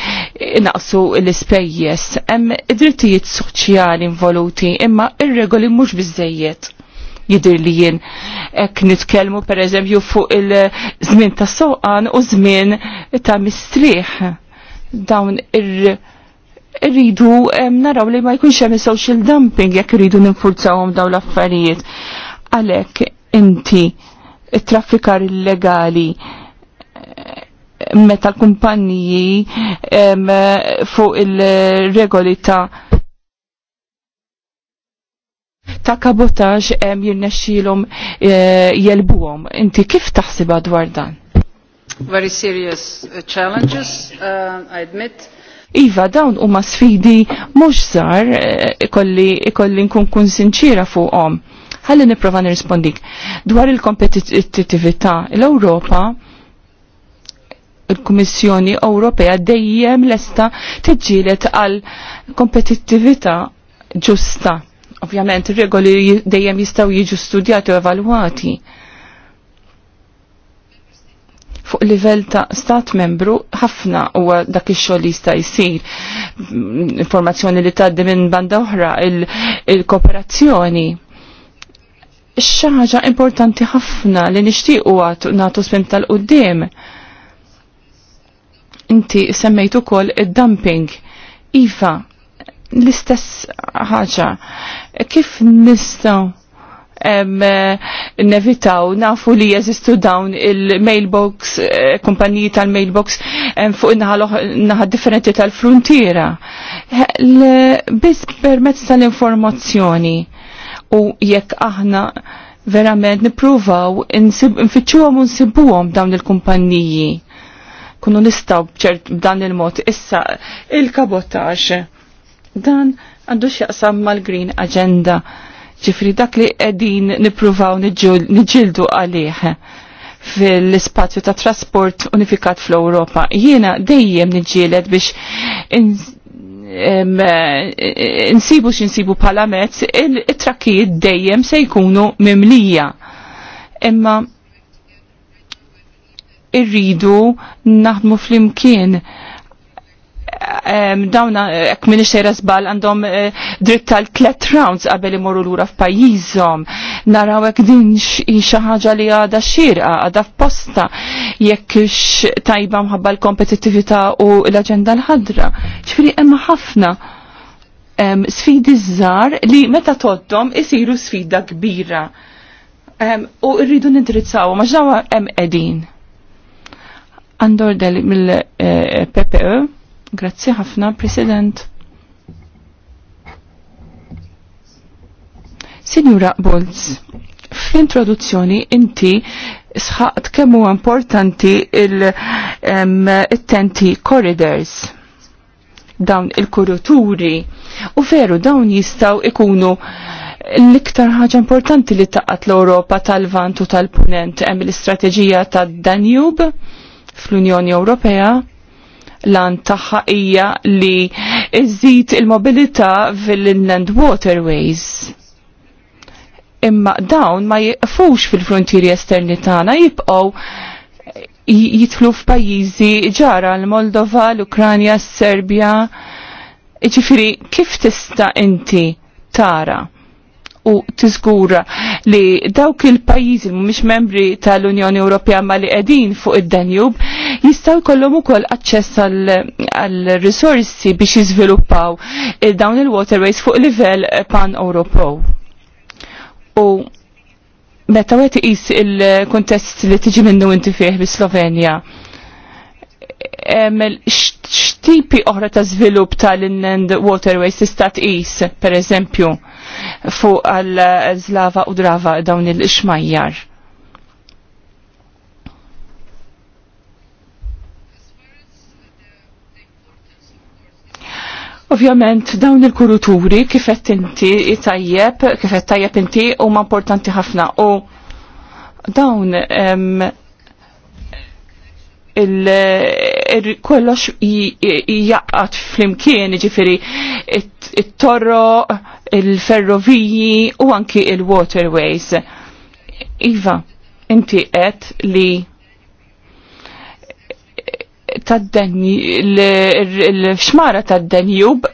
naqsu l-ispejjes. Hemm id-drittijiet soċjali involuti, imma ir-regoli mhux bizzejiet jidir li jien ek nitkelmu per eżempju fuq il-żmien ta' soqan u żmien ta' mistrieħ dawn ir rridu naraw li ma jkunx hemm social dumping jekk irridu ninfurzawhom dawn l-affarijiet. Għalek inti traffikar illegali meta l-kumpanniji fuq il-regoli ta' ta' kabotaġ jirnexxilhom eh, jelbuhom. Inti kif taħsiba dwar dan? Very serious uh, challenges, uh, I admit. Iva, dawn huma sfidi mhux zar, eh, ikolli nkun kun sinċira fuqhom Ħalli nipprova nirrispondik. Dwar il-kompetittività, l-Ewropa il-Kummissjoni Ewropea dejjem lesta tiġġielet għal kompetittività ġusta. Ovvjament, regoli dejjem jistaw jiġu studjati u evalwati fuq livell ta' stat membru ħafna huwa dak ix-xogħol li jista' jsir. Informazzjoni li tgħaddi minn banda oħra il-kooperazzjoni. Il xaħġa importanti ħafna li nixtiequ għat natu spin tal-qoddim. Inti semmejtu kol id-dumping. Iva, l-istess ħaġa. Kif nistaw nevitaw nafu li jeżistu dawn il-mailbox, eh, kumpaniji tal-mailbox fuq naħa differenti tal-frontiera. Biz permezz tal-informazzjoni u jekk aħna verament nipruvaw nfittxuhom u nsibuhom dawn il-kumpanniji. Kunu nistaw bċert b'dan il-mod issa il-kabotaġ. Dan għandu x'jaqsam mal-Green Agenda. Ġifri dak li qegħdin nippruvaw nġildu għalih fil-spazju ta' trasport unifikat fl-Europa. Jiena dejjem nġilet biex Eh, eh, insibu x'insibu bħala mezz, it-trakkijiet dejjem se jkunu mimlija. Imma irridu naħdmu flimkien dawna eh, ek minni xejra zbal għandhom eh, dritt tal tlet rounds qabel imorru lura f'pajjiżhom. Naraw ek din xi ħaġa li għadha xirqa għadha f'posta jekk tajba mħabba l kompetitivita u l-aġenda l-ħadra. Ġifieri hemm ħafna sfidi żżar li meta toddom isiru sfida kbira. u rridu nindrizzaw, maġdawa ġawa hemm qegħdin. Andor del mill-PPE, eh, Grazzi ħafna, President. Signora Bolz, fl-introduzzjoni inti sħaqt kemmu importanti il-tenti um, corridors dawn il-kuruturi u veru dawn jistaw ikunu l-iktar ħaġa importanti li taqat l-Europa tal-Vant u tal-Punent hemm l-istrateġija tad-Danube fl-Unjoni Ewropea lan taħħa hija li iżid il-mobilità fil-inland waterways. Imma dawn ma jiqfux fil-frontieri esterni tagħna jibqgħu jitlu f'pajjiżi ġara l-Moldova, l-Ukranja, s-Serbja. Ġifiri, kif tista' inti tara? u tiżgura li dawk il-pajjiżi mhumiex membri tal-Unjoni Ewropea ma li qegħdin fuq id-Danjub jistaw jkollhom ukoll aċċess għal risorsi biex jiżviluppaw eh, dawn il-waterways fuq livell eh, pan-Ewropew. U meta għet jis il-kontest li tiġi minnu inti fieħ bi Slovenja, xtipi oħra ta' zvilup tal-inland waterways tista' jis, per eżempju, fuq għal zlava u drava dawn il-xmajjar. Ovvjament dawn il-kuruturi kifet inti tajjeb, kifet tajjeb inti u ma importanti ħafna u dawn um, il-kollox jaqqat fl-imkien ġifiri it-torro, il-ferroviji u anki il-waterways. Iva, inti qed li tad-deni l-xmara tad-Danjub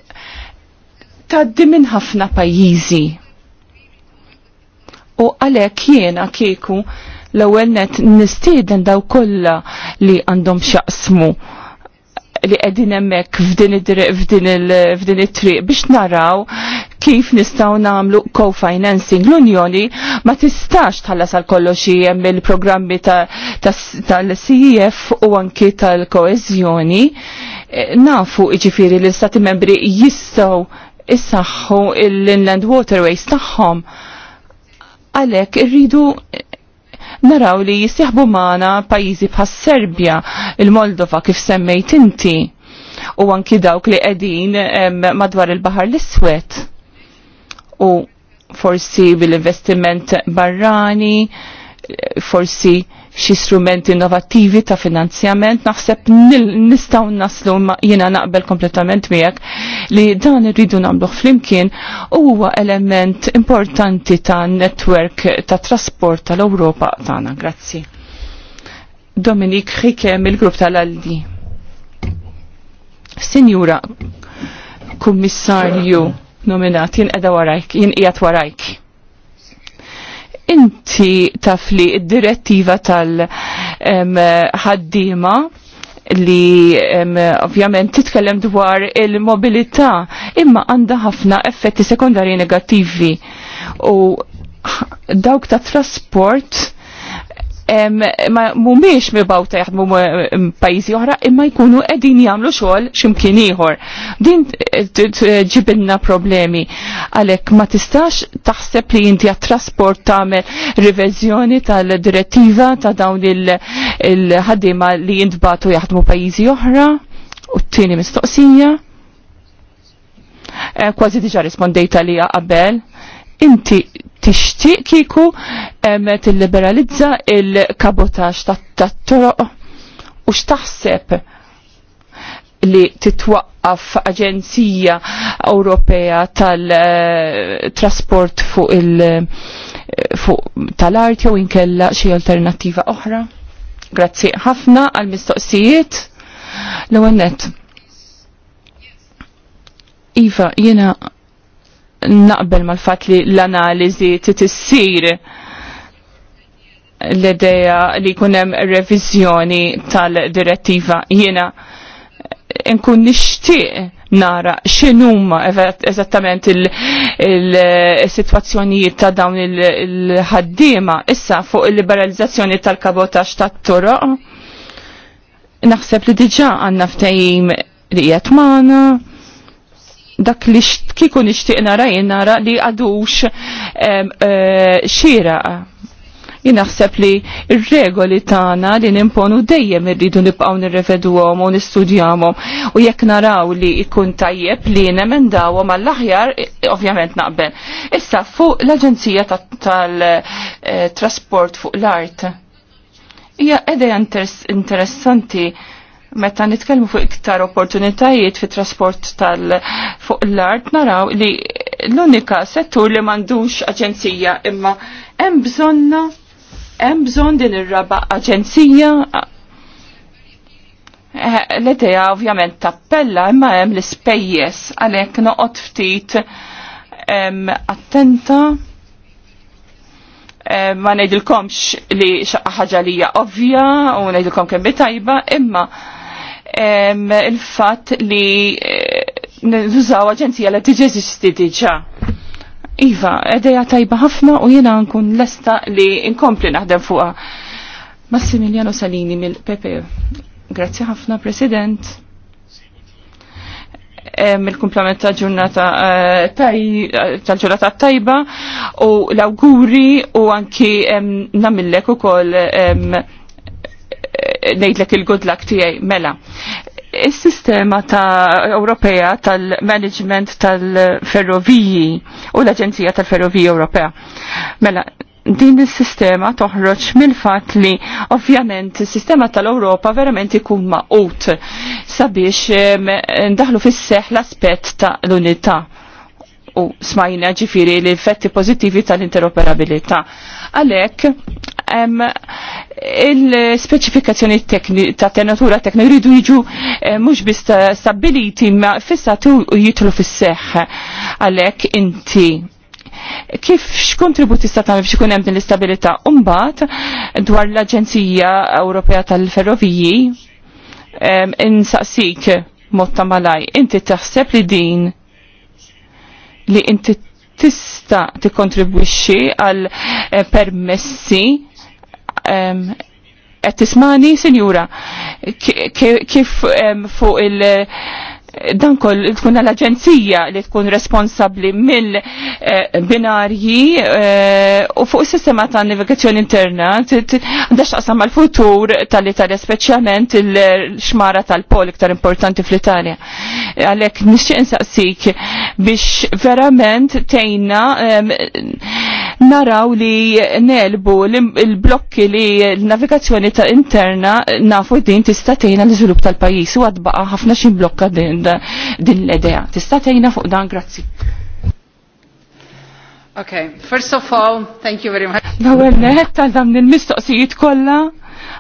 taddi minn ħafna pajjiżi. U għalhekk jiena kieku l-ewwel net nistieden daw kolla li għandhom xaqsmu li qegħdin hemmhekk f'din it-triq biex naraw kif nistaw namlu co-financing. L-Unjoni ma tistax tħallas għal kollox jem il-programmi tal-CEF u anki tal-koezjoni. E, nafu iġifiri l-istati membri jistaw issaħħu l-inland waterways tagħhom. Għalek irridu naraw li jistihbu maħna pajizi bħas Serbia, il-Moldova kif semmejt inti u anki dawk li qegħdin madwar il-Baħar l-Iswed u forsi bil-investiment barrani, forsi xi strumenti innovativi ta' finanzjament, naħseb nistaw naslu ma jena naqbel kompletament miegħek li dan irridu nagħmluh flimkien huwa element importanti ta' netwerk ta' trasport tal-Ewropa tagħna. Grazzi. Dominik Hikem, il-grupp tal-Aldi. Sinjura, kummissarju, nominat, jien edha warajk, jien ijat warajk. Inti tafli id-direttiva tal-ħaddima li ovvjament titkellem dwar il-mobilità imma għandha ħafna effetti sekundarji negattivi u dawk ta' trasport ma mumiex mibawta jaħdmu pajjiżi oħra imma jkunu qegħdin jagħmlu xogħol x'imkien ieħor. Din ġibilna problemi għalhekk ma tistax taħseb li inti għat-trasport tagħmel riveżjoni tal-direttiva ta' dawn il ħadima li jintbatu jaħdmu pajjiżi oħra u t-tieni mistoqsija. Eh, kważi diġà rispondejta li qabel inti tixtieq kiku tilliberalizza il kabotax tat-toroq u x'taħseb li titwaqqaf Aġenzija Ewropea tal-trasport eh, fuq il- eh, fuq tal-art jew inkella xi alternattiva oħra. Grazzi ħafna għal mistoqsijiet. L-ewwel Iva, jiena naqbel mal-fat li l-analizi titissir l-ideja li kunem revizjoni tal-direttiva jiena nkun nixtieq nara x'inhuma eżattament il-sitwazzjonijiet ta' dawn il-ħaddiema issa fuq il-liberalizzazzjoni tal-kabotax tat-toroq. Naħseb li diġà għandna ftehim li qiegħed magħna dak li kiku nixtieq nara jien nara li għadux e, xira. Jien naħseb li r-regoli tagħna li nimponu dejjem irridu nibqgħu nirrevedwhom u nistudjawhom u jekk naraw li jkun tajjeb li nemendawhom għall-aħjar ovvjament naqbel. Issa fuq l-Aġenzija tal-Trasport e, fuq l-Art. Hija edha interessanti Meta nitkellmu fuq iktar opportunitajiet fi trasport tal fuq l-art naraw li l-unika settur li m'għandux aġenzija imma hemm bżonna hemm bżonn din ir-raba aġenzija eh, l idea ovvjament tappella imma hemm l-ispejjeż għalhekk noqgħod ftit attenta eh, ma ngħidilkomx li xi ħaġa li hija ovvja u ngħidilkom kemm tajba imma il-fat li eh, nużaw aġenzija li tiġeżisti diġa. Iva, edeja tajba ħafna u jena nkun lesta li inkompli naħdem fuqa. Massimiliano Salini mill-Pepe. Grazzi ħafna, President. Il-kumplament ta' ġurnata eh, tal-ġurnata tajba u l-auguri u anki namillek u koll ngħidlek il-good luck tiegħi mela. Is-sistema ta' Ewropea tal-management tal-ferroviji u l-Aġenzija tal-Ferroviji Ewropea. Mela, din is-sistema toħroġ mill-fatt li ovvjament il sistema tal-Ewropa verament ikun maqut sabiex ndaħlu fis-seħ l-aspett ta' l-unità u smajna ġifiri l effetti pozittivi tal-interoperabilità. Għalek, il specifikazzjoni ta' tenatura tekni rridu jiġu eh, mhux biss stabiliti ma fissa tu jitlu fis-seħħ għalhekk inti kif x'kontribut tista' tagħmel biex ikun hemm din l-istabilità mbagħad dwar l-Aġenzija Ewropea tal-Ferroviji insaqsik mod ta' malaj inti taħseb li din li inti tista tikkontribwixxi għal eh, permessi qed tismani, Sinjura, kif fuq il- dan koll tkun l-aġenzija li tkun responsabli mill-binarji eh, eh, u fuq is-sistema ta' navigazzjoni interna għandax qasam mal-futur tal-Italja speċjalment il-xmara tal-pol iktar importanti fl-Italja. Għalhekk nixtieq insaqsik biex verament tejna naraw li nelbu il-blokki li l-navigazzjoni ta' interna nafu din tista' tejna l-iżvilupp tal-pajjiż u għadbaqa ħafna xi blokka din din l-idea. Tista' tgħinna fuq dan, grazzi. Okay, first of all, thank you very much. L-ewwel neħed ta' dam il-mistoqsijiet kollha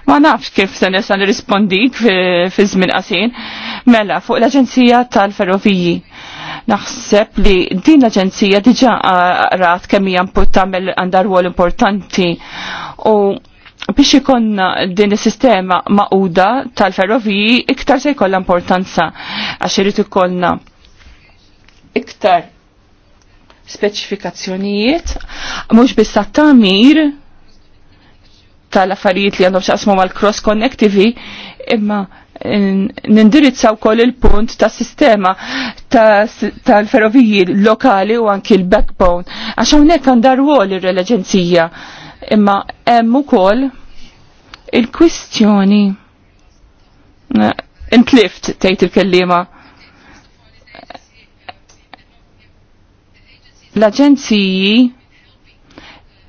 ma nafx kif se nista' nirrispondik fi żmien qasin. Mela, fuq l-Aġenzija tal-Ferroviji naħseb li din l-aġenzija diġa rat kemm hija għandha rwol importanti u biex ikonna din is-sistema maquda tal-ferroviji iktar se jkollha importanza għax irid ikollna iktar speċifikazzjonijiet mhux biss tamir tal-affarijiet li għandhom xaqsmu mal-cross connectivi imma nindirizza wkoll il-punt ta' sistema tal-ferroviji lokali u anki l-backbone. Għax hawnhekk għandha rwol ir-releġenzija Imma hemm ukoll il-kwistjoni intlift tgħid il-kellima. L-aġenziji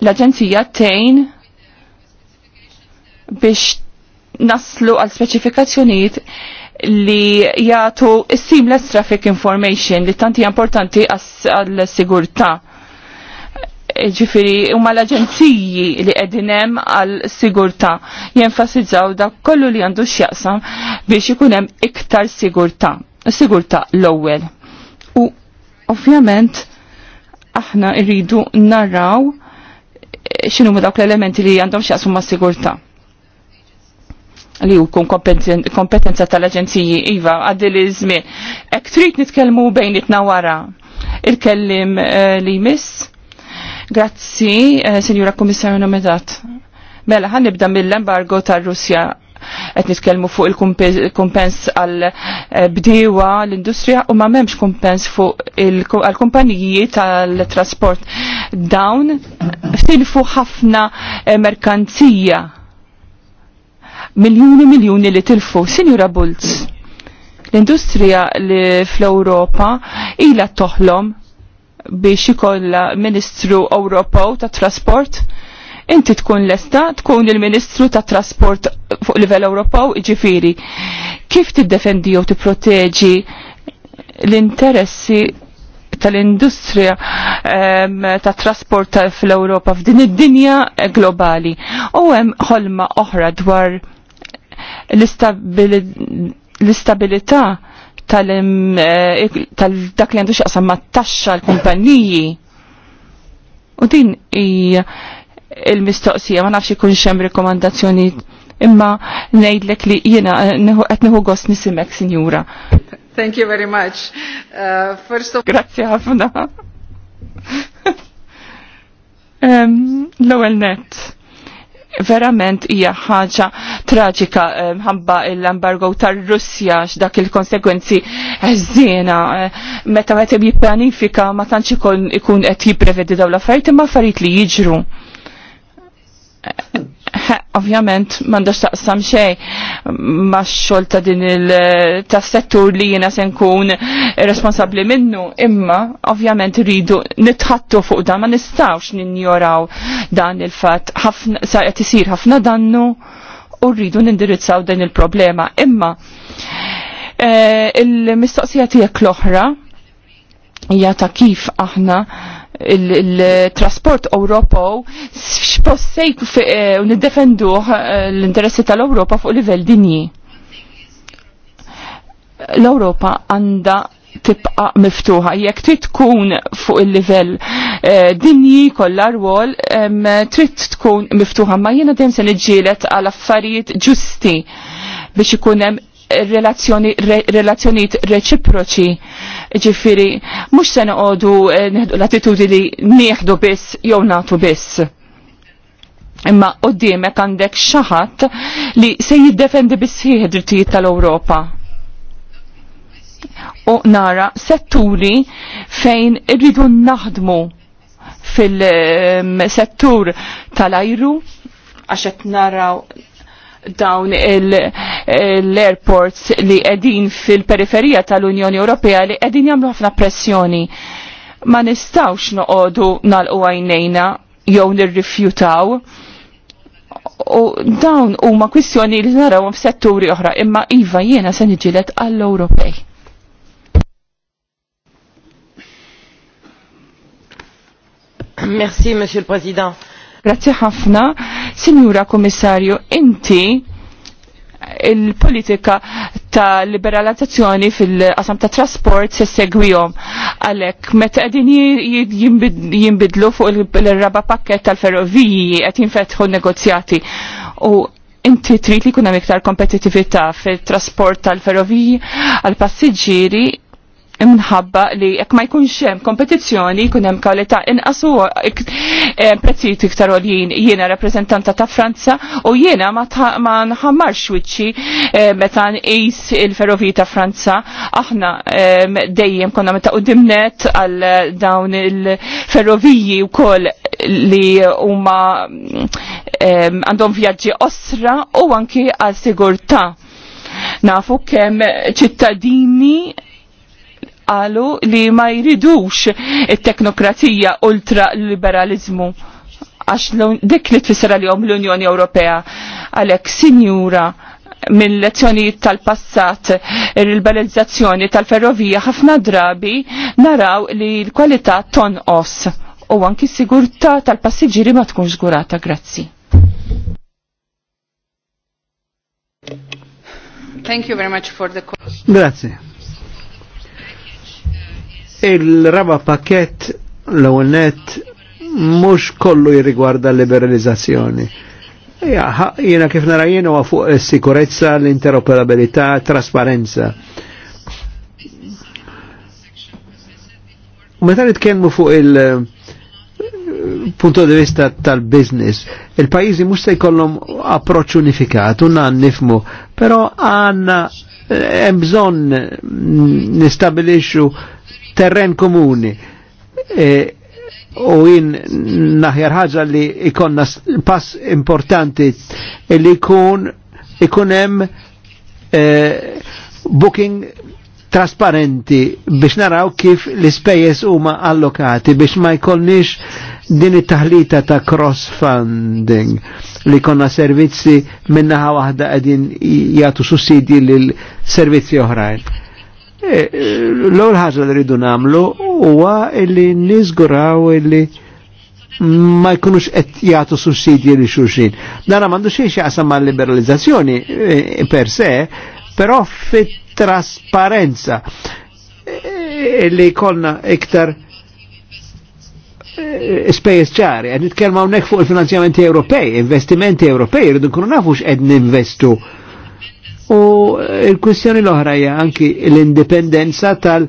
l-aġenzija tgħin biex naslu għal speċifikazzjonijiet li jagħtu seamless traffic information li tanti importanti għall-sigurtà ġifiri huma l-aġenziji li qegħdin hemm għal sigurtà jenfasizzaw dak kollu li għandu x'jaqsam biex ikun hemm iktar sigurtà. Sigurtà l-ewwel. U ovvjament aħna rridu narraw eh, ma dawk l-elementi li għandhom x'jaqsmu ma' sigurtà li u kun kompetenza tal-aġenziji iva għaddi li żmien. Ek trid nitkellmu bejn itna wara il-kellim uh, li miss. Grazzi, eh, Signora Kommissarju Nomedat. Mela, ħan nibda mill-embargo tar-Russja qed nitkellmu fuq il-kumpens għal eh, bdiewa l-industrija u ma m'hemmx kumpens fuq għall-kumpaniji tal-trasport dawn tilfu ħafna eh, merkanzija miljuni miljuni li tilfu. Sinjura Bulz, l-industrija li fl-Ewropa ilha toħlom biex ikolla Ministru Ewropew ta' Trasport. Inti tkun lesta, tkun il-Ministru ta' Trasport fuq livell Ewropew, ġifiri. Kif tiddefendi jew tipproteġi l-interessi tal-industrija um, ta' trasport fl ewropa f'din id-dinja globali. U hemm ħolma oħra dwar l-istabilità tal-dak eh, li għandu xaqsam ma' taxxa l-kumpanniji. U din il-mistoqsija ma nafx kun xem rekomandazzjoni imma ngħidlek li jiena eh, qed nieħu nisimek, sinjura. Thank you very much. Uh, Grazie ħafna. L-ewwel net verament hija ħaġa traġika eh, ħabba l-embargo tar-Russja x'dak il konsegwenzi ħżiena eh, meta qed jippjanifika ma tantx ikun qed jipprevedi dawn l-affarijiet imma affarijiet li jiġru ovvjament m'għandux taqsam xej ma xogħol ta' din il tas settur li jiena se nkun responsabbli minnu imma ovvjament rridu nitħattu fuq dan ma nistgħux ninjoraw dan il fatt ħafna sa' isir ħafna dannu u rridu nindirizzaw din il-problema imma e, il-mistoqsija tiegħek l-oħra hija ta' kif aħna il-trasport Ewropow x'possejk eh, u niddefenduh eh, l-interessi tal-Ewropa fuq livell dinji. L-Ewropa għandha tibqa' miftuħa. Jekk trid tkun fuq il-livell eh, dinji kollha rwol, trid tkun miftuħa, ma jiena dejjem se niġġielet għal affarijiet ġusti biex ikun hemm relazzjoniet reċiproċi ġifiri, mux se għodu eh, neħdu l-attitudi li nieħdu biss jew natu biss. Imma qoddimek għandek xaħat li se jiddefendi bissieħ drittijiet tal-Ewropa. U nara setturi fejn irridu naħdmu fil-settur eh, tal-ajru għaxet naraw dawn l-airports li edin fil-periferija tal-Unjoni Ewropea li edin jamlu ħafna pressjoni. Ma nistawx noqodu nal-u għajnejna jew nirrifjutaw. U dawn huma kwistjoni li narawhom f'setturi oħra, imma iva jiena se niġilet għall-Ewropej. Merci, Monsieur le Président. Grazzi ħafna, Sinjura Komissarju, inti il-politika ta' liberalizzazzjoni fil-qasam ta' trasport se segwijom. Għalek, meta għedin jimbidlu fuq il-raba pakket tal-ferroviji għed jinfetħu negozjati. U inti trid li kuna miktar kompetitività fil-trasport tal-ferroviji għal-passiġġieri minħabba li jekk ma jkunx hemm kompetizzjoni jkun hemm kwalità inqas u eh, prezzijiet iktar għoljin jiena rappreżentanta ta' Franza u jiena ma nħammarx wiċċi eh, meta nqis il-ferrovija ta' Franza aħna eh, dejjem konna meta qudimnet għal dawn il-ferroviji wkoll li huma għandhom vjaġġi osra u anki għal sigurtà nafu kemm ċittadini qalu li ma jridux it-teknokrazija ultra-liberalizmu għax dik li tfissera li l-Unjoni Ewropea għalek sinjura mill-lezzjonijiet tal-passat il-liberalizzazzjoni tal-ferrovija ħafna drabi naraw li l-kwalità tonqos u anki sigurtà tal-passiġġieri ma tkunx żgurata. Grazzi. Thank you very much for the question. Grazie. Il-raba pakket l net mux kollu jirrigwarda liberalizzazzjoni. Jena kif nara jena huwa fuq sikurezza, l-interoperabilità, trasparenza. Meta nitkellmu fuq il- eh, punto di vista tal-business, il-pajizi mux se jkollhom approċ unifikat, unna nifmu, però għanna eh, hemm bżon nistabilixu terren komuni. E, u jien naħjar ħaġa li ikonna pass importanti e li jkun ikun hemm e, booking trasparenti biex naraw kif l-ispejjeż huma allokati biex ma jkollniex din it-taħlita ta' cross-funding li konna servizzi minnaħa waħda qegħdin jagħtu sussidi lil servizzi oħrajn l għol ħazza li rridu nagħmlu huwa illi nizguraw illi ma jkunux qed jagħtu sussidji li xulxin. Nara m'għandu xejn xaqsam mal-liberalizzazzjoni eh, per se, però fit-trasparenza illi eh, konna iktar eh, spejjeż ċari, qed nitkellmu hawnhekk fuq il-finanzjamenti Ewropej, investimenti Ewropej, rridu nkunu nafux għed ninvestu. investu U il-kwistjoni l-oħra hija anki l-indipendenza tal-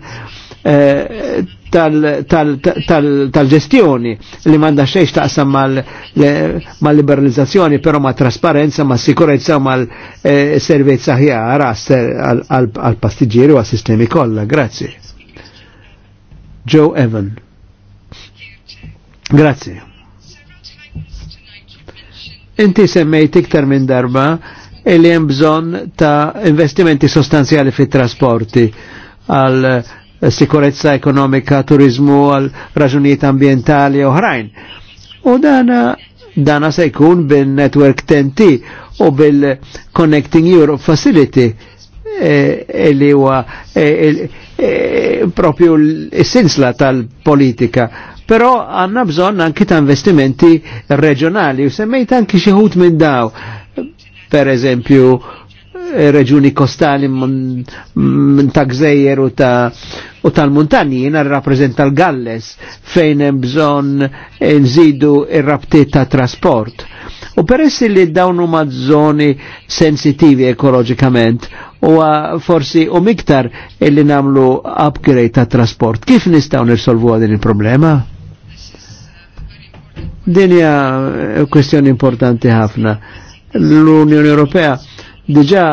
eh, tal-ġestjoni li manda xejx taqsam mal-liberalizzazzjoni, però ma' trasparenza, ma' sikurezza, ma' eh, servizza aħjar għal-pastiġieri u għal-sistemi kollha. Grazzi. Joe Evan. Grazzi. Inti semmejt iktar minn darba li hemm bżonn ta' investimenti sostanzjali fit-trasporti għal sikurezza ekonomika, turizmu, għal raġunijiet ambientali oħrajn. U dana dana se jkun bil-network TNT u bil-Connecting Europe Facility E, e li huwa e, e, e, propju l-sinsla tal-politika. Però għanna bżonn anki ta' investimenti reġjonali u semmejt anki xi ħut minn daw per eżempju eh, reġuni kostali minn ta' gżejjer u ta' u tal-muntanji jena rappresenta l-Galles fejn hemm bżonn nżidu ir-rabtiet ta' trasport. U peress li dawn huma żoni sensitivi ekoloġikament u forsi u miktar illi namlu upgrade ta' trasport. Kif nistgħu nirsolvu din il-problema? Dinja kwestjoni importanti ħafna L-Unjoni Ewropea diġa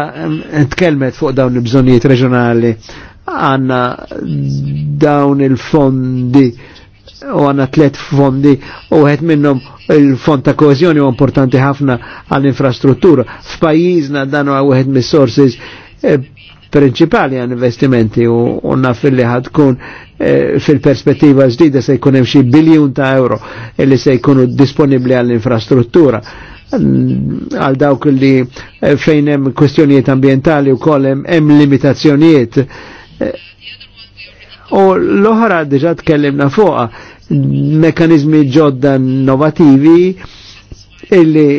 tkellmet fuq dawn il-bżonijiet reġjonali għanna dawn il-fondi u għanna tlet fondi u għed minnom il-fond ta' kohezjoni u importanti ħafna għall-infrastruttura. F'pajjiżna dan u wieħed mis-sources principali eh, prinċipali għan investimenti u naf li ħadkun eh, fil-perspettiva ġdida se jkun hemm xi biljun ta' euro illi se jkunu disponibli għall-infrastruttura għal dawk li eh, fejn hemm kwestjonijiet ambientali u koll hemm limitazzjonijiet. Eh, u l-oħra diġa tkellimna fuq mekanizmi ġodda innovativi illi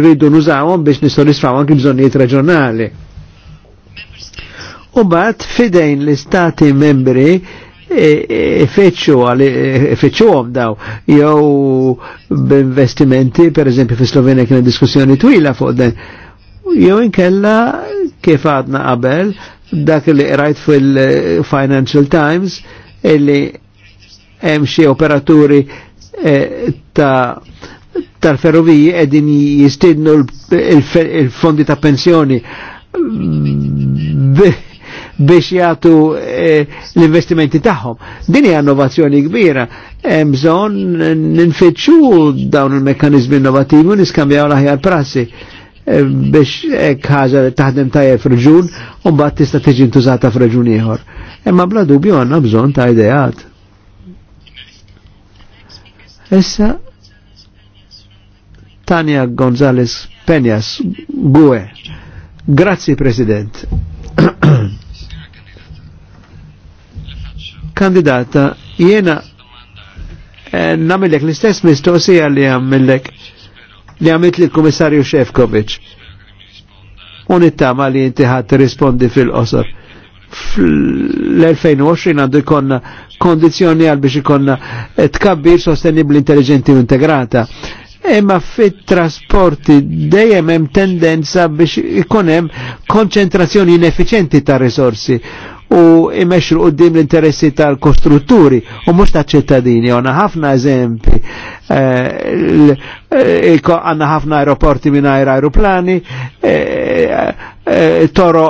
rridu nużawhom biex nissolisfaw anki bżonnijiet reġjonali. U bat fidejn l-istati membri E, e, feċuhom e, daw jew b'investimenti, per eżempju fi Slovenja kien diskussjoni twila fuq dan. Jew inkella kif għadna qabel dak li rajt fil-Financial Times illi hemm xi operaturi ta' tal-ferroviji edin jistidnu il-fondi ta' pensjoni biex jgħatu eh, l-investimenti tagħhom. Din hija innovazzjoni kbira, hemm bżonn ninfittxu dawn il-mekkaniżmi innovativi u niskambjaw l-aħjar prassi eh, biex hekk ħaġa taħdem tajjeb f'reġun u mbagħad tista' tiġi ntużata f'reġun ieħor. Imma bla dubju għandna bżonn ta' idejat. Issa Tania Gonzales Penjas Gue. Grazzi President. kandidata, jena eh, namillek l-istess mistoqsija li għamillek li għamilt li l-Komissarju Šefkovic. Unittama li jinti ħadd rispondi fil-qosor. l 2020 għandu jkonna kondizjoni għal biex jkonna eh, tkabbir sostenibli intelligenti u integrata. Imma fit trasporti dejjem hemm tendenza biex ikun hemm konċentrazzjoni ineffiċenti ta' risorsi u imexru qoddim l-interessi tal-kostrutturi u mux ta' ċittadini. Għanna ħafna eżempi, eh, eh, għanna ħafna aeroporti minn aeroplani, eh, toro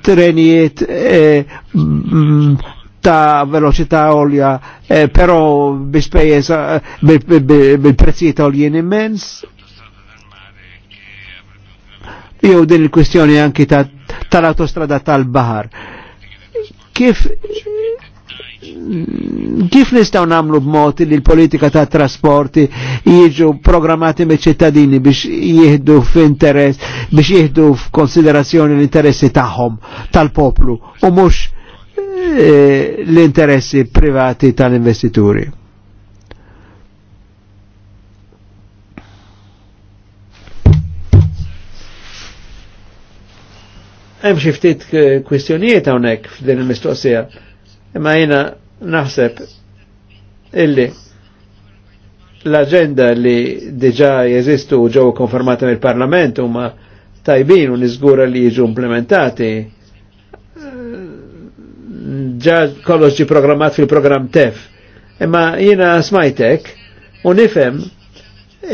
trenijiet ta' veloċità olja, però bispejjeż bil-prezzijiet oljien immens jew din il-kwistjoni anki tal-autostrada tal-bahar. Kif kif nistaw namlu b'mod li l-politika ta' trasporti jiġu programmati me ċittadini biex jihdu f'interess, biex jihdu f'konsiderazzjoni l-interessi tagħhom tal-poplu u mhux eh, l-interessi privati tal-investituri. Hemm xi ftit kwistjonijiet hawnhekk f'din il-mistoqsija. Imma jiena naħseb illi l-agenda li diġa jeżistu ġew konfermata mill-Parlament huma tajbin u niżgura li jiġu implementati ġa kollox ġi programmat fil-programm TEF. Imma jiena smajtek u nifhem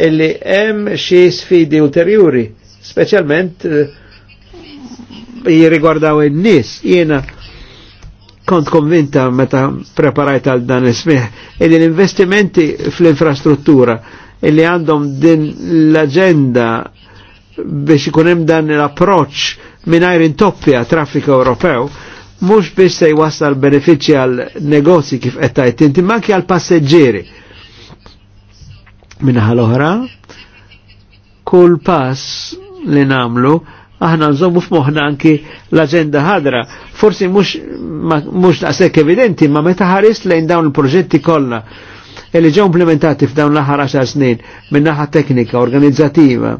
illi hemm xi sfidi ulterjuri, speċjalment uh, jirigwardaw in-nies. Jiena kont konvinta meta preparajt għal dan ismiħ il l-investimenti fl-infrastruttura illi għandhom din l-agenda biex ikunem dan l-approċ minajr intoppja traffiku Ewropew mux biex se jwassal benefiċi għal negozi kif qed inti ma' għal passeġġeri. Minnaħa l-oħra, kull pass li namlu aħna nżommu f'moħna anki l-agenda ħadra. Forsi mux daqshekk evidenti, ma meta ħares lejn dawn il-proġetti kollha e li ġew implementati f'dawn l-aħħar 10 snin minn naħa teknika, organizzativa,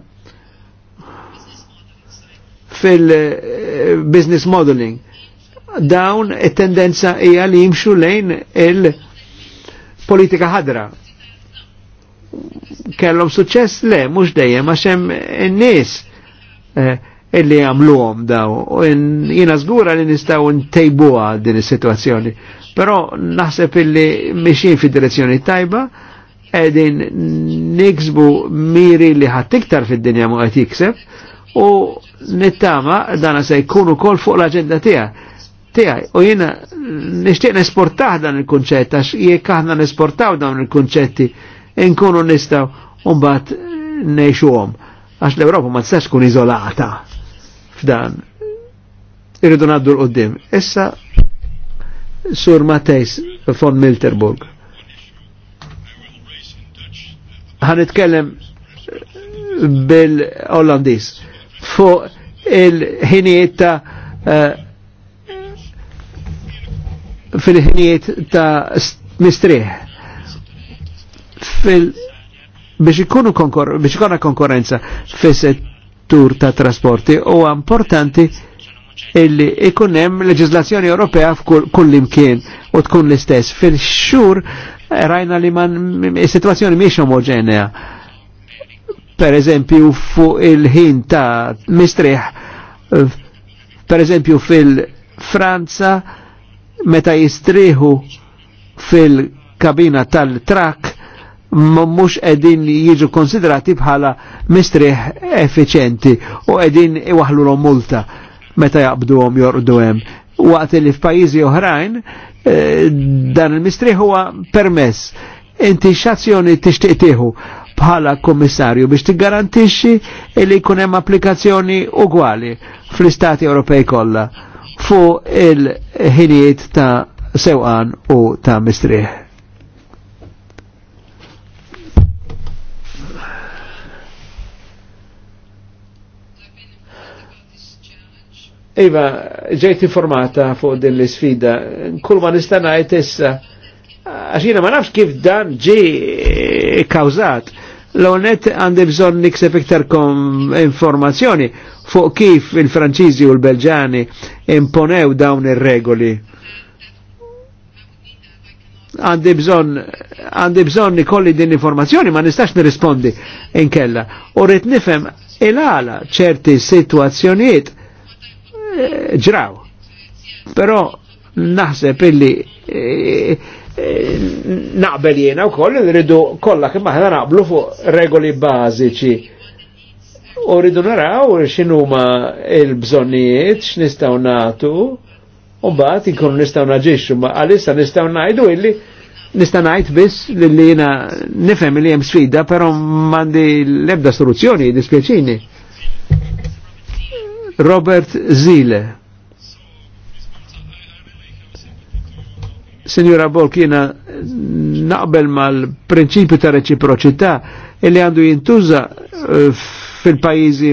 fil-business modeling. Dawn it-tendenza hija li jimxu lejn il-politika ħadra. Kellhom suċċess le, mhux dejjem għax hemm in-nies. Eh, illi għamluhom daw. U jina zgura li nistaw ntejbuha din is-sitwazzjoni. Però naħseb illi mixin fi direzzjoni tajba, edin niksbu miri li ħat iktar fid-dinja mu qed jikseb u nittama dana se jkunu kol fuq l agenda tiegħek tiegħi u jiena nixtieq nesportah dan il-kunċett għax jekk aħna nesportaw dawn il-kunċetti nkunu nistgħu mbagħad ngħixuhom għax l europa ma tistax tkun iżolata f'dan. Irridu naddu l-qoddim. Issa Sur Matejs von Milterburg. Għan itkellem bil-Ollandis fuq il ħiniet ta' eh, fil ħiniet ta' mistrieħ. Fil- biex ikunu konkor biex ikona konkurrenza fis settur ta' trasporti u importanti illi ikunem leġizlazzjoni Ewropea f'kull imkien u tkun l-istess. Fil-xur rajna li man situazzjoni miex omogenea. Per eżempju fuq il-ħin ta' mistriħ, per eżempju fil-Franza meta jistriħu fil-kabina tal-trak mux edin li jiġu konsiderati bħala mistriħ effiċenti u edin iwaħlu l multa meta jaqbdu għom jordu għem. Waqt li f'pajizi oħrajn eh, dan il-mistriħ huwa permess. Inti xazzjoni tixtieq tieħu bħala kommissarju biex tiggarantixxi li jkun hemm applikazzjoni ugwali fl-Istati Ewropej kollha fuq il-ħinijiet ta' sewqan u ta' mistrieħ Iva, ġejt informata fuq din l-sfida, kull ma nistanajt issa, għaxina ma nafx kif dan ġi kawzat. L-onet għandi bżon nikseb iktar informazzjoni fuq kif il-Franċiżi u l-Belġani imponew dawn ir-regoli. Għandi bżon għandi bżon nikolli din informazzjoni ma nistax nirrispondi inkella. U rrit nifhem il-għala ċerti situazzjonijiet Eh, ġraw. Però naħseb illi eh, eh, naqbel jena u koll rridu kollha kemm aħna naqblu fuq regoli bażiċi. U rridu naraw x'inhuma l-bżonnijiet, x'nistgħu nagħtu, u mbagħad inkunu nistgħu naġixxu, ma għalissa nistgħu ngħidu illi nista' ngħid biss li jiena nifhem li hemm sfida, però m'għandi l-ebda soluzzjoni, dispjaċini Robert Zile. Signora Bolkina, naqbel mal-prinċipju ta' reċiproċità illi għandu jintuża eh, fil-pajizi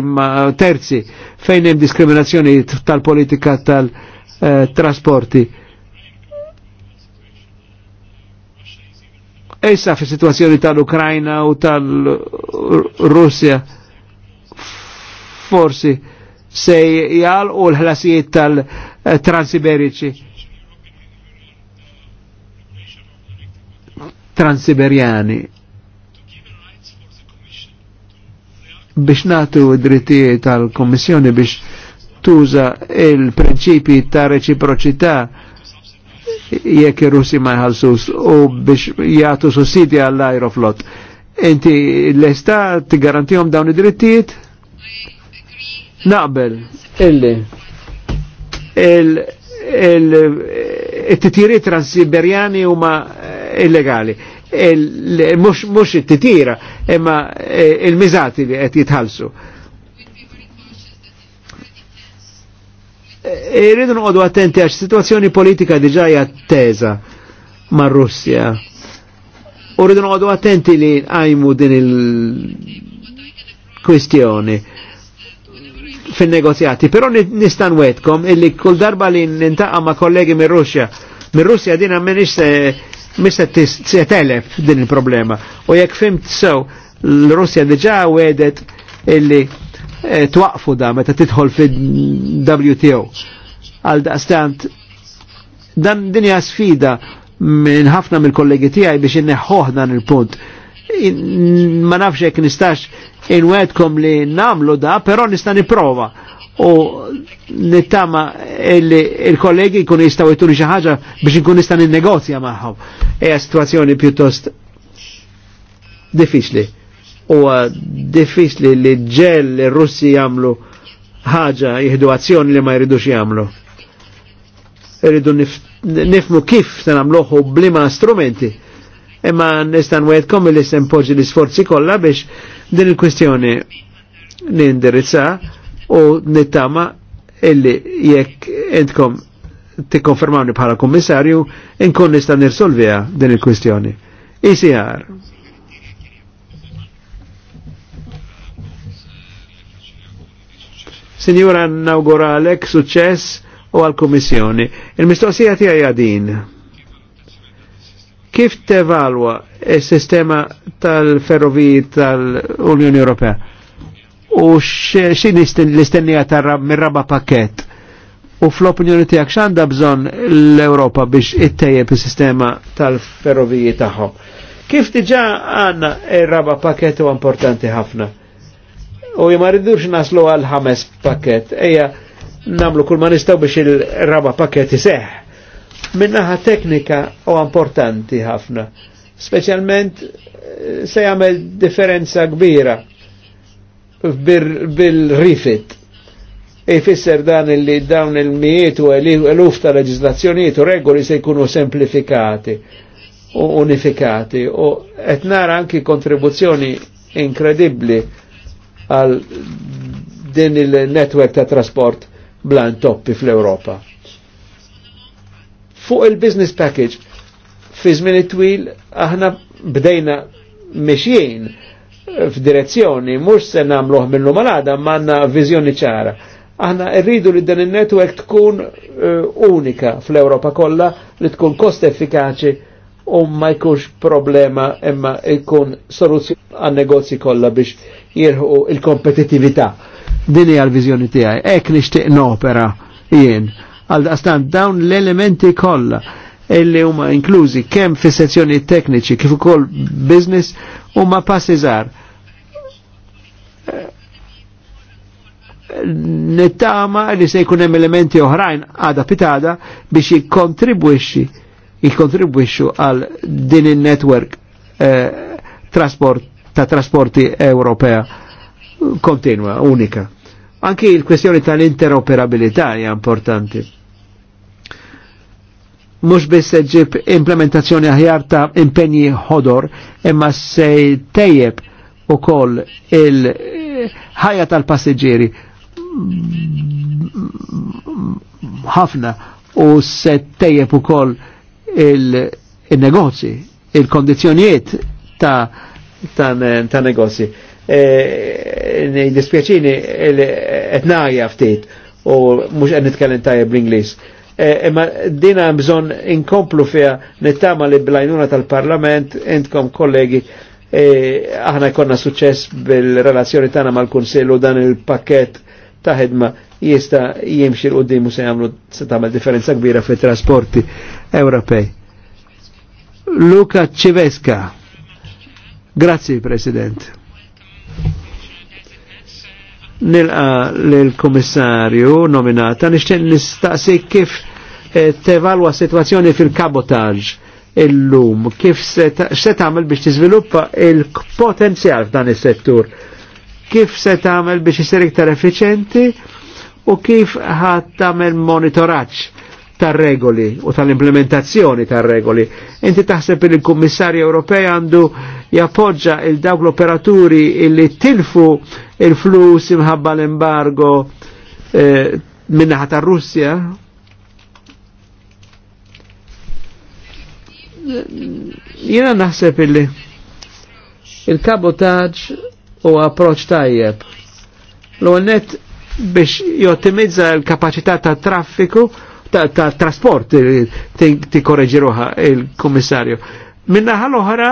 terzi fejn hemm diskriminazzjoni tal-politika tal-trasporti. Issa fi situazzjoni tal-Ukrajna u tal-Russja forsi se jgħal u l-ħlasijiet tal-transiberiċi. Transiberjani. Biex natu drittijiet tal komissjoni biex tuża il-prinċipi ta' reċiproċità jekk ir-Russi ma jħallsux u biex jagħtu sussidja għall-Aeroflot. Inti l-Estat garantihom dawn id-drittijiet? naqbel illi il-titiri trans transsiberjani huma eh, illegali. Mux il titira imma eh, il-mizati li għet jitħalsu. Eh, irridu nqodu attenti għax situazzjoni politika diġa hija ma' mar-Russja. Urridu rridu nqodu attenti li għajmu din il-kwistjoni fin-negozjati, però nistan wetkom illi kull darba li nintaqa' ma' kollegi mir russja mir russja din m'inhiex se se telef din il-problema. U jekk fimt sow, l-Russja diġà wedet illi eh, twaqfu da meta tidħol fid-WTO. Għal daqstant dan dinja sfida minn ħafna mill-kollegi tiegħi biex inneħħoh dan il-punt. Ma nafx jekk nistax inwedkom li namlu da, però nista niprova u nittama il-kollegi kun jistaw jturi xaħġa biex nkun nista il-negozja maħħom. Eja situazzjoni piuttost diffiċli. U diffiċli li ġel li russi jamlu ħaġa jihdu azzjoni li ma jridux jamlu. Irridu nifmu kif se namluħu blima strumenti imma nistan il li sempoġi l-isforzi kollha biex din il kwestjoni nindirizza u nittama illi jekk entkom tikkonfermawni bħala kommissarju inkun nistan nirsolvija din il kwestjoni ICR. E Signora nawguralek suċċess u għal-Kummissjoni. Il-mistoqsija tiegħi għadin. Kif tevalwa il-sistema tal-ferroviji tal-Unjoni Ewropea? U xin l-istennija mir mirraba pakket? U fl-opinjoni tijak xanda bżon l-Europa biex ittejjeb tejjeb il-sistema tal-ferroviji tagħhom. Kif tiġa għanna il-raba pakket u importanti ħafna? U jma rridux naslu għal ħames pakket, eja namlu kull ma nistaw biex il-raba pakket jiseħ Minnaħa teknika u importanti ħafna, specialment eh, se jagħmel differenza kbira bil-rifit. E fisser dan li dawn il-mijiet u l-uf ta' u regoli se jkunu semplifikati u unifikati u qed nara anki kontribuzzjoni inkredibbli għal din il-netwerk ta' trasport blan toppi fl-Europa. Fuq il-business package, fi żmien twil aħna bdejna mexjien f'direzzjoni, mhux se nagħmluh minnu malada, ma viżjoni ċara. Aħna rridu li dan il-network tkun eh, unika fl-Ewropa kollha li tkun kost effikaċi u ma jkunx problema imma jkun soluzzjoni għan negozji kollha biex jirħu il-kompetitività. Din hija l-viżjoni tiegħi. Hekk nixtieq nopera jien Għal daqstan dawn l-elementi kollha illi huma inklużi kemm fi sezzjoni tekniċi kif ukoll business huma passi żgħar. Nittama li se jkun hemm elementi oħrajn għada pitada biex jikkontribwixxi jikkontribwixxu għal din in-network eh, trasport ta' trasporti Ewropea kontinwa, unika. Anki il-kwestjoni tal-interoperabilità hija importanti mux biss ġib implementazzjoni aħjar ta' impenji ħodor imma se tejjeb u koll il-ħajja tal-passiġġieri ħafna u se tejjeb u koll il il-kondizjonijiet ta', ta, ta negozji. E, Dispjaċini etnaja ftit u mux għen nitkellem tajja bl-Inglis imma eh, eh, e, dina bżon inkomplu fija nittama li blajnuna tal-parlament, intkom kollegi, eh, aħna jkonna suċess bil-relazzjoni tana mal-Kunsillu dan il-pakket ta' ħedma jista jimxi l-qoddimu se jagħmlu se tagħmel differenza kbira fit trasporti Ewropej. Luca Civeska. Grazie President nilqa l-komissarju nominata nixtieq nistaqsi kif eh, tevalwa situazzjoni fil-kabotaġġ illum, kif se tagħmel biex tiżviluppa il-potenzjal f'dan is-settur, kif se tagħmel biex isir iktar effiċenti u kif ħadd tagħmel monitoraġġ tar-regoli u tal-implementazzjoni tar-regoli. Inti taħseb il kummissarju Ewropej għandu jappoġġa il dawk l-operaturi illi tilfu il-flus imħabba l-embargo eh, minnaħat ta' Russja. Jena naħseb illi il-kabotaġ u approċ tajjeb. l għonnet biex jottimizza l-kapacità ta' traffiku ta', ta trasport ti korreġi ruħa il-komissarju. Minna ħal oħra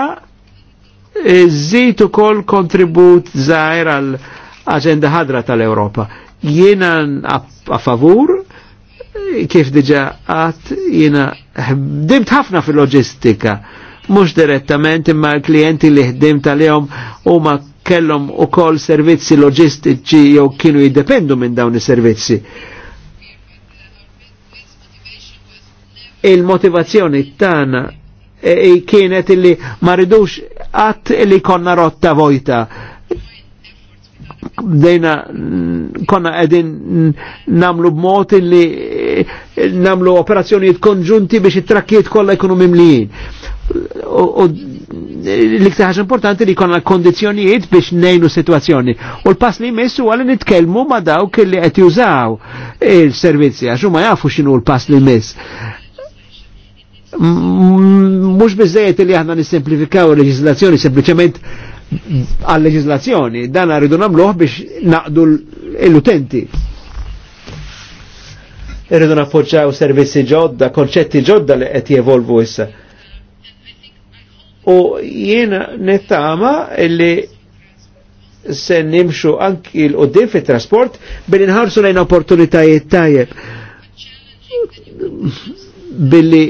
u ukoll kontribut zaħir għal aġenda ħadra tal europa Jena a favur kif diġa għat jena ħdimt ħafna fil-loġistika, mux direttament imma l-klijenti li ħdimt għalihom kellom u ukoll servizzi loġistiċi jew kienu jiddependu minn dawn is-servizzi. Il-motivazzjoni tana E, e, kienet illi maridux ridux għat illi konna rotta vojta dejna konna edin namlu b-mot illi e, namlu operazzjonijiet konġunti biex it-trakkiet kolla jkunu mimlijin. U l-iktar ħaġa importanti li konna kondizjonijiet biex nejnu situazzjoni. U l-pass li jmessu għalli nitkellmu ma dawk li għet jużaw il-servizzi xumma jafu xinu l-pass li jmiss mux bizzejiet li aħna nisimplifikaw il-leġislazzjoni sempliciment għal-leġislazzjoni, dan għaridu namluħ biex naqdu l-utenti. Irridu nappoġġaw servizzi ġodda, konċetti ġodda li qed jevolvu issa. U jiena nettama illi se nimxu anki l-qoddim fit-trasport billi nħarsu lejn opportunitajiet tajjeb billi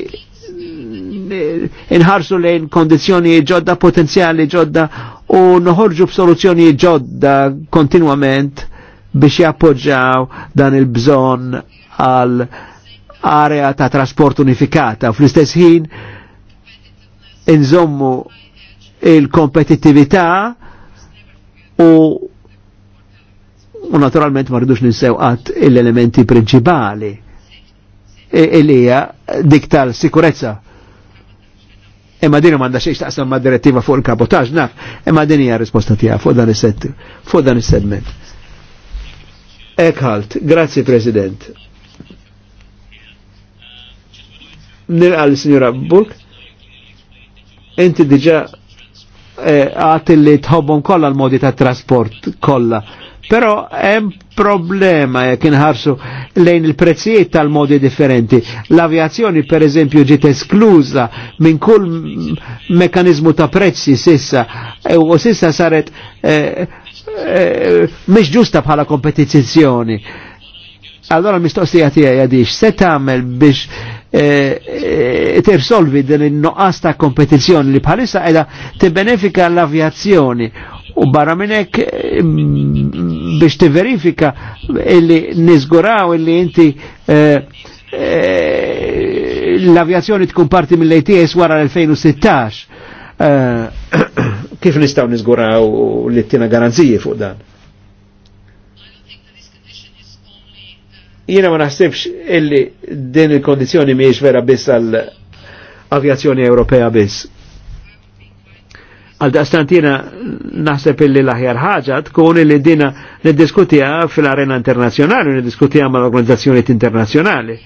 Eh, inħarsu lejn kondizjoni ġodda, potenzjali ġodda u noħorġu b'soluzzjoni ġodda kontinwament biex jappoġġaw dan il-bżon għal area ta' trasport unifikata. Fl-istess ħin inżommu il-kompetittività u u naturalment ma rridux ninsew għat l-elementi principali. illi e, e hija dik tal-sikurezza imma din m'għandha xejn taqsam ma' direttiva fuq il-kabotaġ naf, imma din hija risposta tiegħek fuq dan is sett fuq dan is-segment. Ekhalt, grazzi President. Nilqa l-Sinjura Burk, inti diġa eh, għat li tħobbon kolla l-modi ta' trasport kolla Però hemm problema jekk eh, inħarsu lejn il-prezzijiet tal-modi differenti. L-avjazzjoni per eżempju ġiet esklusa minn kull mekanizmu ta' prezzi sissa e, u sissa saret eh, eh, mhix ġusta bħala kompetizzjoni. Allora mistoqsija tiegħi għadix, se tagħmel biex eh, eh tirsolvi din in-noqqas ta' kompetizzjoni li bħalissa qiegħda tibbenefika l-avjazzjoni u barra minnek eh, biex t-verifika illi nizguraw illi inti eh, eh, l-avjazzjoni tkun parti mill-ATS wara l-2016 kif nistaw nizguraw li t-tina garanziji fuq dan Jena ma naħsibx illi din il-kondizjoni miex vera biss għal avjazzjoni Ewropea biss Għal daqstantina naħseb illi laħjar ħagġa tkun illi dina niddiskutija fil-arena internazjonali, niddiskutija l organizzazzjoniet internazjonali.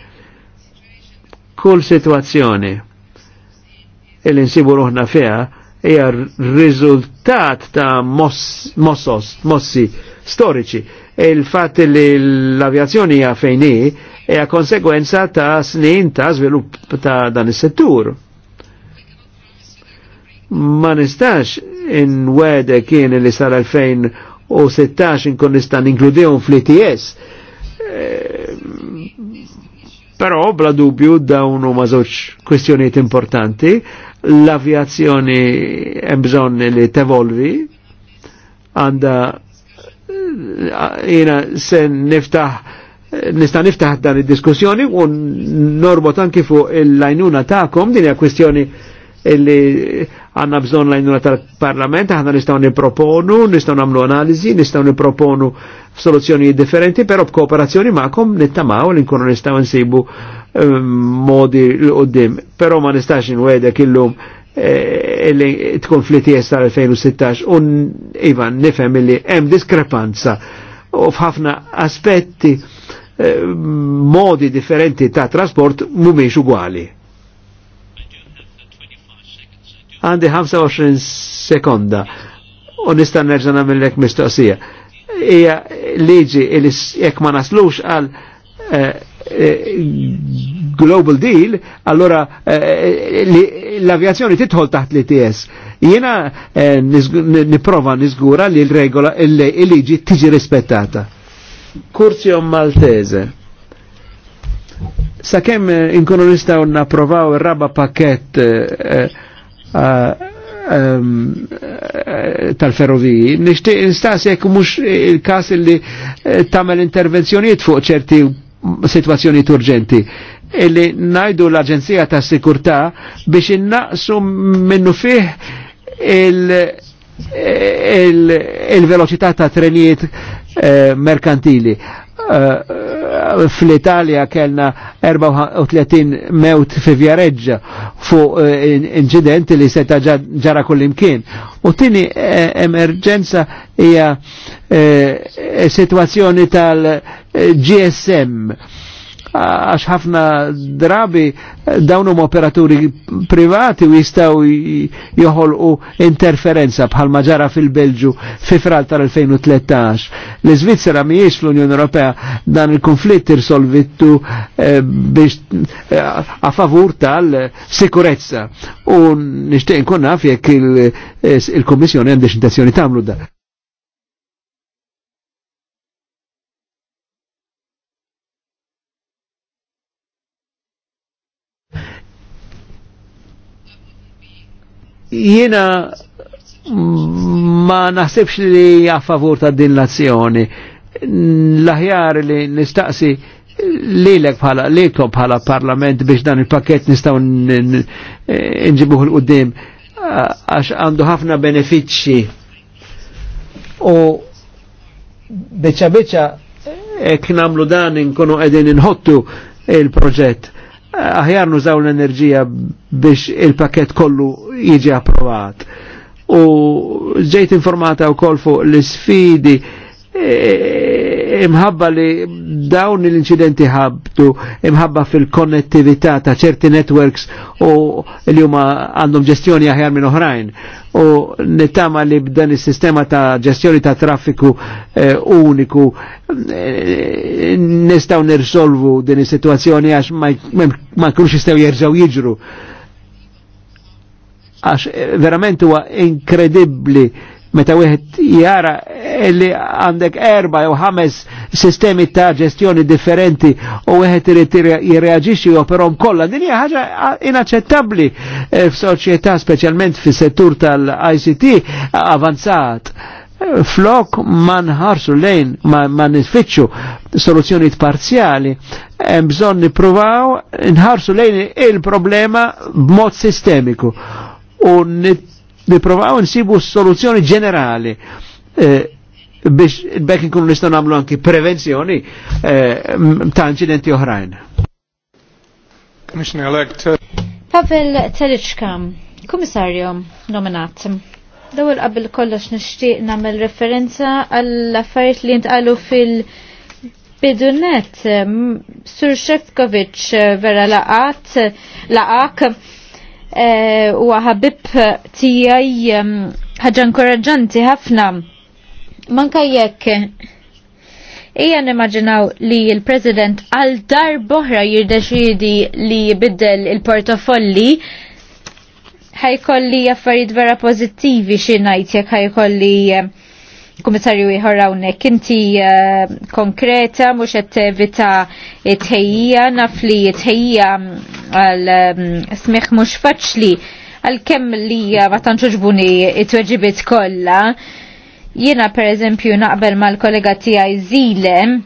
Kull situazzjoni illi nsibu ruħna feha hija riżultat ta' mossos, mossi storiċi. il fat li l-avjazzjoni hija fejn hija konsegwenza ta' snin ta' żvilupp ta' dan is-settur ma nistax in-wede kien li sar 2016 nkun nista' ninkludihom fl-ITS. Eh, però bla dubju dawn huma żewġ kwestjonijiet importanti, l-avjazzjoni hemm bżonn li tevolvi għanda eh, jina se niftaħ nista' niftaħ dan id-diskussjoni u norbot anki fuq il-lajnuna tagħkom din hija kwestjoni illi għanna bżon lajn tal-parlament, għanna nistaw niproponu, nistaw namlu analizi, nistaw niproponu soluzzjoni differenti, pero b'kooperazzjoni ma'kom nittamaw li nkunu nistaw nsibu ehm, modi l-qoddim. Pero ma nistax nwedek killum eh, illi tkun fl-ITS tal-2016 un Ivan nifem illi hemm diskrepanza u f'ħafna aspetti eh, modi differenti ta' trasport mumiex uguali Għandi 25 sekonda u nista' nerġa' nagħmellek mistoqsija. Hija liġi li jekk ma naslux għal eh, eh, global deal, allora eh, l-avjazzjoni titħol taħt l-ITS. Jena niprofa nizgura li l-regola, il liġi tiġi rispettata. Kurzio Maltese. Sakemm inkunu nistgħu napprovaw ir-raba pakett eh, Eh, ehm, eh, tal-ferroviji. Nishtiq instasi jekk mhux il-każ li eh, tagħmel intervenzjonijiet fuq ċerti situazzjoni urġenti illi najdu l-Aġenzija ta' Sikurtà biex innaqsu minnu fih il-veloċità il il ta' trenijiet eh, merkantili Eh, eh, fl-Italja kellna 34 mewt fi Vjareġġa fuq eh, incidenti li seta ġara kullimkien. U tini emerġenza hija situazzjoni tal-GSM għax ħafna drabi dawn huma operaturi privati u jistgħu joħolqu interferenza bħal ma ġara fil-Belġu fi fral tal-2013. L-Iżvizzera mhijiex fl-Unjoni Ewropea dan il-konflitt irsolvittu eh, biex eh, a favur tal-sikurezza. U nixtieq nkun naf jekk eh, il-Kummissjoni il għandix intenzjoni tagħmlu da. Jiena ma naħsibx li a favur ta' din l-azzjoni. L-aħjar li nistaqsi lilek bħala lilkom bħala parlament biex dan il-pakket nistaw nġibuħ l-qoddim għax għandu ħafna benefiċċi u bieċa bieċa ek namlu dan inkunu għedin inħottu il-proġett aħjar nużaw l-enerġija biex il-pakket kollu jiġi approvat. U ġejt informata u kol fuq l-sfidi e, imħabba li dawn l-incidenti ħabtu imħabba fil-konnettività ta' ċerti networks u li huma għandhom ġestjoni aħjar minn oħrajn u nittama li b'dan is-sistema ta' ġestjoni ta' traffiku eh, uniku eh, nistgħu nirsolvu din is-sitwazzjoni għax ma jkunux jistgħu jerġgħu jiġru għax eh, verament huwa inkredibbli meta wieħed jara li għandek erba' jew ħames sistemi ta' ġestjoni differenti u wieħed irid jirreaġixxi operhom kollha. Din hija ħaġa inaċċettabbli eh, f'soċjetà speċjalment fis-settur tal-ICT avanzat flok ma nħarsu lejn ma nisfittxu soluzzjoni parzjali hemm bżonn nippruvaw nħarsu lejn il-problema b'mod sistemiku u nit niprovaw nsibu soluzzjoni ġenerali eh, biex bekk nkunu nistgħu nagħmlu anki prevenzjoni eh, ta' inċidenti oħrajn. Eh, Pavel Telichka, komissarju nominat. Dawel qabel kollox nixtieq nagħmel referenza għall-affarijiet li ntqalu fil- Bidunet, Sur Shevkovic vera laqat, laqak, Eh, u ħabib tijaj ħagġa inkoraġanti ħafna. Manka jekk Ija nimmaġinaw li il-President għal dar boħra jirdeċidi li jibiddel il-portofolli ħajkolli affarijiet vera pozittivi xi ngħid jekk ħajkolli Kummissarju ieħor hawnhekk inti eh, konkreta mhux qed tevita naf li tħejjija għal mm, smigħ mhux faċli għal kem li eh, ma tantx ġbuni it-tweġibiet kollha. Jiena pereżempju naqbel mal-kollega tiegħi Zilem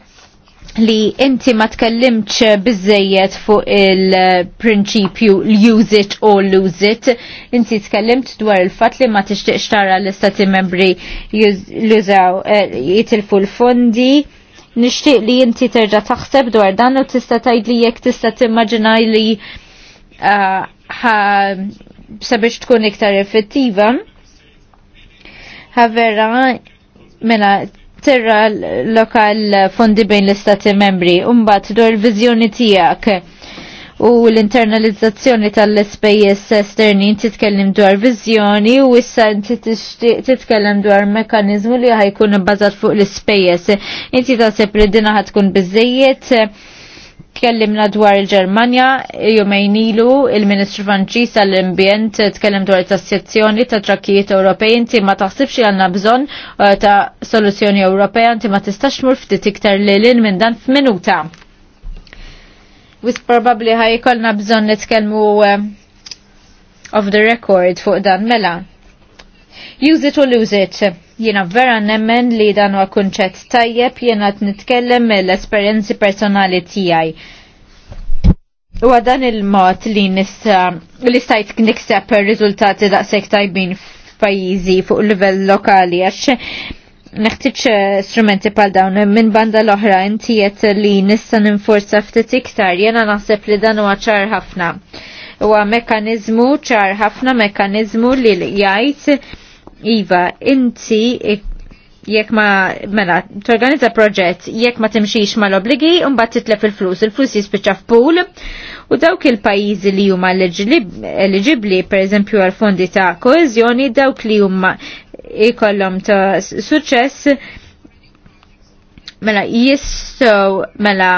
li inti ma tkellimx bizzejiet fuq il-prinċipju l-use it or lose it. Inti tkellimt dwar il-fat li ma tixtiqx tara l-istati membri jużaw eh, jitilfu l-fondi. Nixtieq li inti terġa taħseb dwar dan u tista' tgħidli jekk tista' timmaġina li eh, sabiex tkun iktar effettiva. vera, mela Terra lokal fondi bejn l-istati membri, umbat dwar il-vizjoni tijak u l-internalizzazzjoni tal-spejjes esterni titkellim dwar vizjoni u issa titkellim dwar mekanizmu li ħajkun bbażat fuq l-spejjes. Inti taħseb li dina ħatkun tkellimna dwar il-Ġermanja, jumejn ilu il-Ministru Franċis għall-Ambjent tkellem dwar tassezzjoni ta' trakkijiet Ewropej, inti ma taħsibx li għandna bżonn uh, ta' soluzzjoni Ewropea, inti ma tistax mur ftit iktar lilin minn dan f'minuta. Wis probabbli ħajkolna bżonn nitkellmu uh, of the record fuq dan mela. Use it or lose it Jiena vera nemmen li dan huwa kunċett tajjeb jiena qed nitkellem mill-esperjenzi personali tiegħi. U dan il-mod li nista li stajt nikseb riżultati daqshekk tajbin f'pajjiżi fuq livell lokali għax neħtieġ eh, strumenti pal dawn minn banda l-oħra intiet li nista' ninforza ftit iktar jiena naħseb li dan huwa ċar ħafna. Huwa mekkaniżmu ċar ħafna mekkaniżmu li jgħid Iva, inti jekk ma mela torganizza proġett jekk ma timxix mal-obligi mbagħad titlef il-flus, il-flus jispiċċa f'pool u dawk il-pajjiżi li huma eligibbli pereżempju għal fondi ta' koeżjoni dawk li huma ikollhom ta' suċċess mela jistgħu mela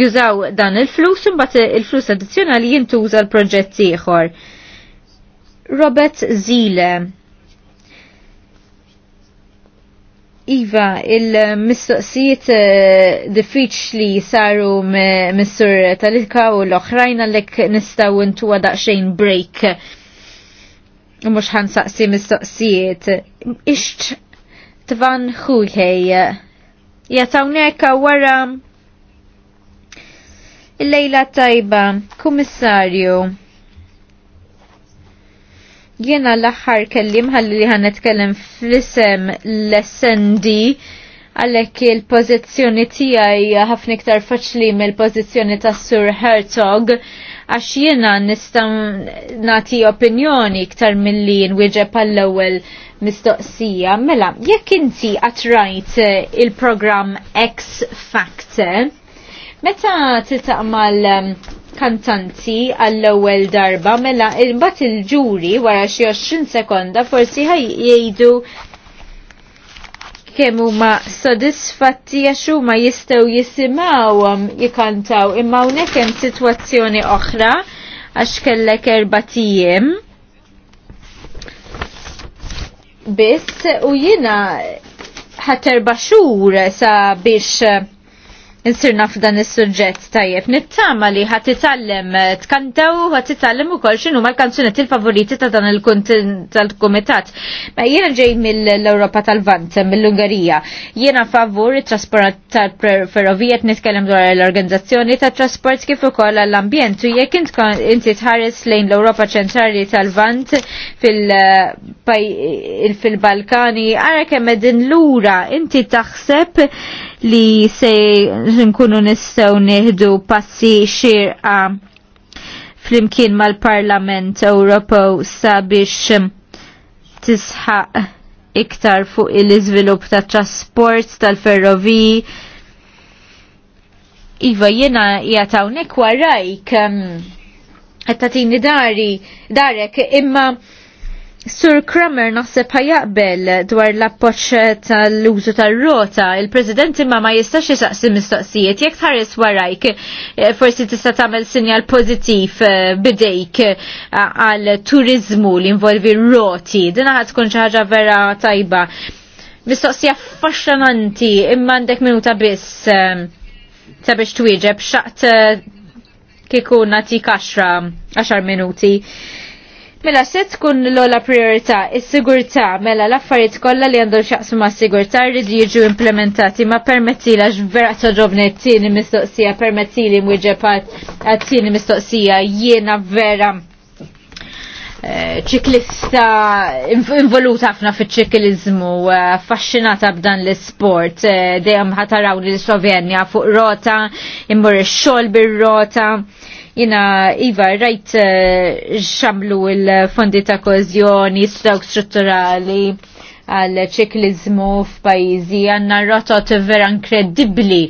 jużaw dan il-flus mbagħad il-flus addizzjonali jintuża l-proġett ieħor. Robert Zile Iva, il-mistoqsijiet eh, diffiċ li saru missur talika u l-oħrajn għalek nistaw intu daqxejn break. Mux ħan saqsi mistoqsijiet. Ixt tvan xuħej. Jatawnek wara il-lejla tajba, kummissarju. Jiena l-axħar kellim ħalli li ħan netkellem fl-isem l-SND għalek il-pozizjoni tijaj ħafna iktar faċli mill-pozizjoni ta' Sur Herzog għax jiena nistam nati opinjoni iktar mill-li nwieġeb għall ewwel mistoqsija. Mela, jekk inti għatrajt il-program X Factor, meta tiltaq mal um, kantanti għall-ewwel darba mela imbagħad il-ġuri wara xi 20 sekonda forsi ħaj jgħidu kemm huma sodisfatti għax huma jistgħu jisimgħuhom jikantaw imma hawnhekk hemm sitwazzjoni oħra għax kellek erba' tiem. Biss u jiena ħaterba' xhur sa biex insirna f'dan is-suġġett tajjeb. Nittama li ħat titallem eh, tkantaw ħadd ħat titallem ukoll x'inhu l-kanzunetti l-favoriti ta' dan il-kumitat. tal Ma jiena ġej mill-Ewropa tal-Vant, mill-Ungarija. Jiena favur it-trasport tal-ferrovijiet nitkellem dwar l-organizzazzjoni tat-trasport kif ukoll għall-ambjent u jekk inti tħares lejn l-Ewropa ċentrali tal-Vant eh, fil-Balkani, ara kemm din lura inti taħseb li se nkunu nistgħu nieħdu passi xirqa flimkien mal-Parlament Ewropew sabiex tisħaq iktar fuq il-iżvilupp ta' trasport tal-ferroviji. Iva jena jgħat hawnhekk warajk um, qed dari darek imma Sur Kramer naħseb ħajaqbel dwar l-appoċ tal-użu tal-rota, il-President imma ma jistax jisaqsi mistoqsijiet, jekk tħares warajk, eh, forsi tista' tagħmel sinjal pozitif eh, bidejk eh, għal turizmu li involvi roti, dina ħad tkun xi ħaġa vera tajba. Mistoqsija affaxxananti, imma għandek minuta biss sabiex twieġeb xaqt kieku kaxra 10 minuti. Mela se tkun l-ola priorità is-sigurtà mela l-affarijiet kollha li għandhom x'jaqsmu mas-sigurtà rridu jiġu implementati ma permettilax vera ġobni t-tieni mistoqsija permettili mwieġeb għat-tieni mistoqsija jiena vera eh, ċiklista involuta ħafna fiċ-ċiklizmu, eh, affaxxinata b'dan l-sport, eh, dejjem ħataraw li l-Slovenja fuq rota, immur ix-xogħol bir-rota Jina Iva rajt eh, xamlu il-fondi ta' kozjoni, stawk strutturali għal ċiklizmu f'pajizi għanna rotot vera inkredibbli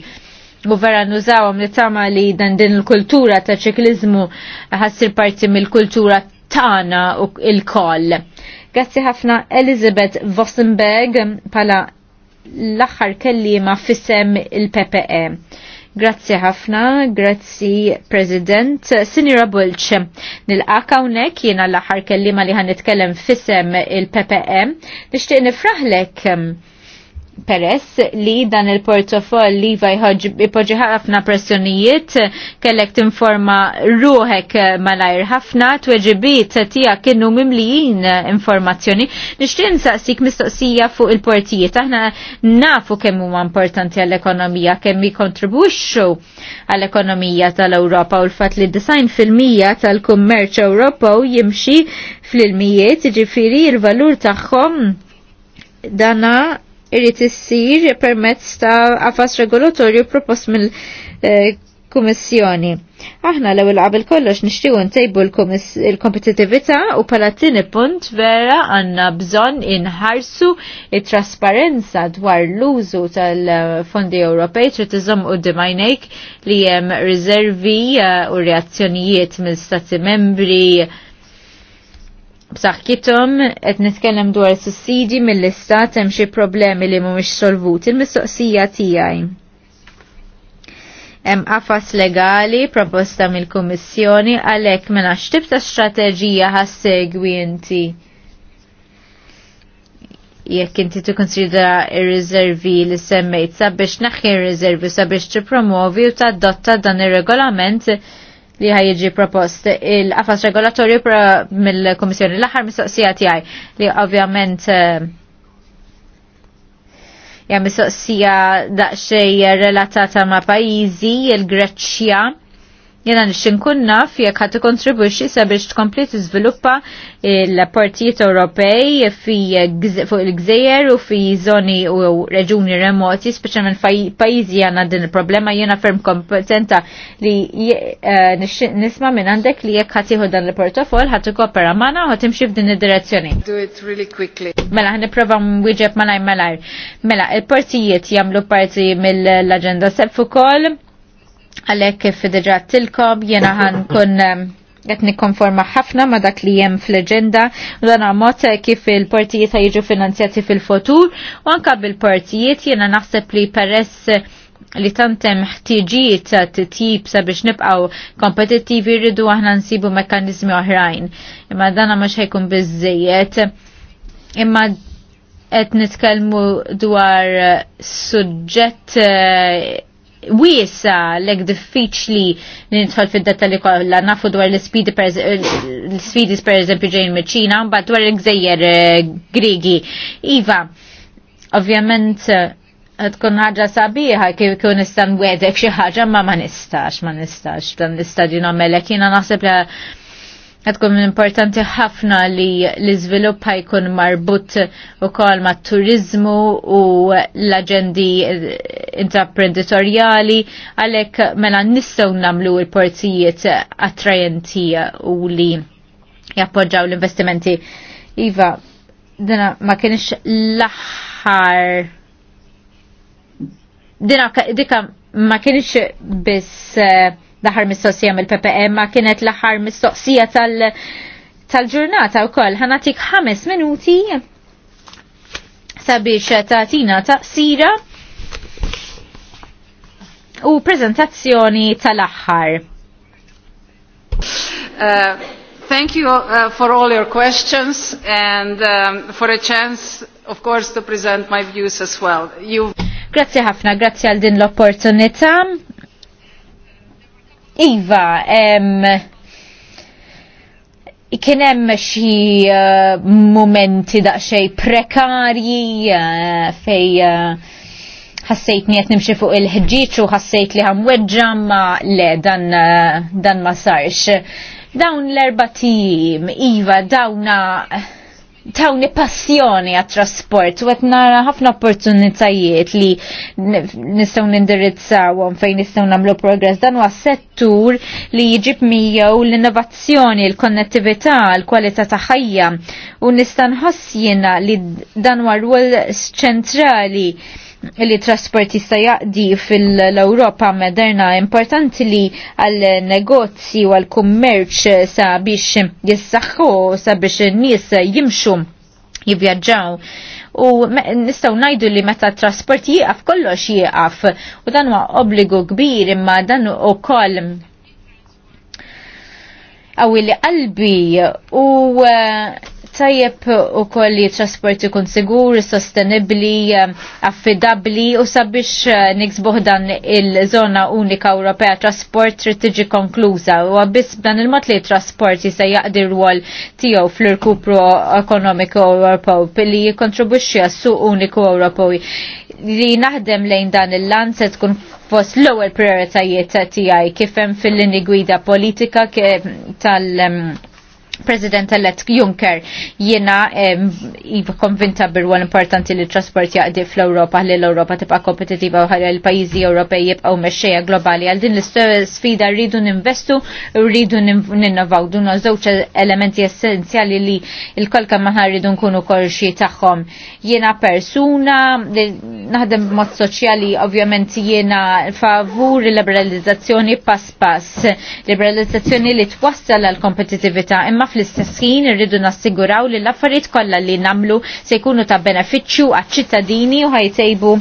u vera nużawam li tama li dan din il-kultura ta' ċiklizmu ħassir parti mill-kultura tana u il-koll. Grazzi ħafna Elizabeth Vossenberg pala l-axar kellima fissem il-PPE. Grazzi ħafna, grazzi President, Sinira Bulċ. Nil-għak għawnek jena l ħar kellima li għan nitkellem fissem il-PPM, nishtiq nifraħlek um, Peres li dan il-portofoll li jpoġi ħafna pressjonijiet kellek tinforma ruħek malajr ħafna tweġibiet tiegħek kienu mimlijin informazzjoni. Nixtieq nsaqsik mistoqsija fuq il-portijiet. Aħna nafu kemm huma importanti għall-ekonomija, kemm jikontribwixxu għall-ekonomija tal-Ewropa u l-fatt li design fil-mija tal-kummerċ Ewropew jimxi fl-ilmijiet, ġifiri l valur tagħhom dana irrid issir permezz ta' qafas regolatorju propost mill eh, kummissjoni. Aħna l ewwel qabel kollox nixtiequ ntejbu l-kompetitività u pala tieni punt vera għandna bżonn inħarsu it-trasparenza dwar l-użu tal-fondi Ewropej trid iżom u dimajnejk li hemm riservi eh, u reazzjonijiet mill-stati membri b'saħħithom qed nitkellem dwar sussidi mill-istat hemm xi problemi li mhumiex solvuti il-mistoqsija tiegħi. Hemm qafas legali proposta mill-Kummissjoni għalhekk mela x'tib ta' strateġija ħassegwi inti jekk inti tikkonsidra ir-riservi li semmejt sabiex naħħi ir-riservi sabiex tippromovi u tadotta dan ir-regolament li ħaj jiġi propost il-qafas regolatorju mill-Komissjoni l-aħħar mistoqsija tiegħi li ovvjament eh, hija mistoqsija daqsxejn relatata ma' pajjiżi il-Greċja Jena nixin kunna fjek ħat kontribuċi sabiex tkompli t-izviluppa l-partijiet Ewropej fuq il-gżejjer u fi zoni u reġuni remoti, speċjalment pajizi għanna din il-problema jena ferm kompetenta li eh, nisma minn għandek li jek ħatiħu dan il-portofol ħat kopera mana u ħatimxi f'din id-direzzjoni. Do it really quickly. Mela ħniprofa mwieġeb malaj malaj. Mela, il-partijiet jamlu parti mill-agenda sef ukoll Għalek kif diġa tilkom jena għan kun qed nikkonforma ħafna ma dak li hemm fl-eġenda u dan mod kif il-partijiet jiġu finanzjati fil-futur u anka bil-partijiet jiena naħseb li peress li tantem ħtiġijiet ta' titjib sabiex nibqaw kompetittivi rridu aħna nsibu mekanizmi oħrajn. Imma dan mhux ħajkun biżejjed. Imma qed nitkellmu dwar suġġett eh, wiesa lek diffiċli nidħol fid li kollha nafu dwar l-spidi per eżempju ġejjin miċ-Ċina, dwar l-gżejjer eh, Grigi. Iva, ovvjament eh, tkun ħaġa sabiħa kif kun istan wedek xi ħaġa ma ma nistax, ma nistax dan l-istadju nagħmelek jiena naħseb Għadkom importanti ħafna li l-izvilupp ħajkun marbut u kol ma' turizmu u l-agendi intraprenditoriali għalek mela nistaw namlu il-portijiet attrajenti u li jappoġġaw l-investimenti. Iva, dina ma kienix l-aħħar dina dika ma kienix biss uh, l-aħħar mistoqsija mill-PPM ma kienet l-aħħar mistoqsija tal- tal-ġurnata u koll ħanatik ħames minuti sabiex tatina taqsira u prezentazzjoni tal-aħħar. Uh, thank you uh, for all your questions and um, for a chance, of course, to present my views as well. You... Grazie ħafna, grazie għal din l-opportunità Iva, em, kien hemm xi uh, momenti daqsxej prekarji uh, fej uh, ħassejtni qed nimxi fuq il ħġiċu u ħassejt li ħamweġġa ma le dan, dan ma sarx. Dawn l-erba tim, Iva, dawna tawni passjoni għat trasport u għetna nara ħafna opportunitajiet li nistaw nindirizzawhom fejn nistaw namlu progress dan huwa settur li jġib miegħu l-innovazzjoni, l-konnettività, l-kwalità ta' ħajja u nista' nħossjina li dan huwa rwol ċentrali li trasport jista' jaqdi fil-Ewropa moderna importanti li għal negozji u għal kummerċ sabiex jissaħħu sabiex n-nies jimxu jivvjaġġaw. U nistaw najdu li meta trasport jieqaf kollox jieqaf u dan huwa obbligu kbir imma dan ukoll koll għawili qalbi u uh, tajjeb u koll li trasport ikun sigur, sostenibli, eh, affidabli u sabiex eh, niksbuħ dan il-zona unika Ewropea trasport trid tiġi konkluża u biss dan il mat li trasport se jaqdi rwol tiegħu fl rkupru ekonomiku Ewropew billi jikkontribwixxi għas-suq uniku Ewropew li naħdem lejn dan il-lan se tkun fost l-ewwel prioritajiet tiegħi kif hemm fil-linji gwida politika tal- um, President elett Juncker jiena jiva konvinta birwan importanti li trasport jaqdi fl-Europa li l-Europa tibqa kompetitiva u ħalli l-pajizi Ewropej jibqgħu mexxejja globali għal din l-sfida rridu ninvestu u rridu ninnovaw dun żewġ elementi essenzjali li l kolka kemm aħna rridu nkunu korxi tagħhom. Jiena persuna li naħdem b'mod soċjali ovvjament jiena favur liberalizzazzjoni pass pass, liberalizzazzjoni li twassal għal kompetitività imma fl-istess ħin irridu nassiguraw li l-affarijiet kollha li namlu se jkunu ta' benefiċċju għaċ-ċittadini u ħajtejbu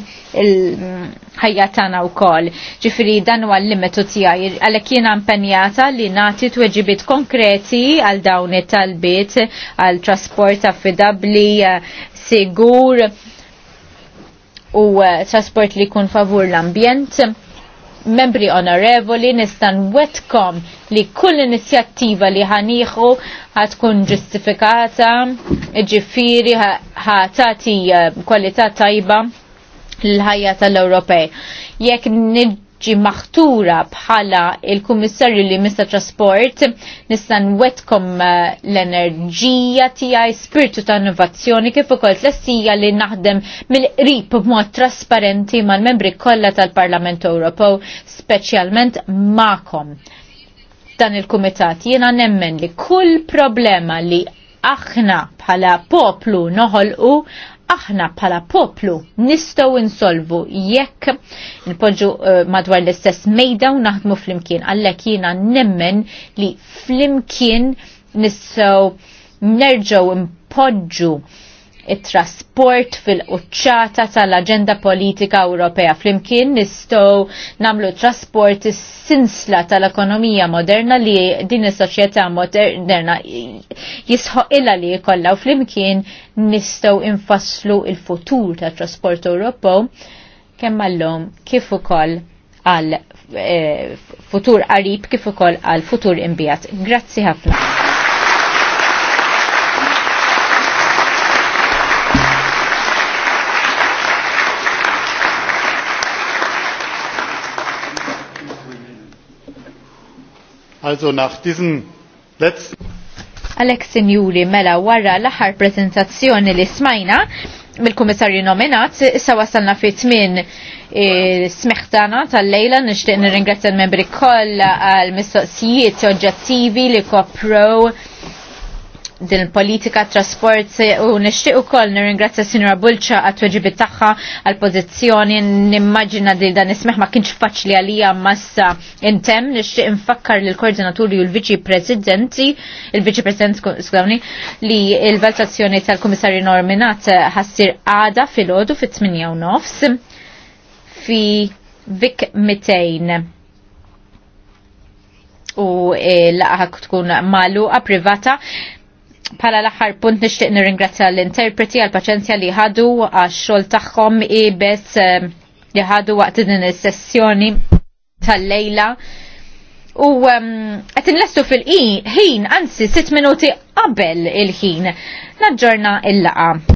il-ħajja tagħna wkoll. Ġifieri dan huwa l-limitu tiegħi għalhekk jiena impenjata li nagħti tweġibiet konkreti għal dawn it-talbiet għal trasport affidabbli sigur u eh, trasport li jkun favur l-ambjent membri onorevoli nistan wetkom li kull inizjattiva li ħaniħu ħatkun ġustifikata, ġifiri ħatati eh, kwalità tajba l-ħajja tal-Ewropej. Jekk niġi maħtura bħala il-Kummissarju li mista trasport, nista' wetkom eh, l-enerġija tijaj, spiritu ta' innovazzjoni kif ukoll tlessija li naħdem mill-qrib b'mod trasparenti mal-membri kollha tal-Parlament Ewropew, speċjalment ma'kom dan il-kumitat. Jiena nemmen li kull problema li aħna bħala poplu noħolqu aħna bħala poplu nistgħu insolvu jekk npoġġu eh, madwar l-istess mejda u naħdmu flimkien għalhekk jiena nemmen li flimkien nistgħu nerġgħu impoġġu it-trasport fil-qċċata tal-Aġenda Politika Ewropea. Flimkien nistgħu namlu trasport is-sinsla tal-ekonomija moderna li din is-soċjetà moderna jisħoq illa li jkollha u flimkien nistgħu infasslu il-futur tat-trasport Ewropew kemm għallhom kif ukoll għal eh, futur qarib kif ukoll għal futur imbijat. Grazzi ħafna. Also nach diesen letzten Alex Sinjuri mela warra l-aħħar prezentazzjoni li smajna mill-kummissarju nominat, issa wasalna fi tmien e, smeħtana tal-lejla nixtieq nirringrazzja l-membri kollha għal mistoqsijiet oġġettivi li kopro din politika trasport u nixtieq ukoll nirringrazzja Sinura Bulċa għat tweġibit tagħha għal pozizjoni nimmaġina li dan ismeħ ma kienx faċli għalija massa intemm nixtieq infakkar l koordinaturi u l-viċi presidenti il-viċi president skudawni li l valtazzjoni tal-Kummissarju Norminat eh, ħassir għada fil-ħodu fit-8 nofs fi Vik 200 u l aħak tkun maluqa privata Pala l-axar punt nishtiq nirringrazzja l-interpreti għal-paċenzja li ħadu għax xol taħħom i bes eh, li ħadu waqt din is-sessjoni tal-lejla. U għet ehm, nlestu fil-ħin, anzi, 6 minuti qabel il-ħin. Naġġorna il-laqa.